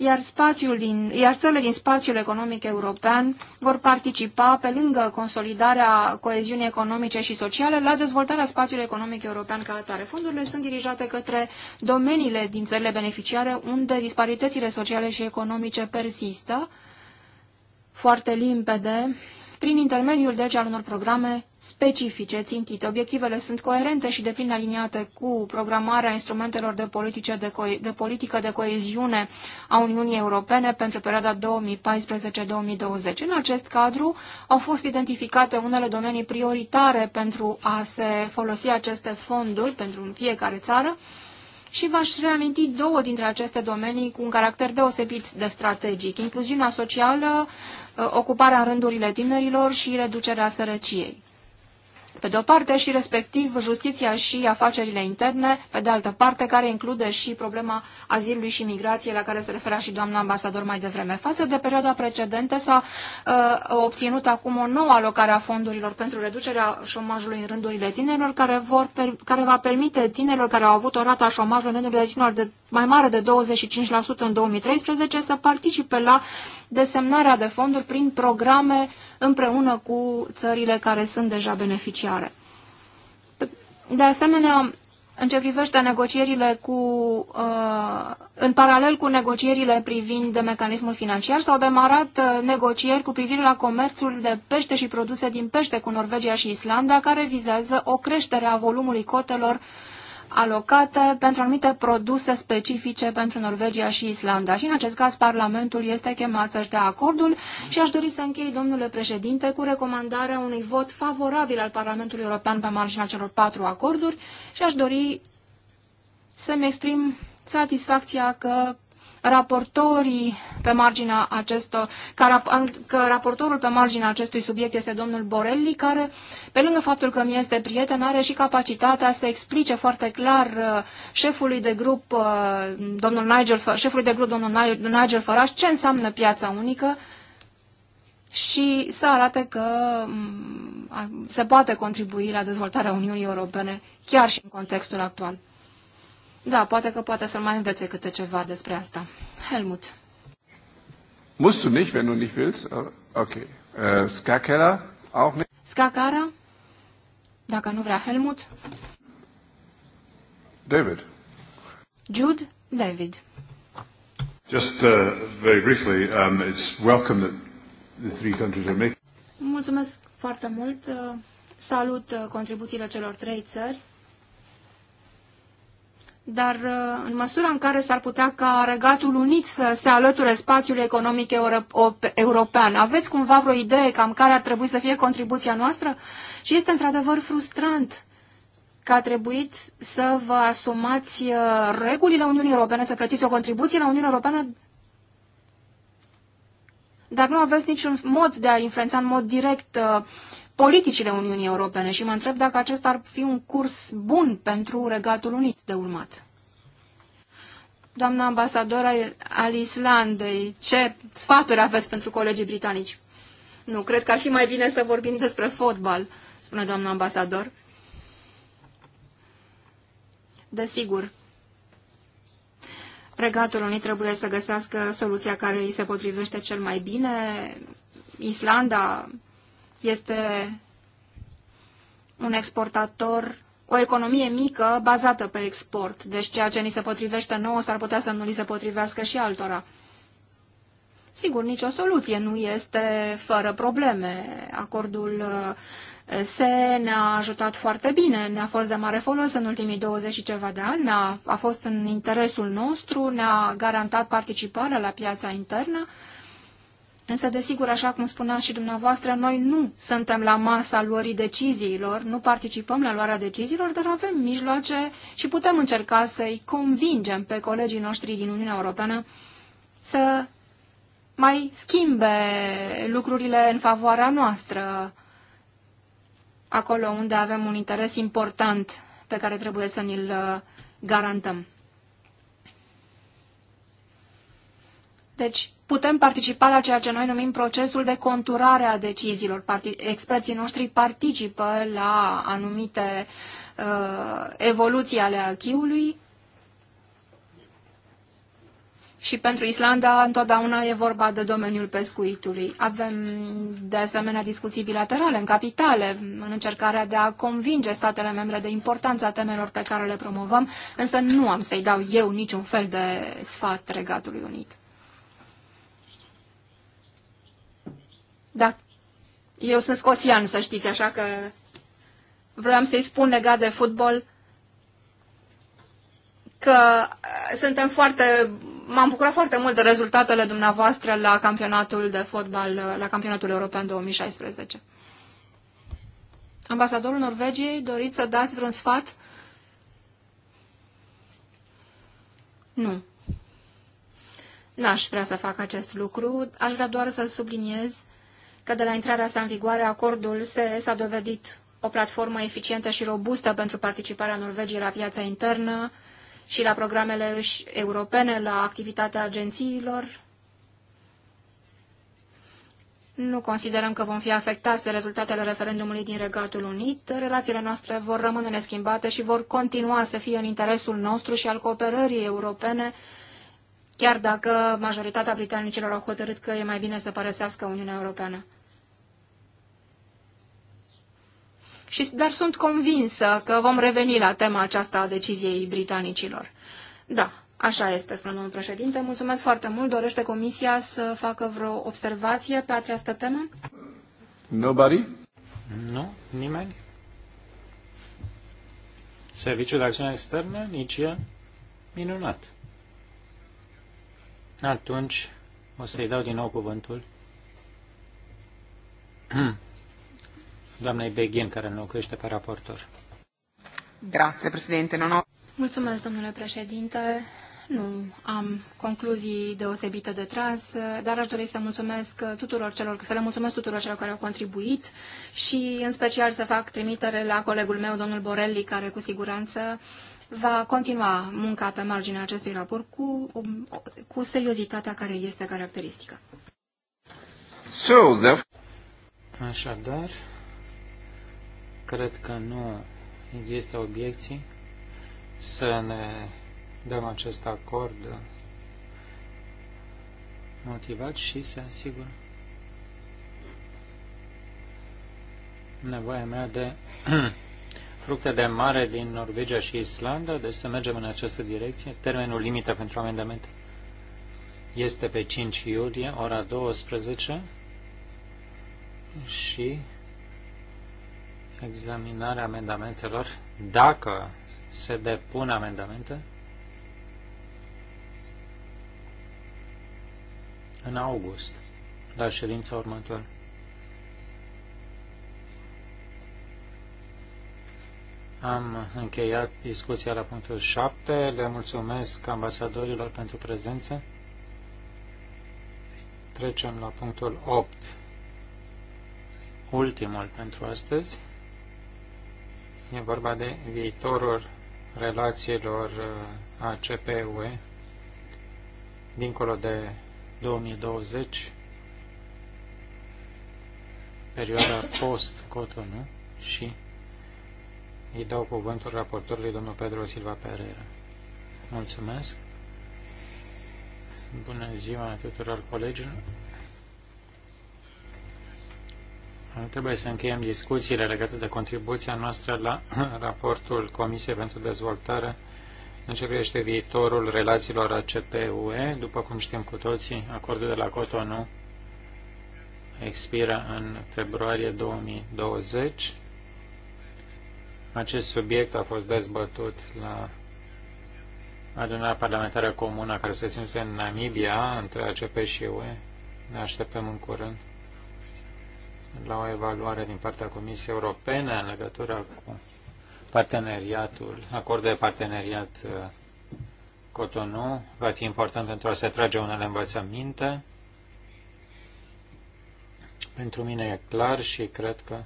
iar, spațiul din, iar țările din spațiul economic european vor participa, pe lângă consolidarea coeziunii economice și sociale, la dezvoltarea spațiului economic european ca atare. Fondurile sunt dirijate către domeniile din țările beneficiare unde disparitățile sociale și economice persistă, foarte limpede prin intermediul deci al unor programe specifice țintite. Obiectivele sunt coerente și deplin aliniate cu programarea instrumentelor de, politice de, co- de politică de coeziune a Uniunii Europene pentru perioada 2014-2020. În acest cadru au fost identificate unele domenii prioritare pentru a se folosi aceste fonduri pentru fiecare țară, și v-aș reaminti două dintre aceste domenii cu un caracter deosebit de strategic, incluziunea socială, eh, ocuparea în rândurile tinerilor și reducerea sărăciei pe de o parte, și respectiv justiția și afacerile interne, pe de altă parte, care include și problema azilului și migrației, la care se referea și doamna ambasador mai devreme. Față de perioada precedentă s-a uh, obținut acum o nouă alocare a fondurilor pentru reducerea șomajului în rândurile tinerilor, care, vor, per, care va permite tinerilor care au avut o rată a șomajului în rândurile tinerilor de mai mare de 25% în 2013 să participe la desemnarea de fonduri prin programe împreună cu țările care sunt deja beneficiare financiare. De asemenea, în ce privește negocierile cu, uh, în paralel cu negocierile privind de mecanismul financiar, s-au demarat uh, negocieri cu privire la comerțul de pește și produse din pește cu Norvegia și Islanda, care vizează o creștere a volumului cotelor alocată pentru anumite produse specifice pentru Norvegia și Islanda. Și în acest caz Parlamentul este chemat să-și dea acordul și aș dori să închei, domnule președinte, cu recomandarea unui vot favorabil al Parlamentului European pe marginea celor patru acorduri și aș dori să-mi exprim satisfacția că raportorii pe marginea acestor, rap, că raportorul pe marginea acestui subiect este domnul Borelli, care, pe lângă faptul că mi este prieten, are și capacitatea să explice foarte clar uh, uh, șefului de grup, domnul Nigel, șefului de grup, domnul Nigel Farage, ce înseamnă piața unică, și să arate că mm, se poate contribui la dezvoltarea Uniunii Europene chiar și în contextul actual. Da, poate că poate să mai învețe câte ceva despre asta. Helmut. Musst du nicht, wenn du nicht willst. Okay. Uh, äh, Skakera auch nicht. Skakara? Dacă nu vrea Helmut. David. Jude, David. Just uh, very briefly, um, it's welcome that the three countries are making. Mulțumesc foarte mult. Salut uh, contribuțiile celor trei țări dar uh, în măsura în care s-ar putea ca Regatul Unit să se alăture spațiului economic european, aveți cumva vreo idee cam care ar trebui să fie contribuția noastră? Și este într-adevăr frustrant că a trebuit să vă asumați uh, regulile Uniunii Europene, să plătiți o contribuție la Uniunea Europeană, dar nu aveți niciun mod de a influența în mod direct uh, politicile Uniunii Europene și mă întreb dacă acesta ar fi un curs bun pentru Regatul Unit de urmat. Doamna ambasadora al Islandei, ce sfaturi aveți pentru colegii britanici? Nu, cred că ar fi mai bine să vorbim despre fotbal, spune doamna ambasador. Desigur, Regatul Unit trebuie să găsească soluția care îi se potrivește cel mai bine. Islanda este un exportator, o economie mică bazată pe export. Deci ceea ce ni se potrivește nouă s-ar putea să nu li se potrivească și altora. Sigur, nicio soluție nu este fără probleme. Acordul uh, se ne-a ajutat foarte bine, ne-a fost de mare folos în ultimii 20 și ceva de ani, a a fost în interesul nostru, ne-a garantat participarea la piața internă Însă, desigur, așa cum spuneați și dumneavoastră, noi nu suntem la masa luării deciziilor, nu participăm la luarea deciziilor, dar avem mijloace și putem încerca să-i convingem pe colegii noștri din Uniunea Europeană să mai schimbe lucrurile în favoarea noastră, acolo unde avem un interes important pe care trebuie să ni-l uh, garantăm. Deci, putem participa la ceea ce noi numim procesul de conturare a deciziilor. Experții noștri participă la anumite uh, evoluții ale achiului și pentru Islanda întotdeauna e vorba de domeniul pescuitului. Avem de asemenea discuții bilaterale în capitale, în încercarea de a convinge statele membre de importanța temelor pe care le promovăm, însă nu am să-i dau eu niciun fel de sfat Regatului Unit. Da, eu sunt scoțian, să știți, așa că vreau să-i spun legat de fotbal că uh, suntem foarte, m-am bucurat foarte mult de rezultatele dumneavoastră la campionatul de fotbal, uh, la campionatul european 2016. Ambasadorul Norvegiei, doriți să dați vreun sfat? Nu. N-aș vrea să fac acest lucru, aș vrea doar să subliniez că de la intrarea sa în vigoare acordul se s-a dovedit o platformă eficientă și robustă pentru participarea Norvegiei la piața internă și la programele europene, la activitatea agențiilor. Nu considerăm că vom fi afectați de rezultatele referendumului din Regatul Unit. Relațiile noastre vor rămâne neschimbate și vor continua să fie în interesul nostru și al cooperării europene chiar dacă majoritatea britanicilor au hotărât că e mai bine să părăsească Uniunea Europeană. Și, dar sunt convinsă că vom reveni la tema aceasta a deciziei britanicilor. Da, așa este, spune domnul președinte. Mulțumesc foarte mult. Dorește Comisia să facă vreo observație pe această temă? Nobody? Nu, nimeni. Serviciul de acțiune externă, nici e minunat. Atunci o să-i dau din nou cuvântul. *clears throat* Doamnei Beghin, care înlocuiește pe raportor. Grazie, președinte. Non Mulțumesc, domnule președinte. Nu am concluzii deosebite de tras, dar aș dori să mulțumesc tuturor celor, să le mulțumesc tuturor celor care au contribuit și în special să fac trimitere la colegul meu, domnul Borelli, care cu siguranță uh, va continua munca pe marginea acestui raport cu, cu seriozitatea care este caracteristică. So, the... Așadar, cred că nu există obiecții să ne dăm acest acord motivat și să asigur nevoia mea de *clears throat* fructe de mare din Norvegia și Islanda, deci să mergem în această direcție. Termenul limită pentru amendamente este pe 5 iulie, ora 12 și examinarea amendamentelor, dacă se depun amendamente, în august, la ședința următoare. Am încheiat discuția la punctul 7. Le mulțumesc ambasadorilor pentru prezență. Trecem la punctul 8. Ultimul pentru astăzi. E vorba de viitorul relațiilor uh, ACPUE dincolo de 2020, perioada post-Cotonou și îi dau cuvântul raportorului domnul Pedro Silva Pereira. Mulțumesc. Bună ziua tuturor colegilor. Trebuie să încheiem discuțiile legate de contribuția noastră la *clears throat* raportul Comisiei pentru Dezvoltare în ce privește viitorul relațiilor ACP-UE. După cum știm cu toții, acordul de la Cotonou expiră în februarie 2020 acest subiect a fost dezbătut la adunarea parlamentară comună care se ținut în Namibia, între ACP și UE. Ne așteptăm în curând la o evaluare din partea Comisiei Europene în legătură cu parteneriatul, acordul de parteneriat uh, Cotonou. Va fi important pentru a se trage unele învățăminte. Pentru mine e clar și cred că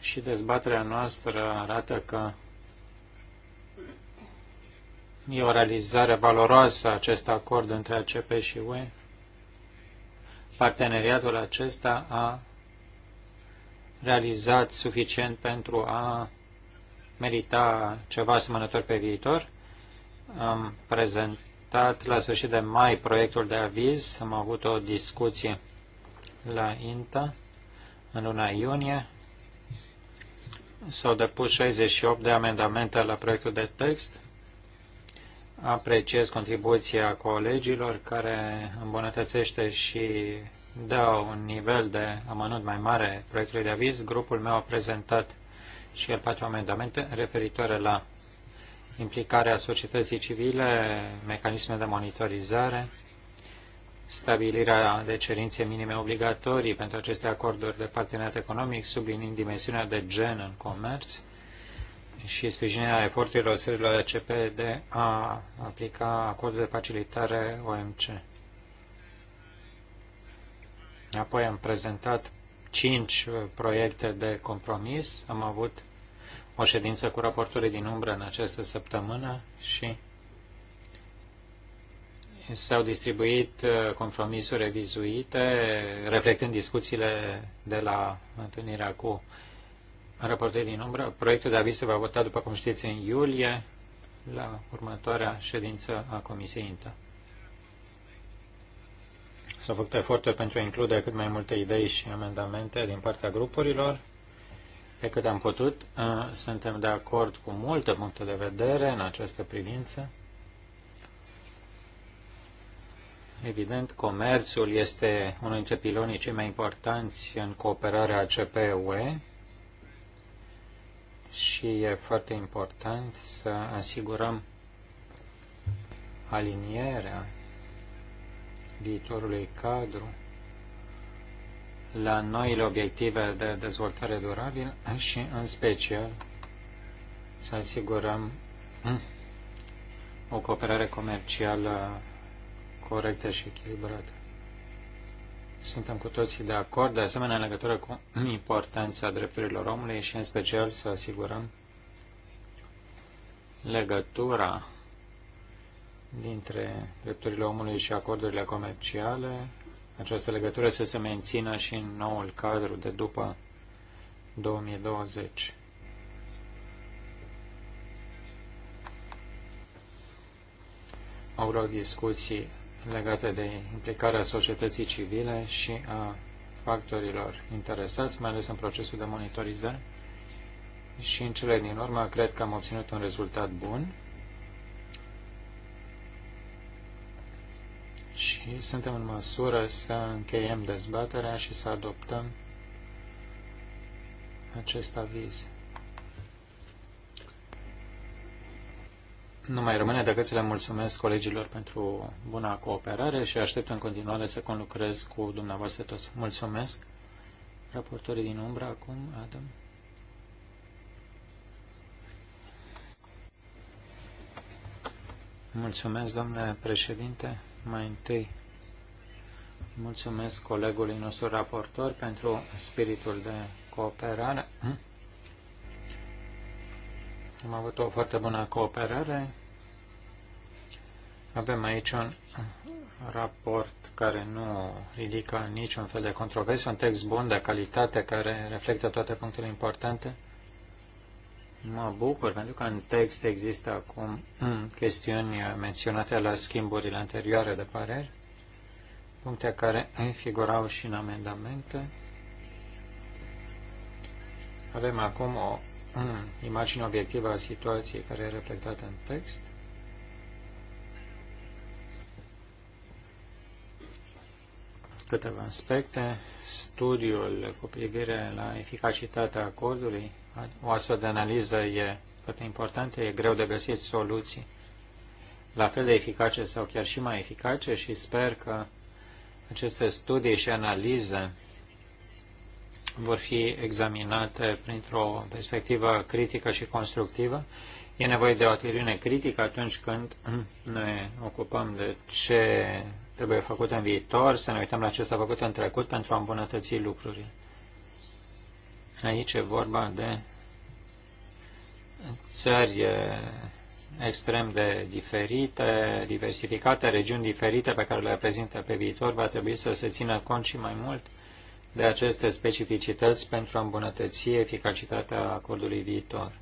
și dezbaterea noastră arată că e o realizare valoroasă acest acord între ACP și UE. Parteneriatul acesta a realizat suficient pentru a merita ceva asemănător pe viitor. Am prezentat la sfârșit de mai proiectul de aviz, am avut o discuție la INTA în luna iunie S-au depus 68 de amendamente la proiectul de text. Apreciez contribuția colegilor care îmbunătățește și dă un nivel de amănunt mai mare proiectului de aviz. Grupul meu a prezentat și el patru amendamente referitoare la implicarea societății civile, mecanisme de monitorizare, stabilirea de cerințe minime obligatorii pentru aceste acorduri de parteneriat economic, sublinind dimensiunea de gen în comerț și sprijinirea eforturilor țărilor ACP de a aplica acordul de facilitare OMC. Apoi am prezentat cinci uh, proiecte de compromis. Am avut o ședință cu raportorii din umbră în această săptămână și s-au distribuit uh, compromisuri revizuite, reflectând discuțiile de la întâlnirea cu raportul din umbră. Proiectul de aviz se va vota, după cum știți, în iulie, la următoarea ședință a Comisiei INTA. S-au făcut eforturi pentru a include cât mai multe idei și amendamente din partea grupurilor. Pe cât am putut, uh, suntem de acord cu multe puncte de vedere în această privință Evident, comerțul este unul dintre pilonii cei mai importanți în cooperarea ACP-UE și e foarte important să asigurăm alinierea viitorului cadru la noile obiective de dezvoltare durabilă și, în special, să asigurăm o cooperare comercială corectă și echilibrată. Suntem cu toții de acord, de asemenea, în legătură cu importanța drepturilor omului și, în special, să asigurăm legătura dintre drepturile omului și acordurile comerciale, această legătură să se mențină și în noul cadru de după 2020. Au loc discuții legate de implicarea societății civile și a factorilor interesați, mai ales în procesul de monitorizare. Și în cele din urmă, cred că am obținut un rezultat bun și suntem în măsură să încheiem dezbaterea și să adoptăm acest aviz. Nu mai rămâne decât să le mulțumesc colegilor pentru buna cooperare și aștept în continuare să conlucrez cu dumneavoastră toți. Mulțumesc. Raportorii din umbră acum, Adam. Mulțumesc, domnule președinte. Mai întâi, mulțumesc colegului nostru raportor pentru spiritul de cooperare. Hm? Am avut o foarte bună cooperare. Avem aici un raport care nu ridică niciun fel de controversă, un text bun de calitate care reflectă toate punctele importante. Mă bucur pentru că în text există acum chestiuni menționate la schimburile anterioare de păreri, puncte care figurau și în amendamente. Avem acum o Hmm, imaginea obiectivă a situației care e reflectată în text. Câteva aspecte. Studiul cu privire la eficacitatea acordului, o astfel de analiză e foarte importantă, e greu de găsit soluții la fel de eficace sau chiar și mai eficace și sper că aceste studii și analize vor fi examinate printr-o perspectivă critică și constructivă. E nevoie de o atitudine critică atunci când *clears throat* ne ocupăm de ce trebuie făcut în viitor, să ne uităm la ce s-a făcut în trecut pentru a îmbunătăți lucrurile. Aici e vorba de țări extrem de diferite, diversificate, regiuni diferite pe care le reprezintă pe viitor, va trebui să se țină cont și mai mult de aceste specificități pentru a îmbunătăți eficacitatea acordului viitor.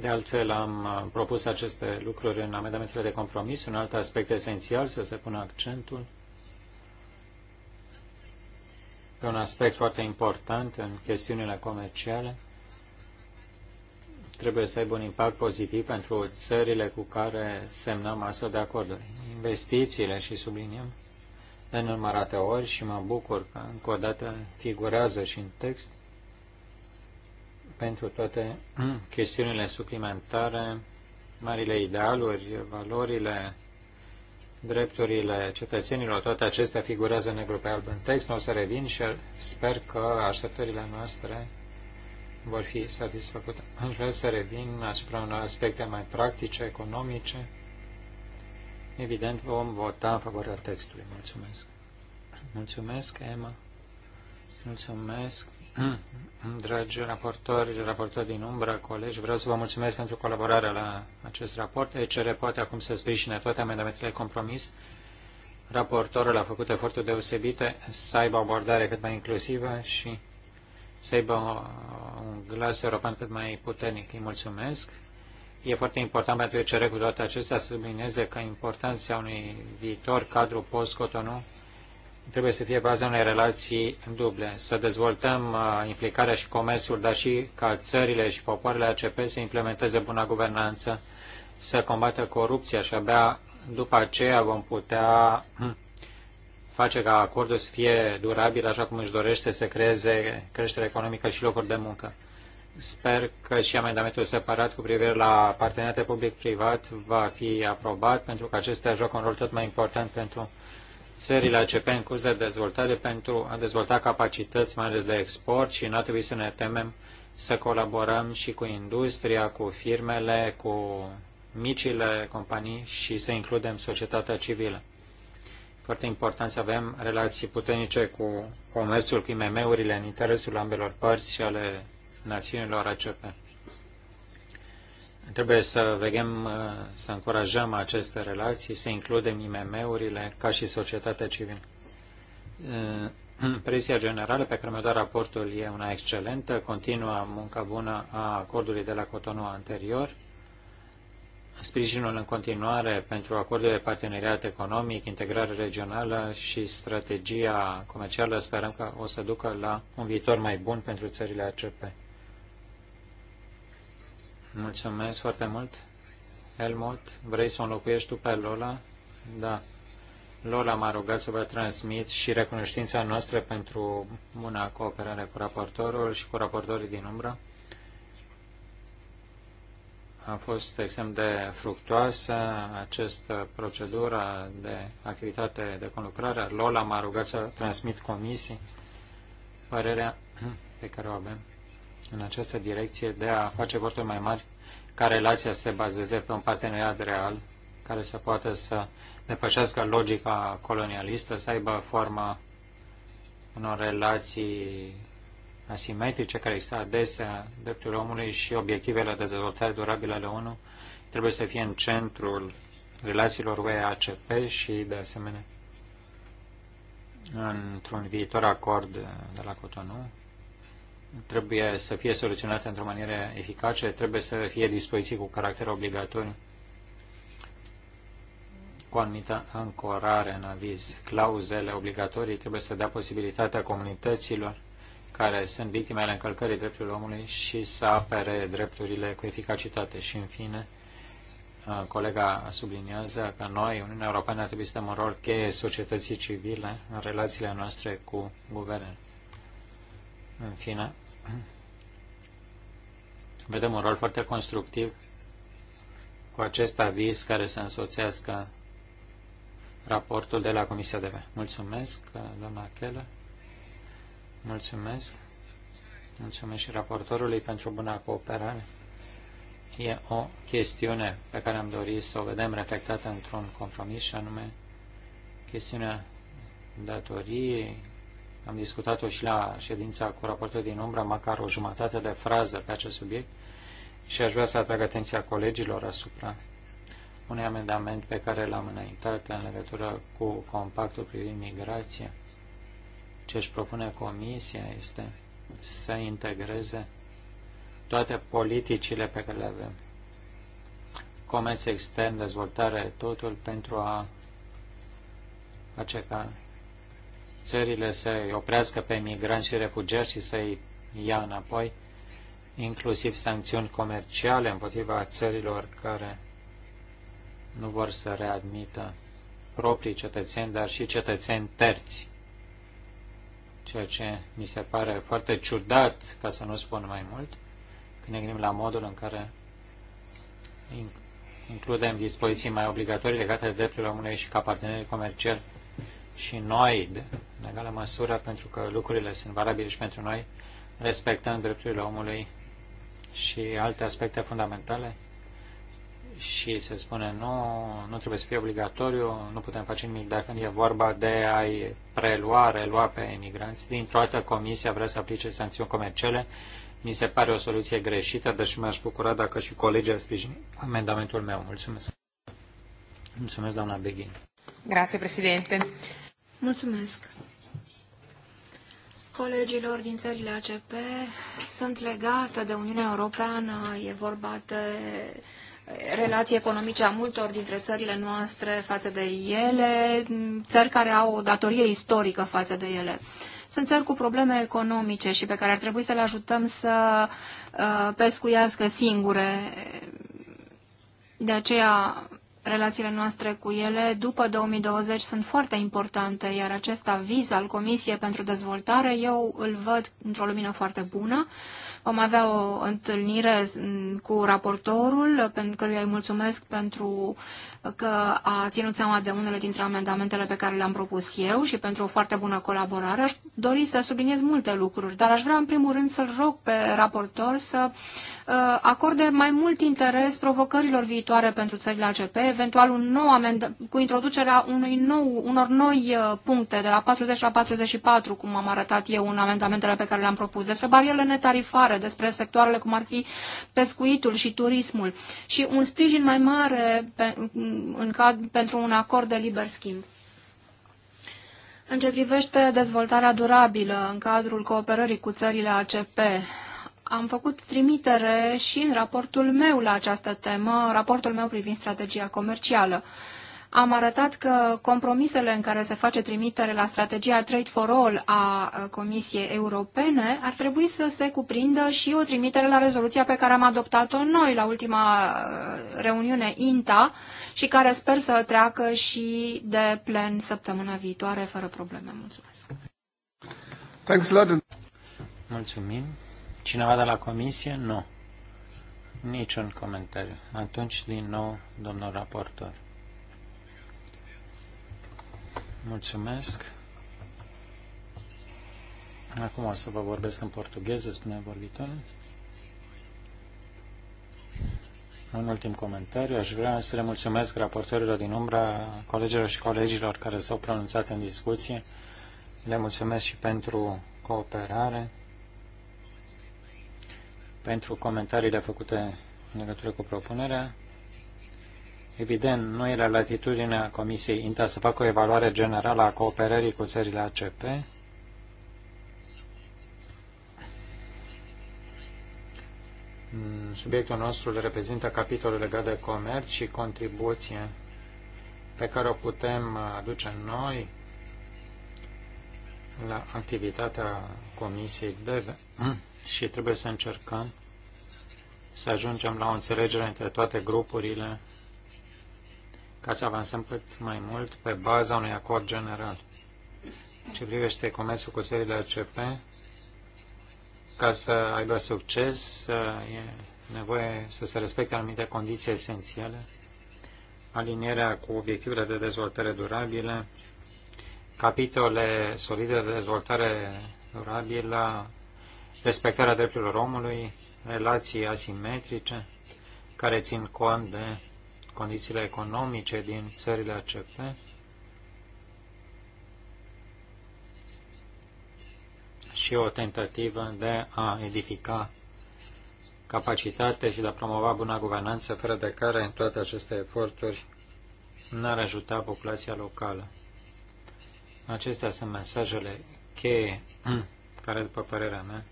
De altfel, am propus aceste lucruri în amendamentele de compromis. Un alt aspect esențial să se pună accentul pe un aspect foarte important în chestiunile comerciale trebuie să aibă un impact pozitiv pentru țările cu care semnăm astfel de acorduri. Investițiile și subliniem de nenumărate ori și mă bucur că încă o dată figurează și în text pentru toate *clears throat* chestiunile suplimentare, marile idealuri, valorile, drepturile cetățenilor, toate acestea figurează negru pe alb în text, nu o să revin și sper că așteptările noastre vor fi satisfăcute. Aș vrea să revin asupra unor aspecte mai practice, economice. Evident, vom vota în favoarea textului. Mulțumesc. Mulțumesc, Emma. Mulțumesc, *clears throat* dragi raportori, raportori din umbră, colegi. Vreau să vă mulțumesc pentru colaborarea la acest raport. ECR poate acum să sprijine toate amendamentele compromis. Raportorul a făcut eforturi deosebite să aibă abordare cât mai inclusivă și să aibă un glas european cât mai puternic. Îi mulțumesc. E foarte important pentru ce cu toate acestea să sublinieze că importanța unui viitor cadru post-Cotonou trebuie să fie baza unei relații duble. Să dezvoltăm uh, implicarea și comerțul, dar și ca țările și popoarele ACP să implementeze buna guvernanță, să combată corupția și abia după aceea vom putea *clears throat* face ca acordul să fie durabil așa cum își dorește să creeze creștere economică și locuri de muncă. Sper că și amendamentul separat cu privire la parteneriate public-privat va fi aprobat, pentru că acestea joacă un rol tot mai important pentru țările ACP în curs de dezvoltare, pentru a dezvolta capacități, mai ales de export și nu ar trebui să ne temem să colaborăm și cu industria, cu firmele, cu micile companii și să includem societatea civilă foarte important să avem relații puternice cu comerțul, cu IMM-urile, în interesul ambelor părți și ale națiunilor ACP. Trebuie să vegem, să încurajăm aceste relații, să includem IMM-urile ca și societatea civilă. Impresia generală pe care mi a dă raportul e una excelentă, continuă munca bună a acordului de la Cotonou anterior, sprijinul în continuare pentru acordul de parteneriat economic, integrare regională și strategia comercială sperăm că o să ducă la un viitor mai bun pentru țările ACP. Mulțumesc foarte mult. Helmut, vrei să o înlocuiești tu pe Lola? Da. Lola m-a rugat să vă transmit și recunoștința noastră pentru buna cooperare cu raportorul și cu raportorii din umbră. A fost extrem de fructoasă această procedură de activitate de conlucrare. Lola m-a rugat să transmit comisii părerea pe care o avem în această direcție de a face voturi mai mari ca relația să se bazeze pe un parteneriat real care să poată să depășească logica colonialistă, să aibă forma unor relații asimetrice care există adesea drepturile omului și obiectivele de dezvoltare durabilă ale ONU trebuie să fie în centrul relațiilor UE-ACP și, de asemenea, într-un viitor acord de la Cotonou, trebuie să fie soluționate într-o manieră eficace, trebuie să fie dispoziții cu caracter obligatoriu, cu anumită ancorare în aviz. Clauzele obligatorii trebuie să dea posibilitatea comunităților care sunt victime ale încălcării drepturilor omului și să apere drepturile cu eficacitate. Și, în fine, uh, colega subliniază că noi, Uniunea Europeană, ar trebui să dăm un rol cheie societății civile în relațiile noastre cu guvernele. În fine, *clears throat* vedem un rol foarte constructiv cu acest aviz care să însoțească raportul de la Comisia DV. Mulțumesc, uh, doamna Keller. Mulțumesc. Mulțumesc și raportorului pentru buna cooperare. E o chestiune pe care am dorit să o vedem reflectată într-un compromis și anume chestiunea datoriei. Am discutat-o și la ședința cu raportul din umbră, măcar o jumătate de frază pe acest subiect și aș vrea să atrag atenția colegilor asupra unui amendament pe care l-am înaintat în legătură cu compactul privind migrația ce își propune Comisia este să integreze toate politicile pe care le avem. Comerț extern, dezvoltare, totul pentru a face ca țările să oprească pe migranți și refugiați și să-i ia înapoi, inclusiv sancțiuni comerciale împotriva țărilor care nu vor să readmită proprii cetățeni, dar și cetățeni terți ceea ce mi se pare foarte ciudat, ca să nu spun mai mult, când ne gândim la modul în care includem dispoziții mai obligatorii legate de drepturile omului și ca parteneri comerciali și noi, de, în egală măsură, pentru că lucrurile sunt valabile și pentru noi, respectăm drepturile omului și alte aspecte fundamentale și se spune nu, nu trebuie să fie obligatoriu, nu putem face nimic, dar când e vorba de a-i prelua, relua pe emigranți, dintr-o dată comisia vrea să aplice sancțiuni comerciale, mi se pare o soluție greșită, deci mi-aș bucura dacă și colegii ar sprijini amendamentul meu. Mulțumesc. Mulțumesc, doamna Beghin. Grazie, președinte. Mulțumesc. Colegilor din țările ACP sunt legate de Uniunea Europeană, e vorba de relații economice a multor dintre țările noastre față de ele, țări care au o datorie istorică față de ele. Sunt țări cu probleme economice și pe care ar trebui să le ajutăm să uh, pescuiască singure. De aceea relațiile noastre cu ele după 2020 sunt foarte importante, iar acest aviz al Comisiei pentru Dezvoltare eu îl văd într-o lumină foarte bună. Vom avea o întâlnire cu raportorul, pentru căruia îi mulțumesc pentru că a ținut seama de unele dintre amendamentele pe care le-am propus eu și pentru o foarte bună colaborare. Aș dori să subliniez multe lucruri, dar aș vrea în primul rând să-l rog pe raportor să uh, acorde mai mult interes provocărilor viitoare pentru țările ACP, eventual un nou amend cu introducerea unui nou, unor noi uh, puncte de la 40 la 44, cum am arătat eu în amendamentele pe care le-am propus, despre barierele netarifare, despre sectoarele cum ar fi pescuitul și turismul și un sprijin mai mare pe, în cad, pentru un acord de liber schimb. În ce privește dezvoltarea durabilă în cadrul cooperării cu țările ACP, am făcut trimitere și în raportul meu la această temă, raportul meu privind strategia comercială am arătat că compromisele în care se face trimitere la strategia Trade for All a Comisiei Europene ar trebui să se cuprindă și o trimitere la rezoluția pe care am adoptat-o noi la ultima reuniune INTA și care sper să treacă și de plen săptămâna viitoare fără probleme. Mulțumesc! Thanks, Mulțumim. Cineva de la comisie? Nu. Niciun comentariu. Atunci, din nou, domnul raportor. Mulțumesc. Acum o să vă vorbesc în portugheză, spune vorbitorul. Un ultim comentariu. Aș vrea să le mulțumesc raportorilor din umbra, colegilor și colegilor care s-au pronunțat în discuție. Le mulțumesc și pentru cooperare, pentru comentariile făcute în legătură cu propunerea. Evident, nu era latitudinea Comisiei INTA să facă o evaluare generală a cooperării cu țările ACP. Mm, subiectul nostru le reprezintă capitolul legat de comerț și contribuție pe care o putem aduce noi la activitatea Comisiei DEVE mm, și trebuie să încercăm să ajungem la o înțelegere între toate grupurile ca să avansăm cât mai mult pe baza unui acord general. Ce privește comerțul cu țările ACP, ca să aibă succes, e nevoie să se respecte anumite condiții esențiale, alinierea cu obiectivele de dezvoltare durabile, capitole solide de dezvoltare durabilă, respectarea drepturilor omului, relații asimetrice care țin cont de condițiile economice din țările ACP, și o tentativă de a edifica capacitate și de a promova buna guvernanță, fără de care în toate aceste eforturi n-ar ajuta populația locală. Acestea sunt mesajele cheie *clears throat* care, după părerea mea,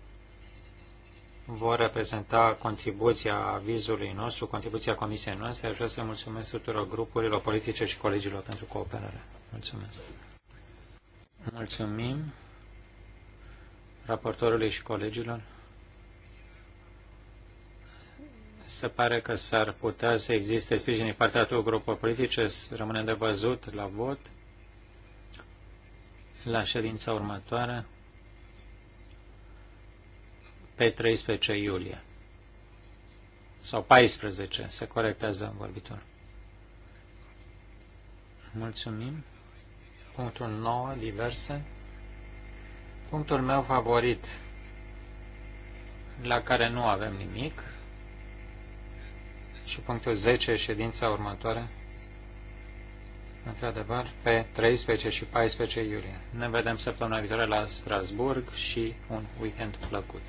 vor reprezenta contribuția avizului nostru, contribuția comisiei noastre. Aș vrea să mulțumesc tuturor grupurilor politice și colegilor pentru cooperare. Mulțumesc. Mulțumim raportorului și colegilor. Se pare că s-ar putea să existe sprijin din partea tuturor grupurilor politice. Rămânem de văzut la vot la ședința următoare pe 13 iulie. Sau 14, se corectează în vorbitor. Mulțumim. Punctul 9, diverse. Punctul meu favorit, la care nu avem nimic, și punctul 10, ședința următoare, într-adevăr, pe 13 și 14 iulie. Ne vedem săptămâna viitoare la Strasburg și un weekend plăcut.